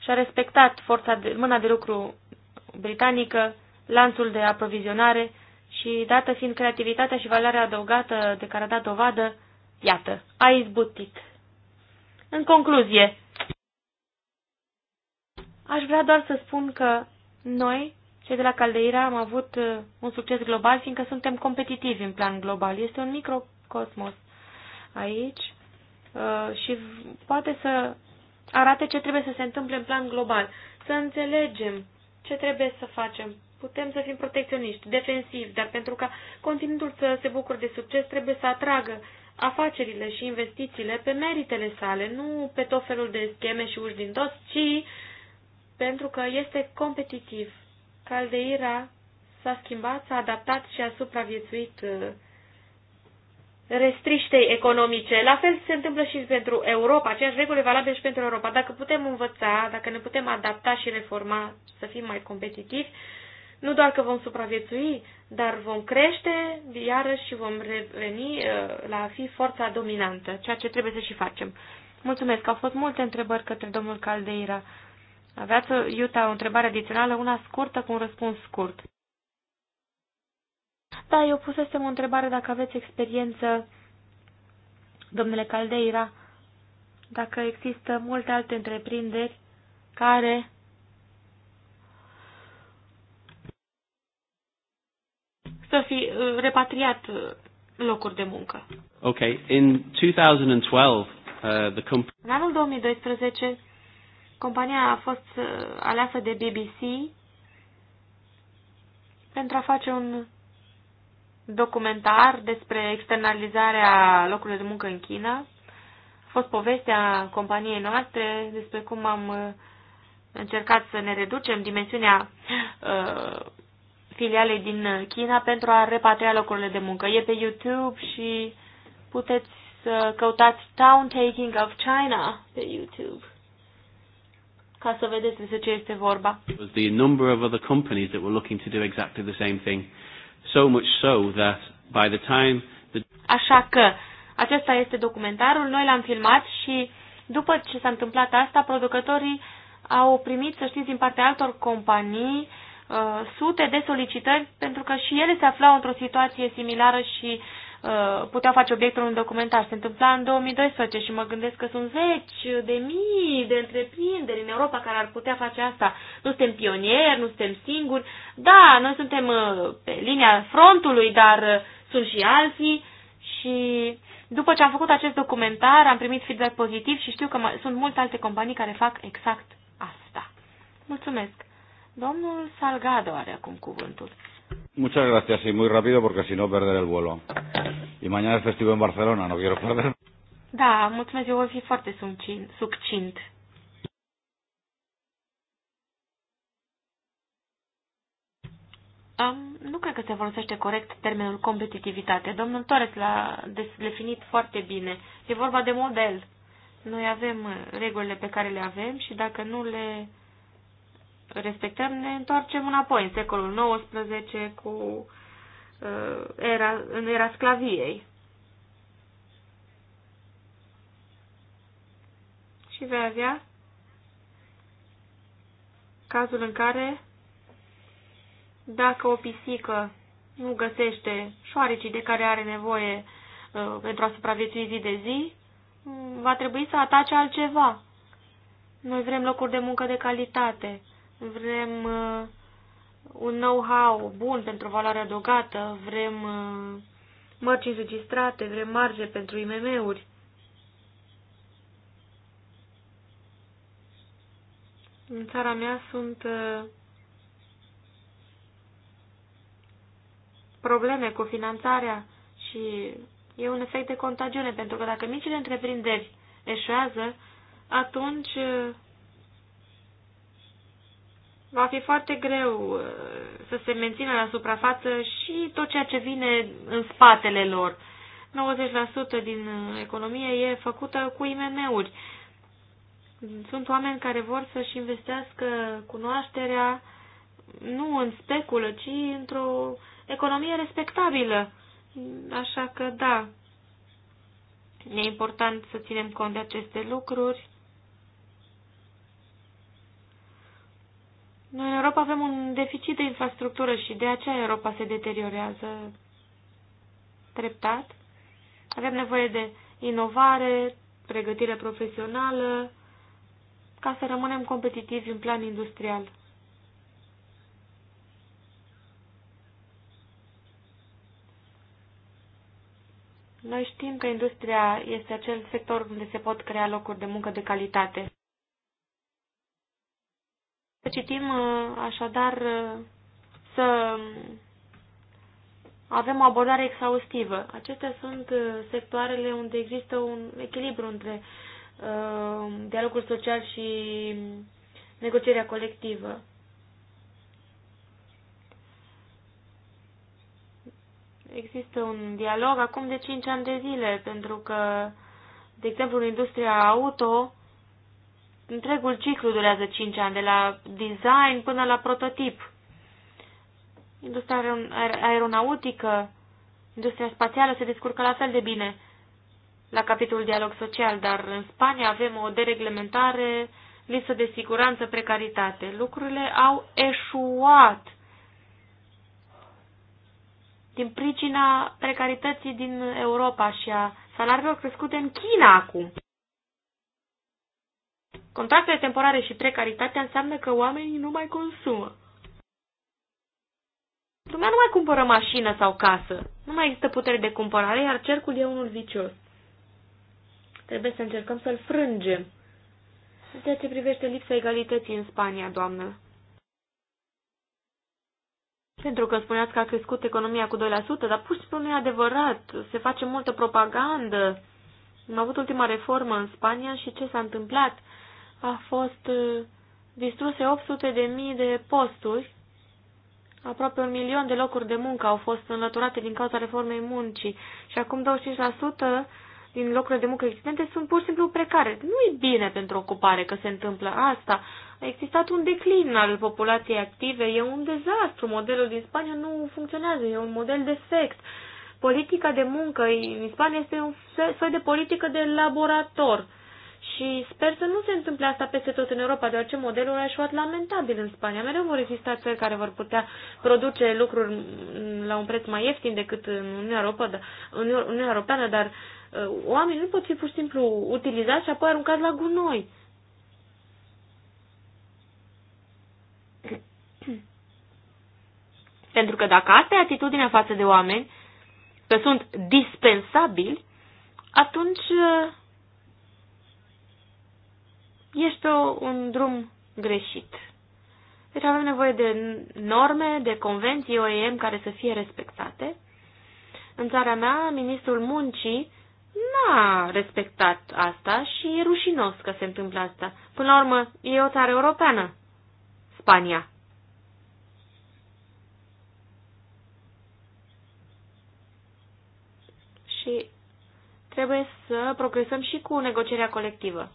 și-a respectat forța de, mâna de lucru britanică, lanțul de aprovizionare și, dată fiind creativitatea și valoarea adăugată de care a dat dovadă, iată, a izbutit. În concluzie, Aș vrea doar să spun că noi, cei de la Caldeira, am avut uh, un succes global, fiindcă suntem competitivi în plan global. Este un microcosmos aici uh, și poate să arate ce trebuie să se întâmple în plan global. Să înțelegem ce trebuie să facem. Putem să fim protecționiști, defensivi, dar pentru ca continentul să se bucure de succes, trebuie să atragă afacerile și investițiile pe meritele sale, nu pe tot felul de scheme și uși din dos, ci pentru că este competitiv. Caldeira s-a schimbat, s-a adaptat și a supraviețuit uh, restriștei economice. La fel se întâmplă și pentru Europa, aceeași reguli valabile și pentru Europa. Dacă putem învăța, dacă ne putem adapta și reforma, să fim mai competitivi, nu doar că vom supraviețui, dar vom crește iarăși și vom reveni uh, la a fi forța dominantă, ceea ce trebuie să și facem. Mulțumesc, au fost multe întrebări către domnul Caldeira. Aveați, Iuta, o întrebare adițională, una scurtă cu un răspuns scurt. Da, eu pusesem o întrebare dacă aveți experiență, domnule Caldeira, dacă există multe alte întreprinderi care să fi uh, repatriat uh, locuri de muncă. Okay, in 2012, uh, the company... În anul 2012, Compania a fost uh, aleasă de BBC pentru a face un documentar despre externalizarea locurilor de muncă în China. A fost povestea companiei noastre despre cum am uh, încercat să ne reducem dimensiunea uh, filialei din China pentru a repatria locurile de muncă. E pe YouTube și puteți să căutați Town Taking of China pe YouTube ca să vedeți despre ce este vorba. It was The number of other companies that were looking to do exactly the same thing. So much so that by the time the... Așa că acesta este documentarul, noi l-am filmat și după ce s-a întâmplat asta, producătorii au primit, să știți, din partea altor companii uh, sute de solicitări pentru că și ele se aflau într-o situație similară și uh, Uh, putea face obiectul un documentar. Se întâmpla în 2012 și mă gândesc că sunt zeci de mii de întreprinderi în Europa care ar putea face asta. Nu suntem pionieri, nu suntem singuri. Da, noi suntem uh, pe linia frontului, dar uh, sunt și alții și după ce am făcut acest documentar am primit feedback pozitiv și știu că sunt multe alte companii care fac exact asta. Mulțumesc! Domnul Salgado are acum cuvântul. Muchas gracias y muy rápido porque si no perderé el vuelo. Y mañana es festivo en Barcelona, no quiero perder. Da, mulțumesc, eu voi fi foarte succint. Um, nu cred că se folosește corect termenul competitivitate. Domnul Torres l-a definit foarte bine. E vorba de model. Noi avem uh, regulile pe care le avem și dacă nu le respectăm, ne întoarcem înapoi în secolul XIX cu uh, era, în era sclaviei. Și vei avea cazul în care dacă o pisică nu găsește șoarecii de care are nevoie uh, pentru a supraviețui zi de zi, va trebui să atace altceva. Noi vrem locuri de muncă de calitate vrem uh, un know-how bun pentru valoare adăugată, vrem uh, mărci înregistrate, vrem marge pentru IMM-uri. În țara mea sunt uh, probleme cu finanțarea și e un efect de contagiune, pentru că dacă micile întreprinderi eșuează, atunci va fi foarte greu uh, să se mențină la suprafață și tot ceea ce vine în spatele lor. 90% din uh, economie e făcută cu IMM-uri. Sunt oameni care vor să-și investească cunoașterea nu în speculă, ci într-o economie respectabilă. Așa că, da, e important să ținem cont de aceste lucruri Noi în Europa avem un deficit de infrastructură și de aceea Europa se deteriorează treptat. Avem nevoie de inovare, pregătire profesională, ca să rămânem competitivi în plan industrial. Noi știm că industria este acel sector unde se pot crea locuri de muncă de calitate. Să citim uh, așadar uh, să avem o abordare exhaustivă. Acestea sunt uh, sectoarele unde există un echilibru între dialogul social și negocierea colectivă. Există un dialog acum de 5 ani de zile, pentru că, de exemplu, în industria auto, întregul ciclu durează 5 ani, de la design până la prototip. Industria aeronautică, industria spațială se descurcă la fel de bine la capitolul dialog social, dar în Spania avem o dereglementare, lipsă de siguranță, precaritate. Lucrurile au eșuat din pricina precarității din Europa și a salariilor crescute în China acum. Contractele temporare și precaritatea înseamnă că oamenii nu mai consumă. Lumea nu mai cumpără mașină sau casă. Nu mai există putere de cumpărare, iar cercul e unul vicios. Trebuie să încercăm să-l frângem. În ceea ce privește lipsa egalității în Spania, doamnă. Pentru că spuneați că a crescut economia cu 2%, dar pur și simplu nu e adevărat. Se face multă propagandă. Am avut ultima reformă în Spania și ce s-a întâmplat? a fost uh, distruse 800 de mii de posturi, aproape un milion de locuri de muncă au fost înlăturate din cauza reformei muncii și acum 25% din locurile de muncă existente sunt pur și simplu precare. Nu e bine pentru ocupare că se întâmplă asta. A existat un declin al populației active, e un dezastru. Modelul din Spania nu funcționează, e un model defect. Politica de muncă în Spania este un soi de politică de laborator. Și sper să nu se întâmple asta peste tot în Europa, deoarece modelul a eșuat lamentabil în Spania. Mereu vor exista țări care vor putea produce lucruri la un preț mai ieftin decât în Uniunea Europa, da, în Uniunea Europeană dar uh, oamenii nu pot fi pur și simplu utilizați și apoi aruncați la gunoi. Pentru că dacă asta e atitudinea față de oameni, că sunt dispensabili, atunci uh, este o, un drum greșit. Deci avem nevoie de norme, de convenții OEM care să fie respectate. În țara mea, ministrul muncii n-a respectat asta și e rușinos că se întâmplă asta. Până la urmă, e o țară europeană, Spania. Și trebuie să progresăm și cu negocierea colectivă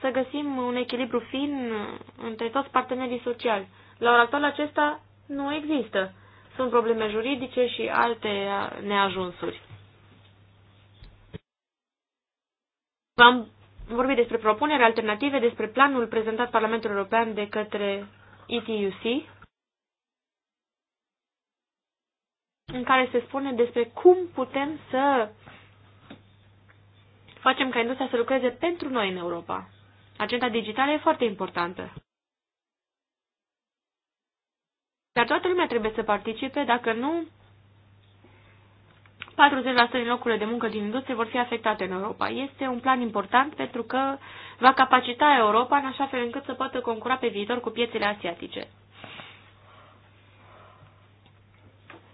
să găsim un echilibru fin între toți partenerii sociali. La ora actuală acesta nu există. Sunt probleme juridice și alte neajunsuri. V-am vorbit despre propunere alternative, despre planul prezentat Parlamentul European de către ETUC, în care se spune despre cum putem să facem ca industria să lucreze pentru noi în Europa. Agenda digitală e foarte importantă. Dar toată lumea trebuie să participe, dacă nu, 40% din locurile de muncă din industrie vor fi afectate în Europa. Este un plan important pentru că va capacita Europa în așa fel încât să poată concura pe viitor cu piețele asiatice.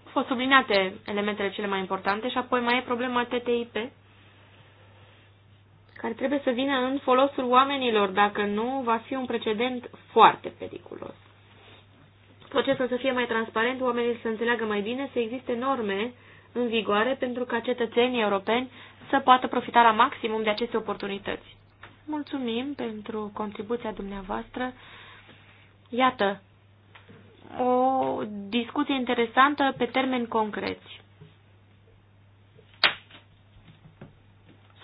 Au fost subliniate elementele cele mai importante și apoi mai e problema TTIP, care trebuie să vină în folosul oamenilor. Dacă nu, va fi un precedent foarte periculos. Procesul să fie mai transparent, oamenii să înțeleagă mai bine, să existe norme în vigoare pentru ca cetățenii europeni să poată profita la maximum de aceste oportunități. Mulțumim pentru contribuția dumneavoastră. Iată, o discuție interesantă pe termeni concreți.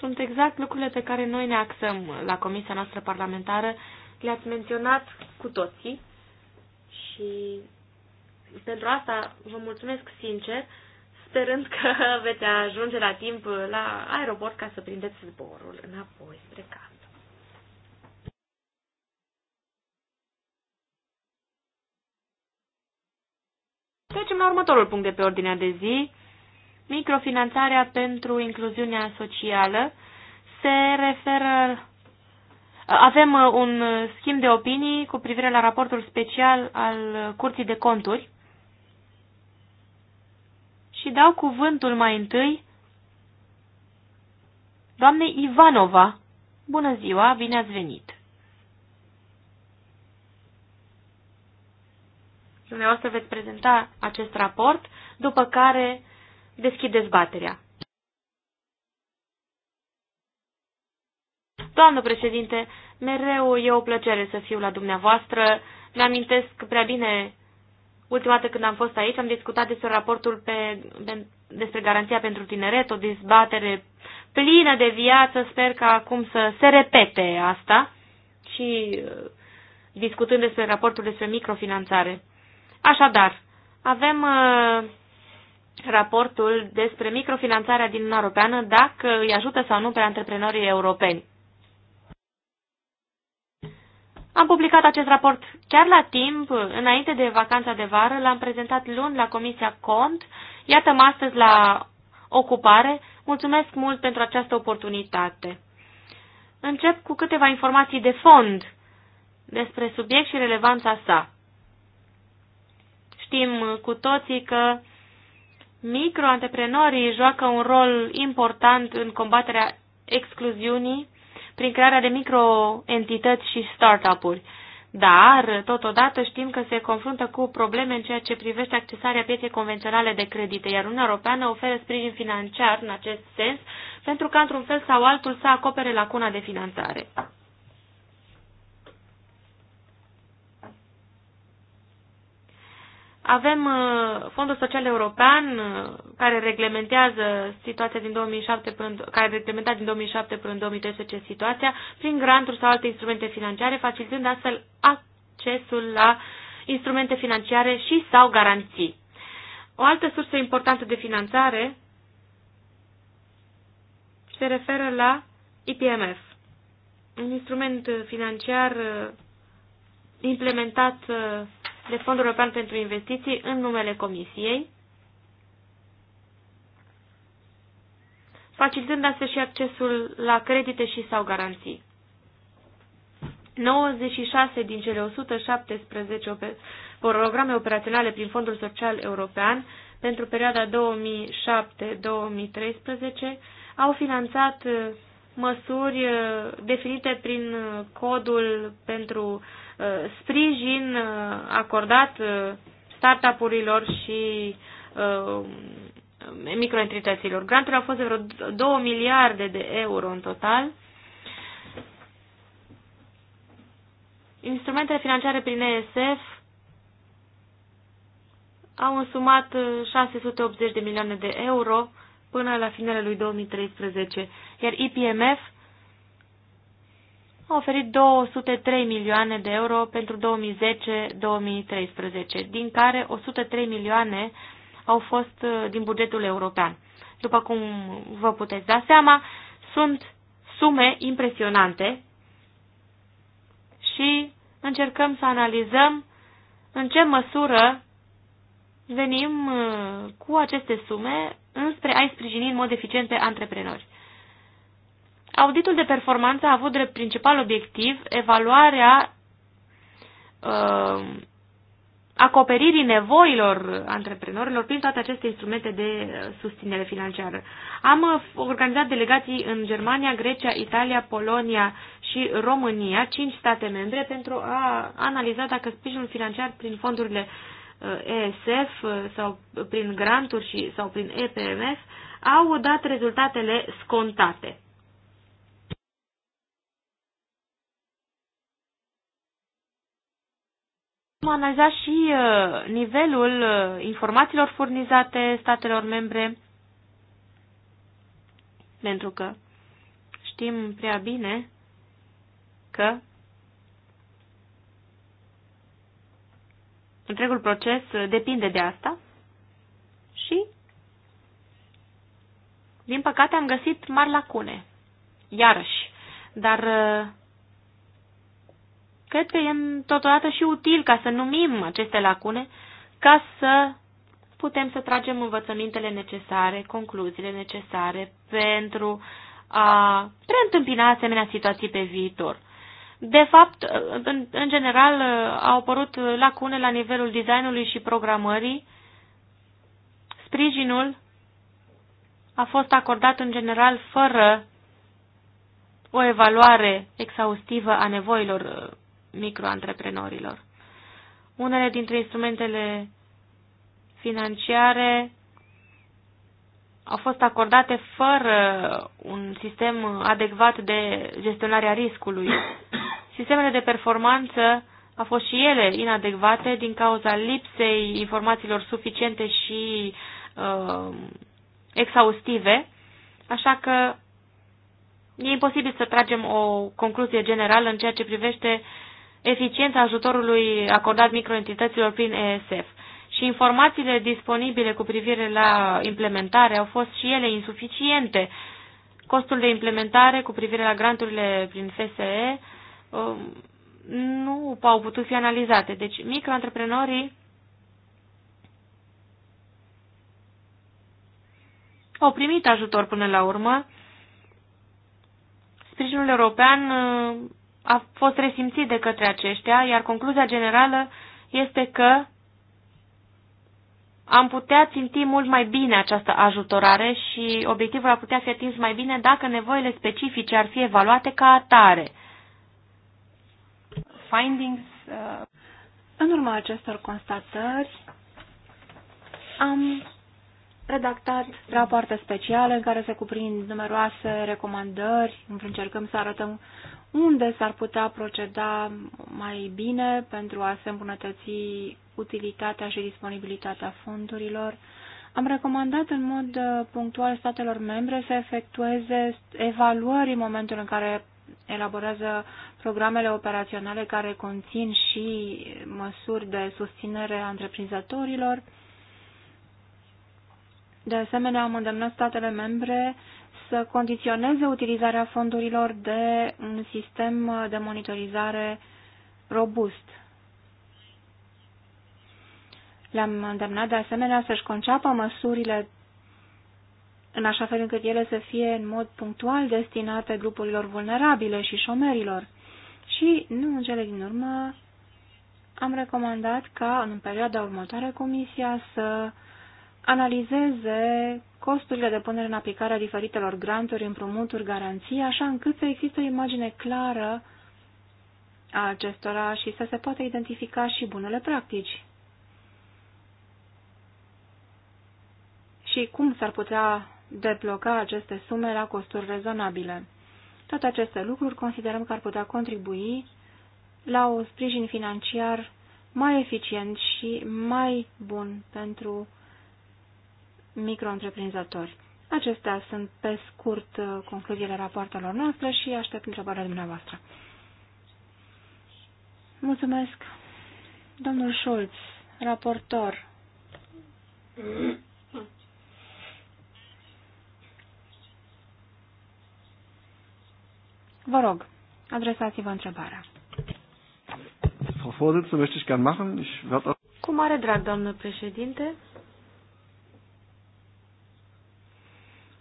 sunt exact lucrurile pe care noi ne axăm la comisia noastră parlamentară. Le-ați menționat cu toții și pentru asta vă mulțumesc sincer, sperând că veți ajunge la timp la aeroport ca să prindeți zborul înapoi spre casă. Trecem la următorul punct de pe ordinea de zi, Microfinanțarea pentru incluziunea socială se referă avem uh, un schimb de opinii cu privire la raportul special al Curții de Conturi și dau cuvântul mai întâi doamnei Ivanova. Bună ziua, bine ați venit! Dumneavoastră veți prezenta acest raport, după care deschid dezbaterea. Doamnă președinte, mereu e o plăcere să fiu la dumneavoastră. Mi-amintesc prea bine ultima dată când am fost aici, am discutat despre raportul pe, despre garanția pentru tineret, o dezbatere plină de viață. Sper că acum să se repete asta și uh, discutând despre raportul despre microfinanțare. Așadar, avem uh, raportul despre microfinanțarea din Uniunea Europeană, dacă îi ajută sau nu pe antreprenorii europeni. Am publicat acest raport chiar la timp, înainte de vacanța de vară, l-am prezentat luni la Comisia Cont, iată mă astăzi la Ocupare. Mulțumesc mult pentru această oportunitate. Încep cu câteva informații de fond despre subiect și relevanța sa. Știm cu toții că Microantreprenorii joacă un rol important în combaterea excluziunii prin crearea de microentități și startup-uri. Dar, totodată, știm că se confruntă cu probleme în ceea ce privește accesarea pieței convenționale de credite, iar Uniunea Europeană oferă sprijin financiar în acest sens pentru ca, într-un fel sau altul, să acopere lacuna de finanțare. Avem uh, Fondul Social European uh, care reglementează situația din 2007 până, care reglementa din 2007 până în 2013 situația prin granturi sau alte instrumente financiare, facilitând astfel accesul la instrumente financiare și sau garanții. O altă sursă importantă de finanțare se referă la IPMF, un instrument financiar uh, implementat de Fondul European pentru Investiții în numele Comisiei, facilitând astfel și accesul la credite și sau garanții. 96 din cele 117 programe operaționale prin Fondul Social European pentru perioada 2007-2013 au finanțat uh, măsuri uh, definite prin uh, codul pentru Uh, sprijin uh, acordat uh, startup-urilor și microentrităților. Grantul a fost de vreo 2 miliarde de euro în total. Instrumentele financiare prin ESF au însumat 680 de milioane de euro până la finele lui 2013, iar IPMF a oferit 203 milioane de euro pentru 2010-2013, din care 103 milioane au fost uh, din bugetul european. După cum vă puteți da seama, sunt sume impresionante și încercăm să analizăm în ce măsură venim uh, cu aceste sume înspre a-i sprijini în mod eficient pe antreprenori. Auditul de performanță a avut drept principal obiectiv evaluarea uh, acoperirii nevoilor antreprenorilor prin toate aceste instrumente de uh, susținere financiară. Am uh, organizat delegații în Germania, Grecia, Italia, Polonia și România, cinci state membre, pentru a analiza dacă sprijinul financiar prin fondurile uh, ESF sau prin granturi și, sau prin EPMS au dat rezultatele scontate. Am analizat și uh, nivelul uh, informațiilor furnizate statelor membre, pentru că știm prea bine că întregul proces uh, depinde de asta și, din păcate, am găsit mari lacune, iarăși, dar Cred că e totodată și util ca să numim aceste lacune ca să putem să tragem învățămintele necesare, concluziile necesare pentru a preîntâmpina asemenea situații pe viitor. De fapt, în, în general, au apărut lacune la nivelul designului și programării. Sprijinul a fost acordat în general fără o evaluare exhaustivă a nevoilor microantreprenorilor. Unele dintre instrumentele financiare au fost acordate fără un sistem adecvat de gestionare a riscului. Sistemele de performanță au fost și ele inadecvate din cauza lipsei informațiilor suficiente și uh, exhaustive, așa că e imposibil să tragem o concluzie generală în ceea ce privește eficiența ajutorului acordat microentităților prin ESF și informațiile disponibile cu privire la implementare au fost și ele insuficiente. Costul de implementare cu privire la granturile prin FSE um, nu au putut fi analizate. Deci microantreprenorii au primit ajutor până la urmă. Sprijinul european a fost resimțit de către aceștia, iar concluzia generală este că am putea simți mult mai bine această ajutorare și obiectivul ar putea fi atins mai bine dacă nevoile specifice ar fi evaluate ca atare. Findings, uh... În urma acestor constatări, am redactat rapoarte speciale în care se cuprind numeroase recomandări. Încercăm să arătăm unde s-ar putea proceda mai bine pentru a se îmbunătăți utilitatea și disponibilitatea fondurilor. Am recomandat în mod uh, punctual statelor membre să efectueze evaluări în momentul în care elaborează programele operaționale care conțin și măsuri de susținere a întreprinzătorilor. De asemenea, am îndemnat statele membre să condiționeze utilizarea fondurilor de un sistem de monitorizare robust. Le-am îndemnat de asemenea să-și conceapă măsurile în așa fel încât ele să fie în mod punctual destinate grupurilor vulnerabile și șomerilor. Și, nu în cele din urmă, am recomandat ca în perioada următoare Comisia să analizeze costurile de punere în aplicare a diferitelor granturi, împrumuturi, garanții, așa încât să există o imagine clară a acestora și să se poată identifica și bunele practici. Și cum s-ar putea debloca aceste sume la costuri rezonabile. Toate aceste lucruri considerăm că ar putea contribui la un sprijin financiar mai eficient și mai bun pentru micro-întreprinzători. Acestea sunt, pe scurt, uh, concluziile rapoartelor noastre și aștept întrebarea dumneavoastră. Mulțumesc. Domnul Schulz, raportor. Vă rog, adresați-vă întrebarea. Cu mare drag, domnul președinte,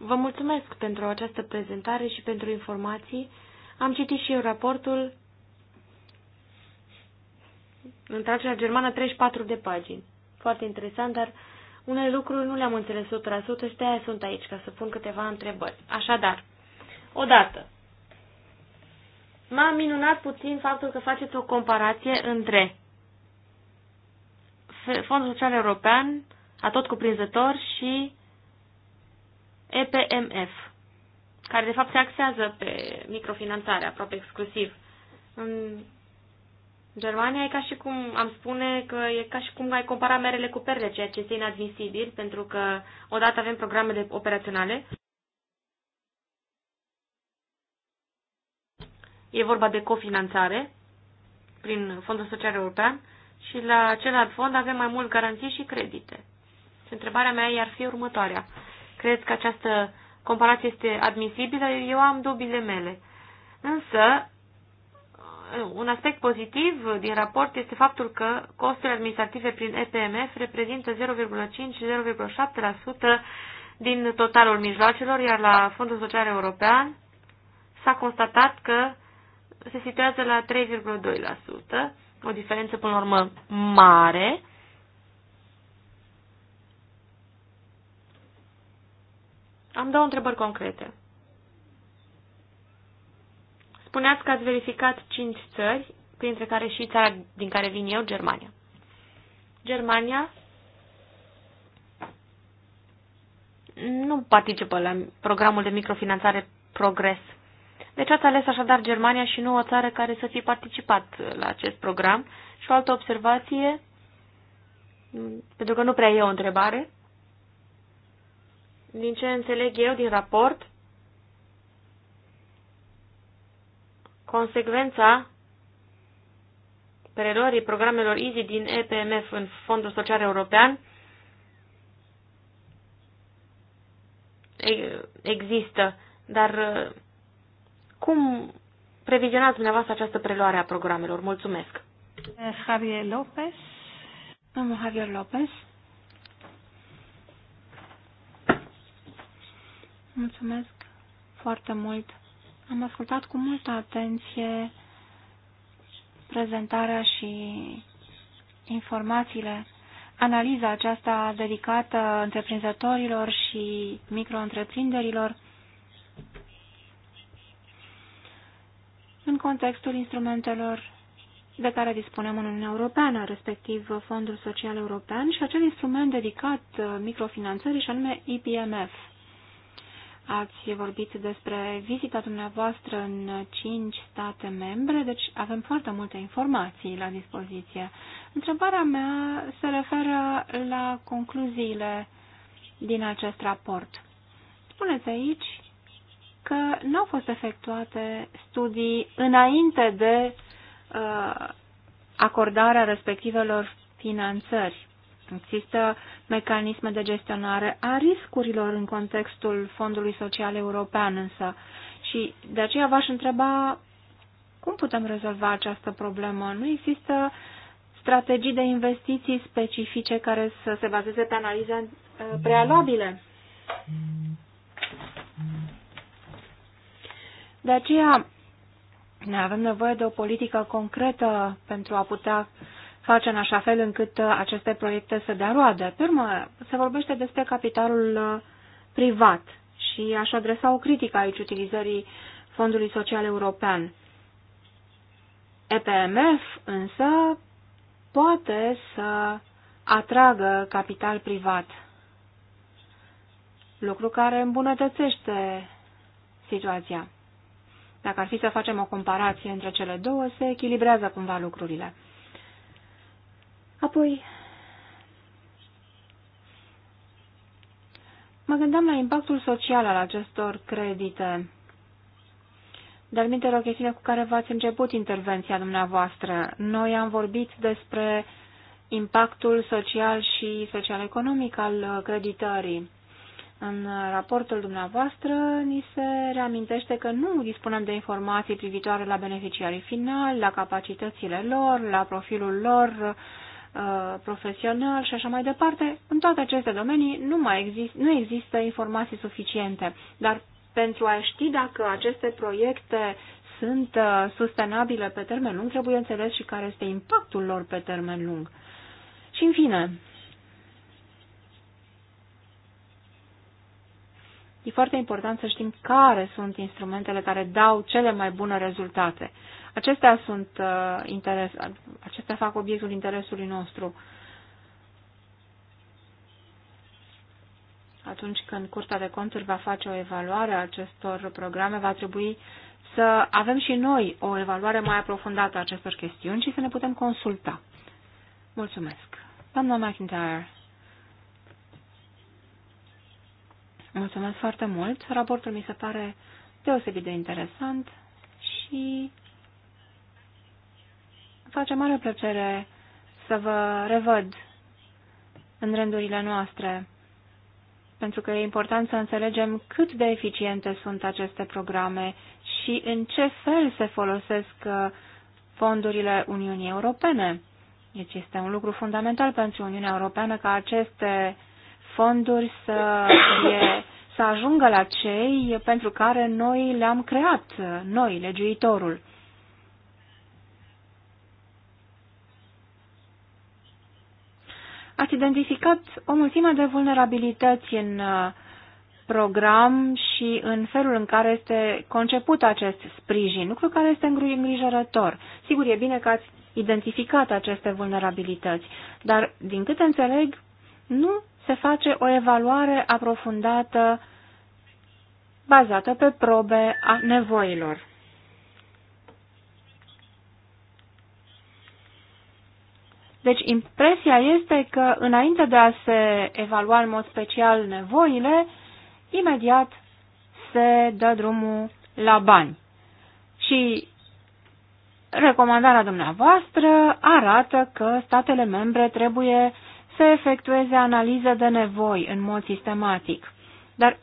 Vă mulțumesc pentru această prezentare și pentru informații. Am citit și eu raportul în tracerea germană 34 de pagini. Foarte interesant, dar unele lucruri nu le-am înțeles 100% și de-aia sunt aici, ca să pun câteva întrebări. Așadar, odată, m-a minunat puțin faptul că faceți o comparație între Fondul Social European, atot cuprinzător, și EPMF, care de fapt se axează pe microfinanțare aproape exclusiv. În Germania e ca și cum, am spune că e ca și cum ai compara merele cu perle, ceea ce este inadmisibil, pentru că odată avem programele operaționale. E vorba de cofinanțare prin Fondul Social European și la celălalt fond avem mai mult garanții și credite. Și întrebarea mea ar fi următoarea. Cred că această comparație este admisibilă, eu am dubile mele. Însă, un aspect pozitiv din raport este faptul că costurile administrative prin EPMF reprezintă 0,5-0,7% din totalul mijloacelor, iar la Fondul Social European s-a constatat că se situează la 3,2%, o diferență până la urmă mare, Am două întrebări concrete. Spuneați că ați verificat cinci țări, printre care și țara din care vin eu, Germania. Germania nu participă la programul de microfinanțare Progres. Deci ați ales așadar Germania și nu o țară care să fi participat la acest program. Și o altă observație, pentru că nu prea e o întrebare, din ce înțeleg eu din raport, consecvența preluării programelor EASY din EPMF în Fondul Social European există, dar uh, cum previzionați dumneavoastră această preluare a programelor? Mulțumesc! Javier Lopez. Domnul Javier Lopez. Mulțumesc foarte mult. Am ascultat cu multă atenție prezentarea și informațiile, analiza aceasta dedicată întreprinzătorilor și micro-întreprinderilor în contextul instrumentelor de care dispunem în Uniunea Europeană, respectiv Fondul Social European și acel instrument dedicat microfinanțării și anume IPMF. Ați vorbit despre vizita dumneavoastră în cinci state membre, deci avem foarte multe informații la dispoziție. Întrebarea mea se referă la concluziile din acest raport. Spuneți aici că nu au fost efectuate studii înainte de uh, acordarea respectivelor finanțări. Există mecanisme de gestionare a riscurilor în contextul Fondului Social European însă și de aceea v-aș întreba cum putem rezolva această problemă. Nu există strategii de investiții specifice care să se bazeze pe analize uh, prealabile. De aceea ne avem nevoie de o politică concretă pentru a putea uh, face în așa fel încât uh, aceste proiecte să dea roade. Pe urmă, se vorbește despre capitalul uh, privat și aș adresa o critică aici utilizării Fondului Social European. EPMF însă poate să atragă capital privat, lucru care îmbunătățește situația. Dacă ar fi să facem o comparație între cele două, se echilibrează cumva lucrurile. Apoi, mă gândeam la impactul social al acestor credite. Dar minte o chestiune cu care v-ați început intervenția dumneavoastră. Noi am vorbit despre impactul social și social-economic al creditării. În raportul dumneavoastră ni se reamintește că nu dispunem de informații privitoare la beneficiarii finali, la capacitățile lor, la profilul lor Uh, profesional și așa mai departe, în toate aceste domenii nu, mai exist, nu există informații suficiente. Dar pentru a ști dacă aceste proiecte sunt uh, sustenabile pe termen lung, trebuie înțeles și care este impactul lor pe termen lung. Și în fine, e foarte important să știm care sunt instrumentele care dau cele mai bune rezultate. Acestea sunt uh, interes, acestea fac obiectul interesului nostru. Atunci când Curtea de Conturi va face o evaluare a acestor programe, va trebui să avem și noi o evaluare mai aprofundată a acestor chestiuni și să ne putem consulta. Mulțumesc. Doamna McIntyre. Mulțumesc foarte mult. Raportul mi se pare deosebit de interesant și face mare plăcere să vă revăd în rândurile noastre, pentru că e important să înțelegem cât de eficiente sunt aceste programe și în ce fel se folosesc uh, fondurile Uniunii Europene. Deci este un lucru fundamental pentru Uniunea Europeană ca aceste fonduri să, fie, să ajungă la cei pentru care noi le-am creat, noi, legiuitorul. ați identificat o mulțime de vulnerabilități în uh, program și în felul în care este conceput acest sprijin, lucru care este îngrijorător. Sigur, e bine că ați identificat aceste vulnerabilități, dar, din câte înțeleg, nu se face o evaluare aprofundată bazată pe probe a nevoilor. Deci impresia este că înainte de a se evalua în mod special nevoile, imediat se dă drumul la bani. Și recomandarea dumneavoastră arată că statele membre trebuie să efectueze analiză de nevoi în mod sistematic. Dar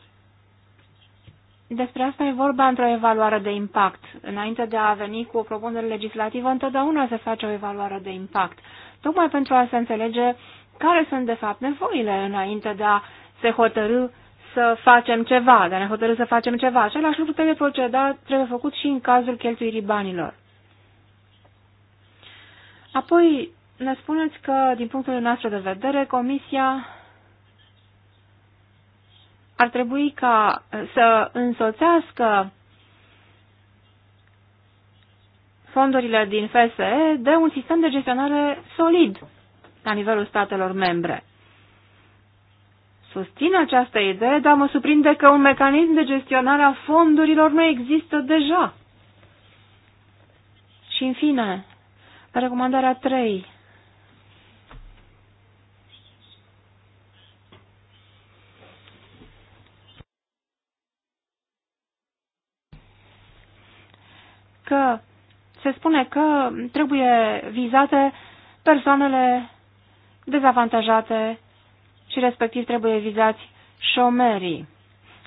despre asta e vorba într-o evaluare de impact. Înainte de a veni cu o propunere legislativă, întotdeauna se face o evaluare de impact tocmai pentru a se înțelege care sunt de fapt nevoile înainte de a se hotărâ să facem ceva, de a ne hotărâ să facem ceva. Același lucru trebuie procedat, trebuie făcut și în cazul cheltuirii banilor. Apoi, ne spuneți că, din punctul nostru de vedere, Comisia ar trebui ca să însoțească fondurile din FSE de un sistem de gestionare solid la nivelul statelor membre. Susțin această idee, dar mă surprinde că un mecanism de gestionare a fondurilor nu există deja. Și în fine, recomandarea 3. Că se spune că trebuie vizate persoanele dezavantajate și respectiv trebuie vizați șomerii.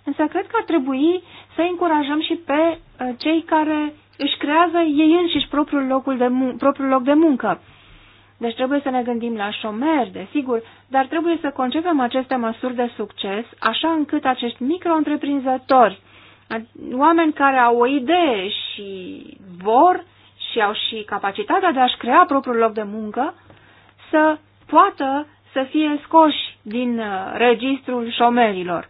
Însă cred că ar trebui să încurajăm și pe uh, cei care își creează ei înșiși propriul, locul de propriul loc de muncă. Deci trebuie să ne gândim la șomeri, desigur, dar trebuie să concepem aceste măsuri de succes așa încât acești micro-întreprinzători, oameni care au o idee și vor și au și capacitatea de a-și crea propriul loc de muncă, să poată să fie scoși din uh, registrul șomerilor.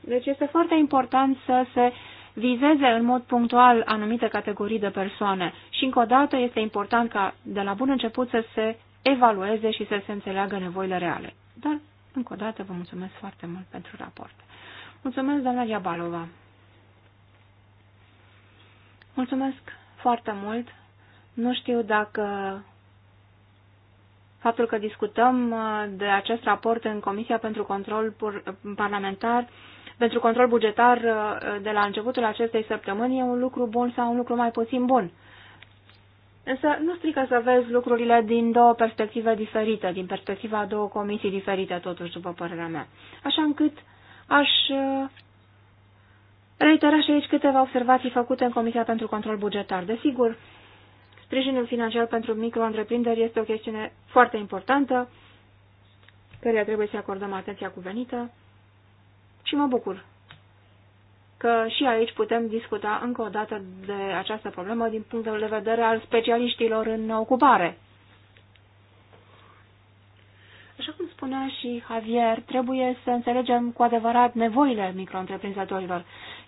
Deci este foarte important să se vizeze în mod punctual anumite categorii de persoane și încă o dată este important ca de la bun început să se evalueze și să se înțeleagă nevoile reale. Dar, încă o dată, vă mulțumesc foarte mult pentru raport. Mulțumesc, doamna Iabalova. Mulțumesc foarte mult. Nu știu dacă faptul că discutăm uh, de acest raport în Comisia pentru Control uh, Parlamentar, pentru control bugetar uh, de la începutul acestei săptămâni e un lucru bun sau un lucru mai puțin bun. Însă nu strică să vezi lucrurile din două perspective diferite, din perspectiva a două comisii diferite, totuși, după părerea mea. Așa încât aș reitera și aici câteva observații făcute în Comisia pentru Control Bugetar. Desigur, sprijinul financiar pentru micro este o chestiune foarte importantă, căreia trebuie să acordăm atenția cuvenită și mă bucur că și aici putem discuta încă o dată de această problemă din punctul de vedere al specialiștilor în ocupare. Așa cum spunea și Javier, trebuie să înțelegem cu adevărat nevoile micro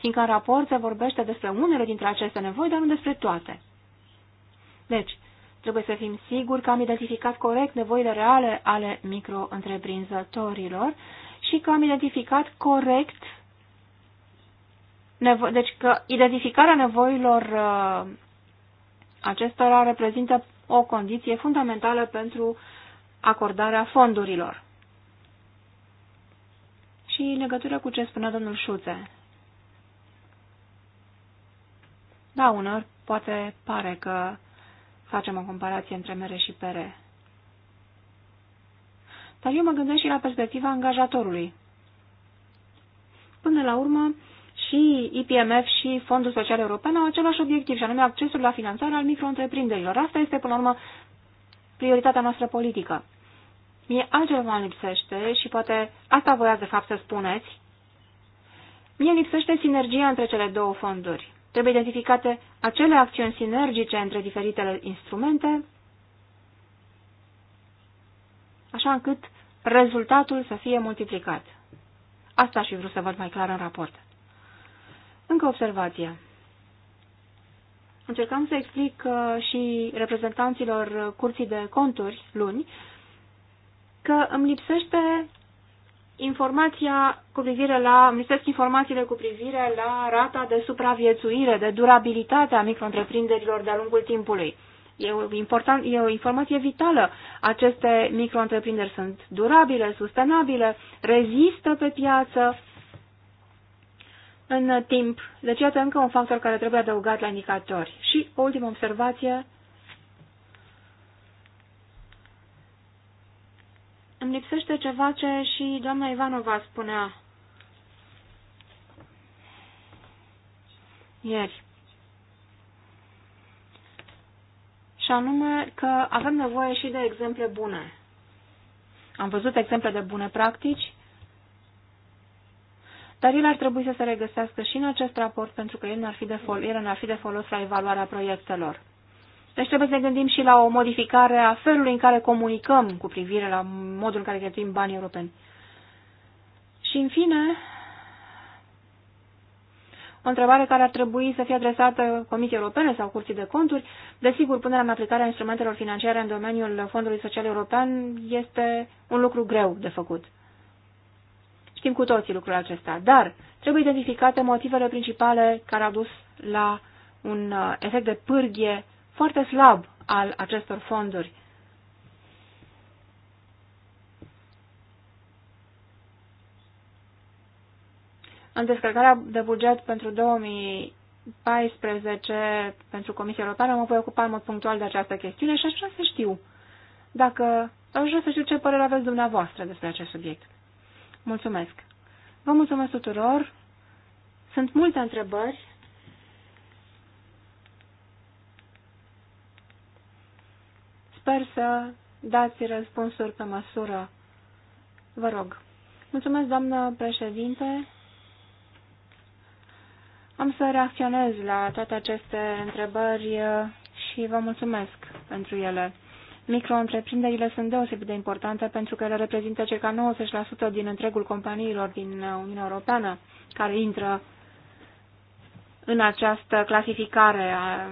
fiindcă în raport se vorbește despre unele dintre aceste nevoi, dar nu despre toate. Deci, trebuie să fim siguri că am identificat corect nevoile reale ale micro-întreprinzătorilor și că am identificat corect nevo- deci că identificarea nevoilor uh, acestora reprezintă o condiție fundamentală pentru acordarea fondurilor. Și în legătură cu ce spunea domnul Șuțe, Da, unor poate pare că facem o comparație între mere și pere. Dar eu mă gândesc și la perspectiva angajatorului. Până la urmă, și IPMF și Fondul Social European au același obiectiv, și anume accesul la finanțare al micro-întreprinderilor. Asta este, până la urmă, prioritatea noastră politică. Mie altceva îmi lipsește și poate asta voiați, de fapt, să spuneți. Mie lipsește sinergia între cele două fonduri. Trebuie identificate acele acțiuni sinergice între diferitele instrumente, așa încât rezultatul să fie multiplicat. Asta și vreau să văd mai clar în raport. Încă observație. Încercam să explic uh, și reprezentanților curții de conturi luni că îmi lipsește informația cu privire la, listesc informațiile cu privire la rata de supraviețuire, de durabilitate a micro-întreprinderilor de-a lungul timpului. E o, important, e o informație vitală. Aceste micro sunt durabile, sustenabile, rezistă pe piață în timp. Deci, iată încă un factor care trebuie adăugat la indicatori. Și o ultimă observație îmi lipsește ceva ce și doamna Ivanova spunea ieri. Și anume că avem nevoie și de exemple bune. Am văzut exemple de bune practici, dar ele ar trebui să se regăsească și în acest raport pentru că ele ne-ar fi, de fol- ne-ar fi de folos la evaluarea proiectelor. Deci trebuie să ne gândim și la o modificare a felului în care comunicăm cu privire la modul în care cheltuim banii europeni. Și în fine, o întrebare care ar trebui să fie adresată Comisiei Europene sau Curții de Conturi. Desigur, punerea în aplicare a instrumentelor financiare în domeniul Fondului Social European este un lucru greu de făcut. Știm cu toții lucrul acesta, dar trebuie identificate motivele principale care au dus la un uh, efect de pârghie foarte slab al acestor fonduri. În descărcarea de buget pentru 2014 pentru Comisia Europeană mă voi ocupa în mod punctual de această chestiune și aș vrea să știu dacă aș vrea să știu ce părere aveți dumneavoastră despre acest subiect. Mulțumesc! Vă mulțumesc tuturor! Sunt multe întrebări Sper să dați răspunsuri pe măsură. Vă rog. Mulțumesc, doamnă președinte. Am să reacționez la toate aceste întrebări și vă mulțumesc pentru ele. Micro-întreprinderile sunt deosebit de importante pentru că ele reprezintă circa 90% din întregul companiilor din Uniunea Europeană care intră în această clasificare a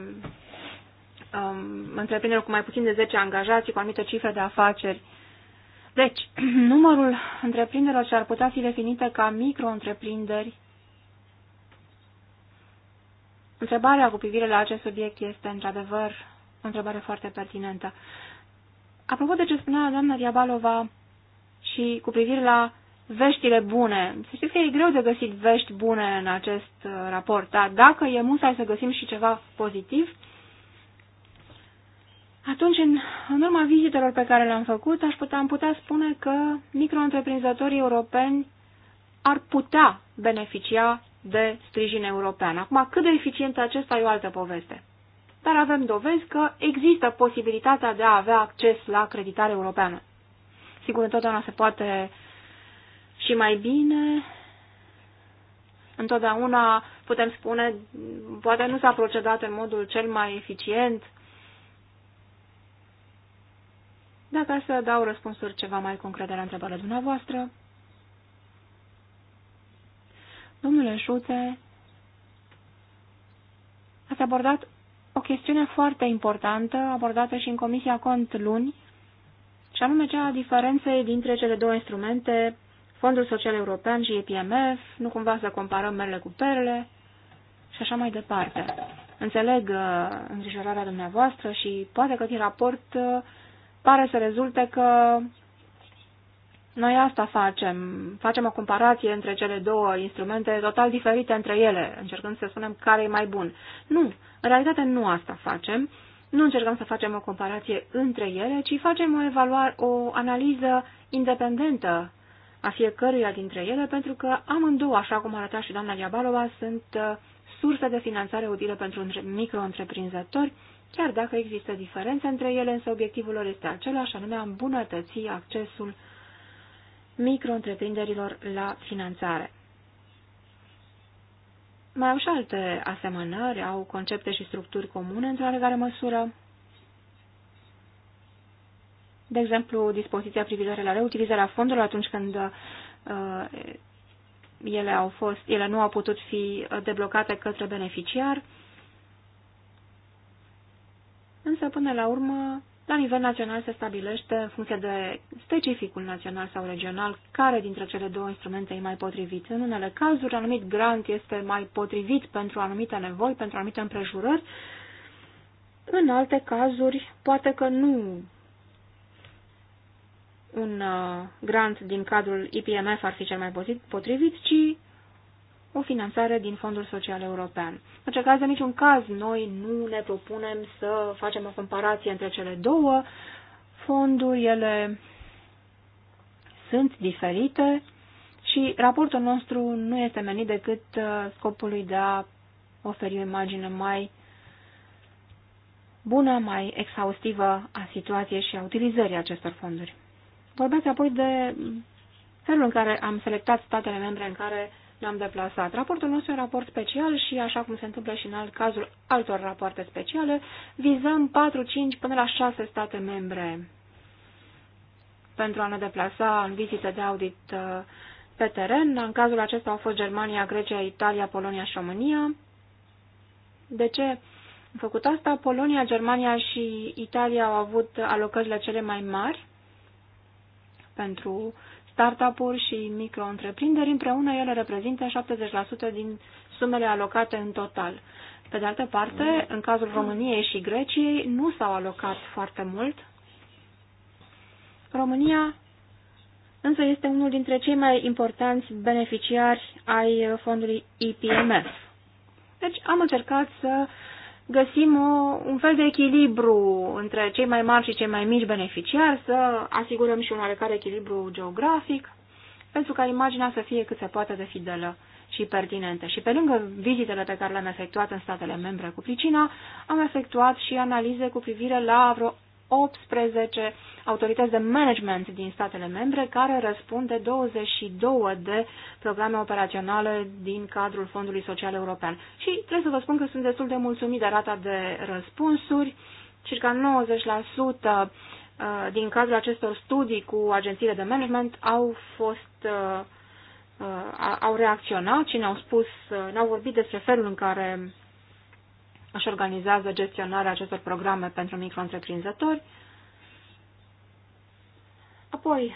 um, întreprinderi cu mai puțin de 10 angajați, cu anumite cifre de afaceri. Deci, numărul întreprinderilor ce ar putea fi definite ca micro-întreprinderi. Întrebarea cu privire la acest subiect este, într-adevăr, o întrebare foarte pertinentă. Apropo de ce spunea doamna Diabalova și cu privire la veștile bune, să știți că e greu de găsit vești bune în acest uh, raport, dar dacă e musai să găsim și ceva pozitiv, atunci, în, în urma vizitelor pe care le-am făcut, aș putea, am putea spune că micro-întreprinzătorii europeni ar putea beneficia de sprijin european. Acum, cât de eficient acesta e o altă poveste. Dar avem dovezi că există posibilitatea de a avea acces la creditare europeană. Sigur, întotdeauna se poate și mai bine. Întotdeauna putem spune, poate nu s-a procedat în modul cel mai eficient, Dacă să dau răspunsuri ceva mai concrete la întrebarea dumneavoastră, domnule Șuțe, ați abordat o chestiune foarte importantă, abordată și în Comisia Cont luni, și anume cea a diferenței dintre cele două instrumente, Fondul Social European și EPMF, nu cumva să comparăm merele cu perle și așa mai departe. Înțeleg uh, îngrijorarea dumneavoastră și poate că din raport uh, pare să rezulte că noi asta facem. Facem o comparație între cele două instrumente total diferite între ele, încercând să spunem care e mai bun. Nu, în realitate nu asta facem. Nu încercăm să facem o comparație între ele, ci facem o evaluare, o analiză independentă a fiecăruia dintre ele, pentru că amândouă, așa cum arăta și doamna Diabalova, sunt uh, surse de finanțare utile pentru micro-întreprinzători chiar dacă există diferențe între ele, însă obiectivul lor este același, anume a îmbunătăți accesul micro-întreprinderilor la finanțare. Mai au și alte asemănări, au concepte și structuri comune într-o oarecare măsură. De exemplu, dispoziția privitoare la reutilizarea fondurilor atunci când uh, ele, au fost, ele nu au putut fi uh, deblocate către beneficiar, însă până la urmă, la nivel național se stabilește, în funcție de specificul național sau regional, care dintre cele două instrumente e mai potrivit. În unele cazuri, anumit grant este mai potrivit pentru anumite nevoi, pentru anumite împrejurări. În alte cazuri, poate că nu un uh, grant din cadrul IPMF ar fi cel mai potrivit, ci o finanțare din Fondul Social European. În orice caz, în niciun caz, noi nu ne propunem să facem o comparație între cele două fonduri, ele sunt diferite și raportul nostru nu este menit decât uh, scopului de a oferi o imagine mai bună, mai exhaustivă a situației și a utilizării acestor fonduri. Vorbeați apoi de felul în care am selectat statele membre în care ne-am deplasat. Raportul nostru e un raport special și, așa cum se întâmplă și în alt cazul altor rapoarte speciale, vizăm 4, 5 până la 6 state membre pentru a ne deplasa în vizite de audit uh, pe teren. În cazul acesta au fost Germania, Grecia, Italia, Polonia și România. De ce am făcut asta? Polonia, Germania și Italia au avut alocările cele mai mari pentru startup-uri și micro-întreprinderi, împreună ele reprezintă 70% din sumele alocate în total. Pe de altă parte, în cazul României și Greciei, nu s-au alocat foarte mult. România însă este unul dintre cei mai importanți beneficiari ai fondului IPMF. Deci am încercat să uh, găsim o, un fel de echilibru între cei mai mari și cei mai mici beneficiari, să asigurăm și un oarecare echilibru geografic, pentru ca imaginea să fie cât se poate de fidelă și pertinentă. Și pe lângă vizitele pe care le-am efectuat în statele membre cu pricina, am efectuat și analize cu privire la vreo 18 autorități de management din statele membre, care răspund de 22 de programe operaționale din cadrul Fondului Social European. Și trebuie să vă spun că sunt destul de mulțumit de rata de răspunsuri, circa 90% uh, din cadrul acestor studii cu agențiile de management au fost uh, uh, au reacționat și ne-au spus, ne-au vorbit despre felul în care își organizează gestionarea acestor programe pentru micro-întreprinzători. Apoi,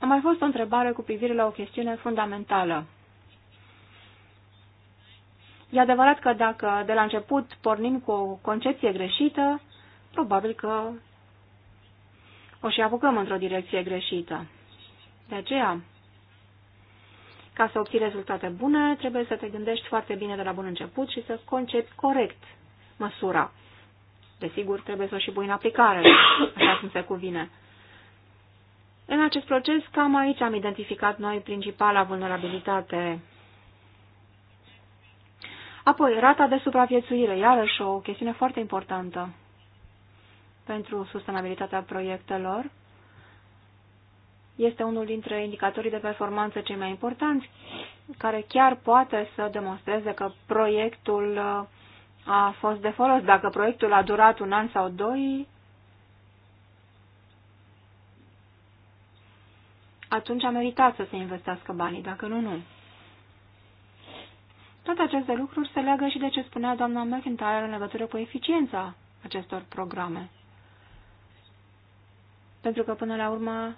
a mai fost o întrebare cu privire la o chestiune fundamentală. E adevărat că dacă de la început pornim cu o concepție greșită, probabil că o și apucăm într-o direcție greșită. De aceea, ca să obții rezultate bune, trebuie să te gândești foarte bine de la bun început și să concepi corect măsura. Desigur, trebuie să o și pui în aplicare, așa cum se cuvine. În acest proces, cam aici am identificat noi principala vulnerabilitate. Apoi, rata de supraviețuire, iarăși o chestiune foarte importantă pentru sustenabilitatea proiectelor este unul dintre indicatorii de performanță cei mai importanți, care chiar poate să demonstreze că proiectul uh, a fost de folos. Dacă proiectul a durat un an sau doi, atunci a meritat să se investească banii, dacă nu, nu. Toate aceste lucruri se leagă și de ce spunea doamna McIntyre în legătură cu eficiența acestor programe. Pentru că, până la urmă,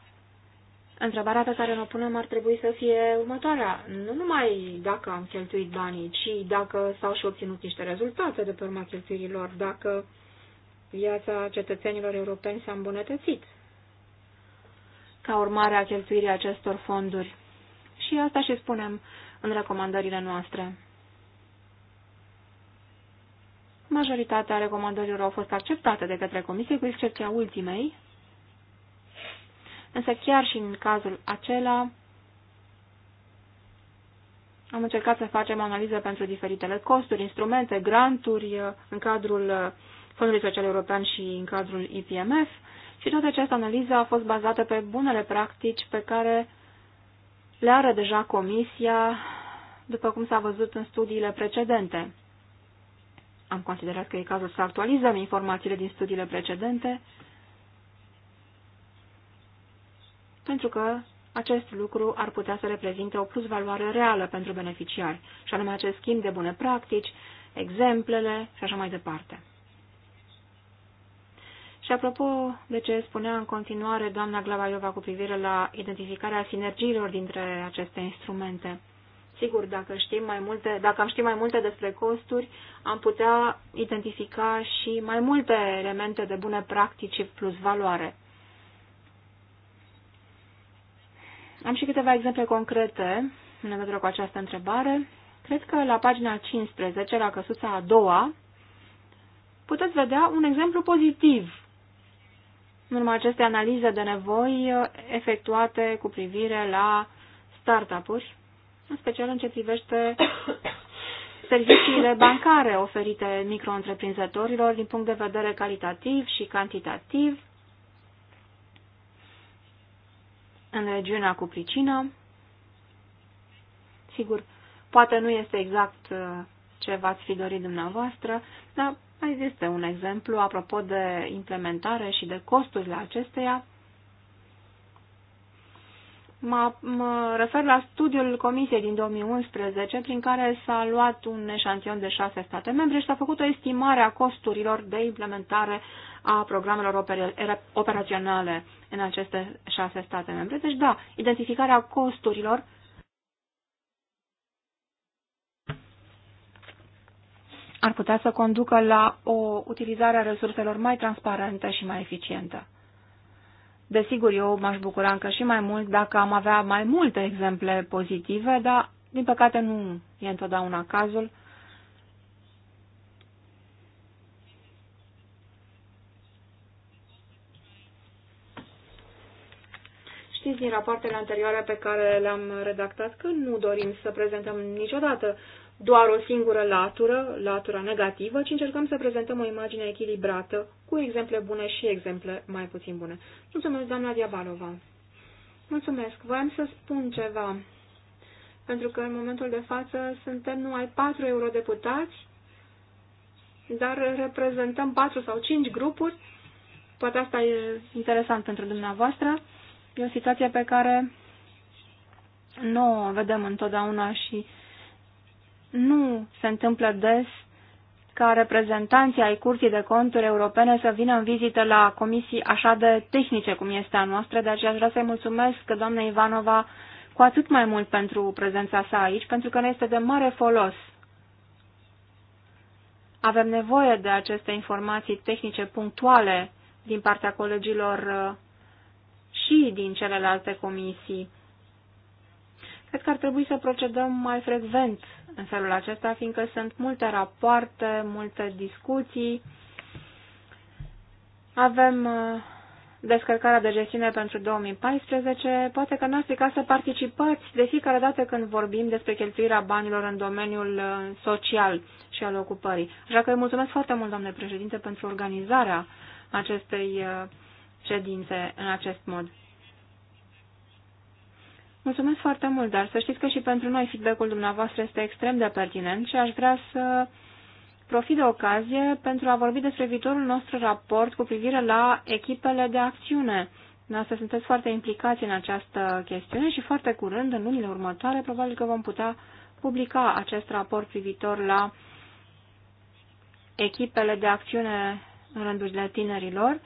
Întrebarea pe care ne punem ar trebui să fie următoarea. Nu numai dacă am cheltuit banii, ci dacă s-au și obținut niște rezultate de pe urma cheltuirilor, dacă viața cetățenilor europeni s-a îmbunătățit ca urmare a cheltuirii acestor fonduri. Și asta și spunem în recomandările noastre. Majoritatea recomandărilor au fost acceptate de către Comisie, cu excepția ultimei, Însă chiar și în cazul acela am încercat să facem analiză pentru diferitele costuri, instrumente, granturi uh, în cadrul uh, Fondului Social European și în cadrul IPMF și toată această analiză a fost bazată pe bunele practici pe care le are deja Comisia, după cum s-a văzut în studiile precedente. Am considerat că e cazul să actualizăm informațiile din studiile precedente pentru că acest lucru ar putea să reprezinte o plusvaloare reală pentru beneficiari, și anume acest schimb de bune practici, exemplele și așa mai departe. Și apropo de ce spunea în continuare doamna Glavaiova cu privire la identificarea sinergiilor dintre aceste instrumente, sigur, dacă, știm mai multe, dacă am ști mai multe despre costuri, am putea identifica și mai multe elemente de bune practici plus valoare. Am și câteva exemple concrete în legătură cu această întrebare. Cred că la pagina 15, la căsuța a doua, puteți vedea un exemplu pozitiv în urma acestei analize de nevoi uh, efectuate cu privire la startup-uri, în special în ce privește serviciile bancare oferite micro din punct de vedere calitativ și cantitativ, în regiunea cu pricină. Sigur, poate nu este exact uh, ce v-ați fi dorit dumneavoastră, dar mai este un exemplu apropo de implementare și de costurile acesteia. Mă, mă refer la studiul Comisiei din 2011, prin care s-a luat un eșantion de șase state membre și s-a făcut o estimare a costurilor de implementare a programelor operaționale în aceste șase state membre. Deci, da, identificarea costurilor ar putea să conducă la o utilizare a resurselor mai transparentă și mai eficientă. Desigur, eu m-aș bucura încă și mai mult dacă am avea mai multe exemple pozitive, dar, din păcate, nu e întotdeauna cazul. Știți din rapoartele anterioare pe care le-am redactat că nu dorim să prezentăm niciodată doar o singură latură, latura negativă, ci încercăm să prezentăm o imagine echilibrată, cu exemple bune și exemple mai puțin bune. Mulțumesc, doamna Diabalova. Mulțumesc. Voiam să spun ceva, pentru că în momentul de față suntem numai patru eurodeputați, dar reprezentăm patru sau cinci grupuri. Poate asta e interesant pentru dumneavoastră. E o situație pe care nu o vedem întotdeauna și nu se întâmplă des ca reprezentanții ai Curții de Conturi Europene să vină în vizită la comisii așa de tehnice cum este a noastră, de aceea aș vrea să-i mulțumesc doamna Ivanova cu atât mai mult pentru prezența sa aici, pentru că ne este de mare folos. Avem nevoie de aceste informații tehnice punctuale din partea colegilor uh, și din celelalte comisii. Cred că ar trebui să procedăm mai frecvent în felul acesta, fiindcă sunt multe rapoarte, multe discuții. Avem uh, descărcarea de gestiune pentru 2014. Poate că n-ar ca să participați de fiecare dată când vorbim despre cheltuirea banilor în domeniul uh, social și al ocupării. Așa că îi mulțumesc foarte mult, doamne președinte, pentru organizarea acestei uh, ședințe în acest mod. Mulțumesc foarte mult, dar să știți că și pentru noi feedback-ul dumneavoastră este extrem de pertinent și aș vrea să profit de ocazie pentru a vorbi despre viitorul nostru raport cu privire la echipele de acțiune. Noastră sunteți foarte implicați în această chestiune și foarte curând, în lunile următoare, probabil că vom putea publica acest raport privitor la echipele de acțiune în rândurile tinerilor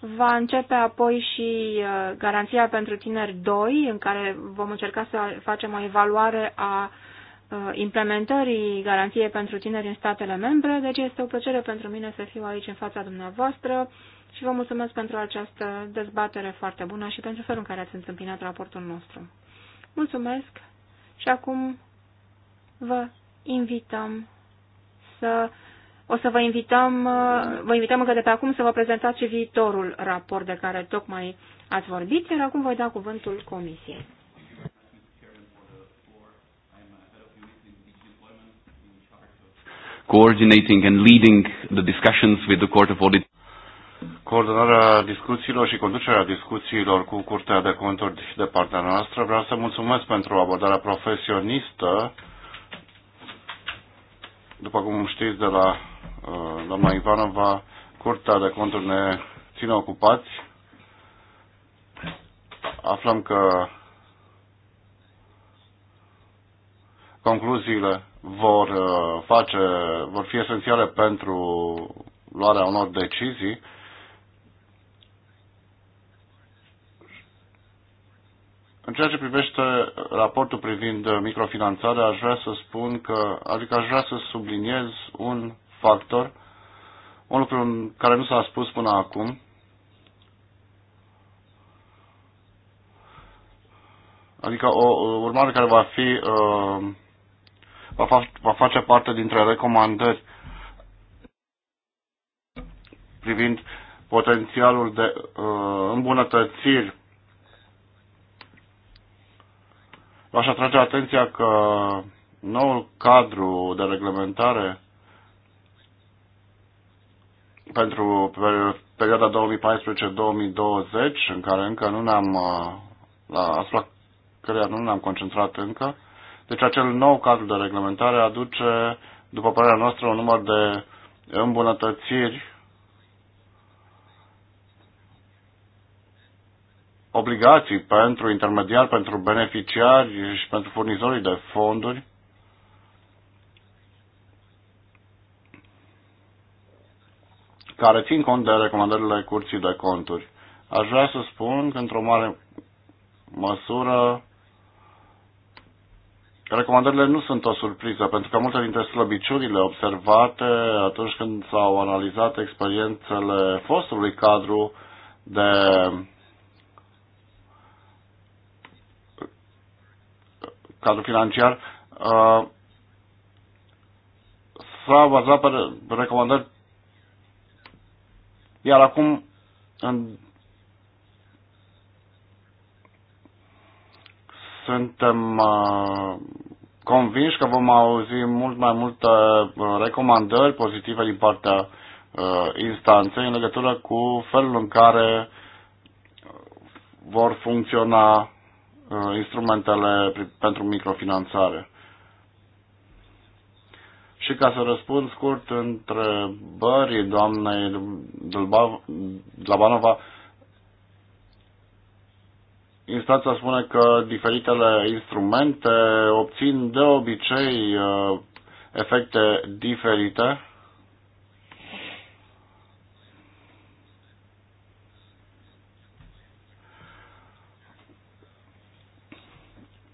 Va începe apoi și uh, Garanția pentru Tineri 2, în care vom încerca să facem o evaluare a uh, implementării Garanției pentru Tineri în statele membre, deci este o plăcere pentru mine să fiu aici în fața dumneavoastră și vă mulțumesc pentru această dezbatere foarte bună și pentru felul în care ați întâmpinat raportul nostru. Mulțumesc și acum vă invităm să o să vă invităm, vă invităm încă de pe acum să vă prezentați și viitorul raport de care tocmai ați vorbit, iar acum voi da cuvântul Comisiei. coordinating and leading the discussions with the Court of Audit. Coordonarea discuțiilor și conducerea discuțiilor cu Curtea de Conturi de partea noastră. Vreau să mulțumesc pentru abordarea profesionistă. După cum știți de la Uh, doamna Ivanova, Curtea de Conturi ne ține ocupați. Aflăm că concluziile vor uh, face, vor fi esențiale pentru luarea unor decizii. În ceea ce privește raportul privind microfinanțarea, aș vrea să spun că, adică aș vrea să subliniez un factor, un lucru care nu s-a spus până acum. Adică o urmare care va fi uh, va face parte dintre recomandări privind potențialul de uh, îmbunătățiri V-aș atrage atenția că noul cadru de reglementare pentru perioada 2014-2020, în care încă nu ne-am, uh, asupra căreia nu ne-am concentrat încă. Deci acel nou cadru de reglementare aduce, după părerea noastră, un număr de îmbunătățiri obligații pentru intermediari, pentru beneficiari și pentru furnizorii de fonduri care țin cont de recomandările Curții de Conturi. Aș vrea să spun că, într-o mare măsură, recomandările nu sunt o surpriză, pentru că multe dintre slăbiciunile observate atunci când s-au analizat experiențele fostului cadru de cadru financiar, uh, s-a bazat pe recomandări iar acum, în... suntem uh, convinși că vom auzi mult mai multe uh, recomandări pozitive din partea uh, instanței în legătură cu felul în care uh, vor funcționa uh, instrumentele pentru microfinanțare. Și ca să răspund scurt întrebării doamnei Dlabanova, instanța spune că diferitele instrumente obțin de obicei uh, efecte diferite.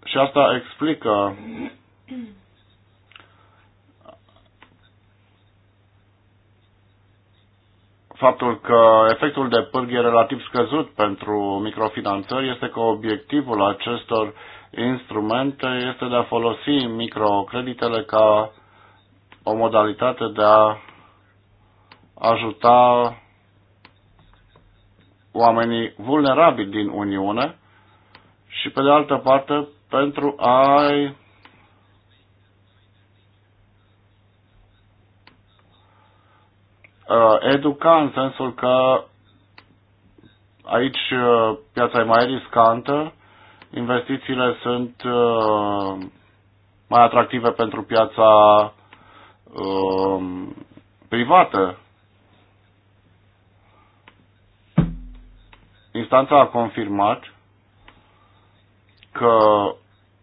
Și asta explică faptul că efectul de pârghie relativ scăzut pentru microfinanțări este că obiectivul acestor instrumente este de a folosi microcreditele ca o modalitate de a ajuta oamenii vulnerabili din Uniune și, pe de altă parte, pentru a Uh, educa în sensul că aici uh, piața e mai riscantă, investițiile sunt uh, mai atractive pentru piața um, privată. Instanța a confirmat că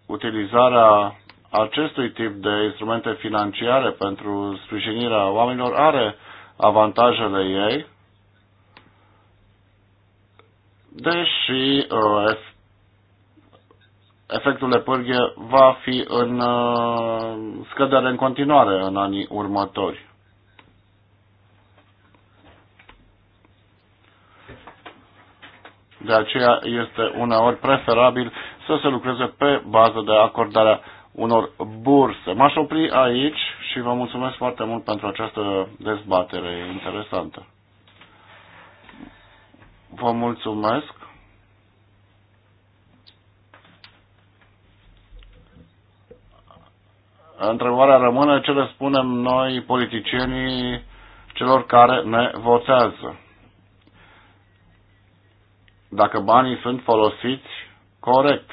utilizarea acestui tip de instrumente financiare pentru sprijinirea oamenilor are avantajele ei, deși uh, efectul de pârghie va fi în uh, scădere în continuare în anii următori. De aceea este uneori preferabil să se lucreze pe bază de acordarea unor burse. M-aș opri aici și vă mulțumesc foarte mult pentru această dezbatere interesantă. Vă mulțumesc. Întrebarea rămâne ce le spunem noi politicienii celor care ne votează. Dacă banii sunt folosiți corect.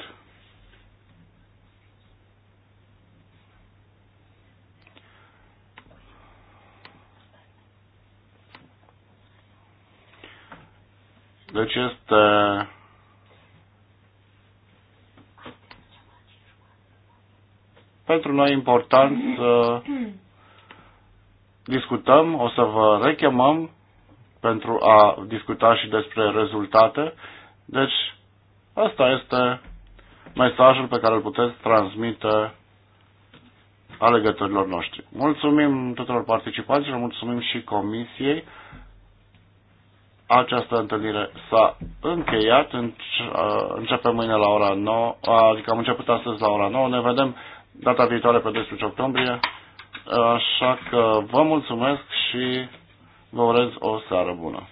Deci este pentru noi important să discutăm, o să vă rechemăm pentru a discuta și despre rezultate. Deci, asta este mesajul pe care îl puteți transmite alegătorilor noștri. Mulțumim tuturor participanților, mulțumim și comisiei. Această întâlnire s-a încheiat, Începem mâine la ora 9, adică am început astăzi la ora 9, ne vedem data viitoare pe 12 octombrie, așa că vă mulțumesc și vă urez o seară bună.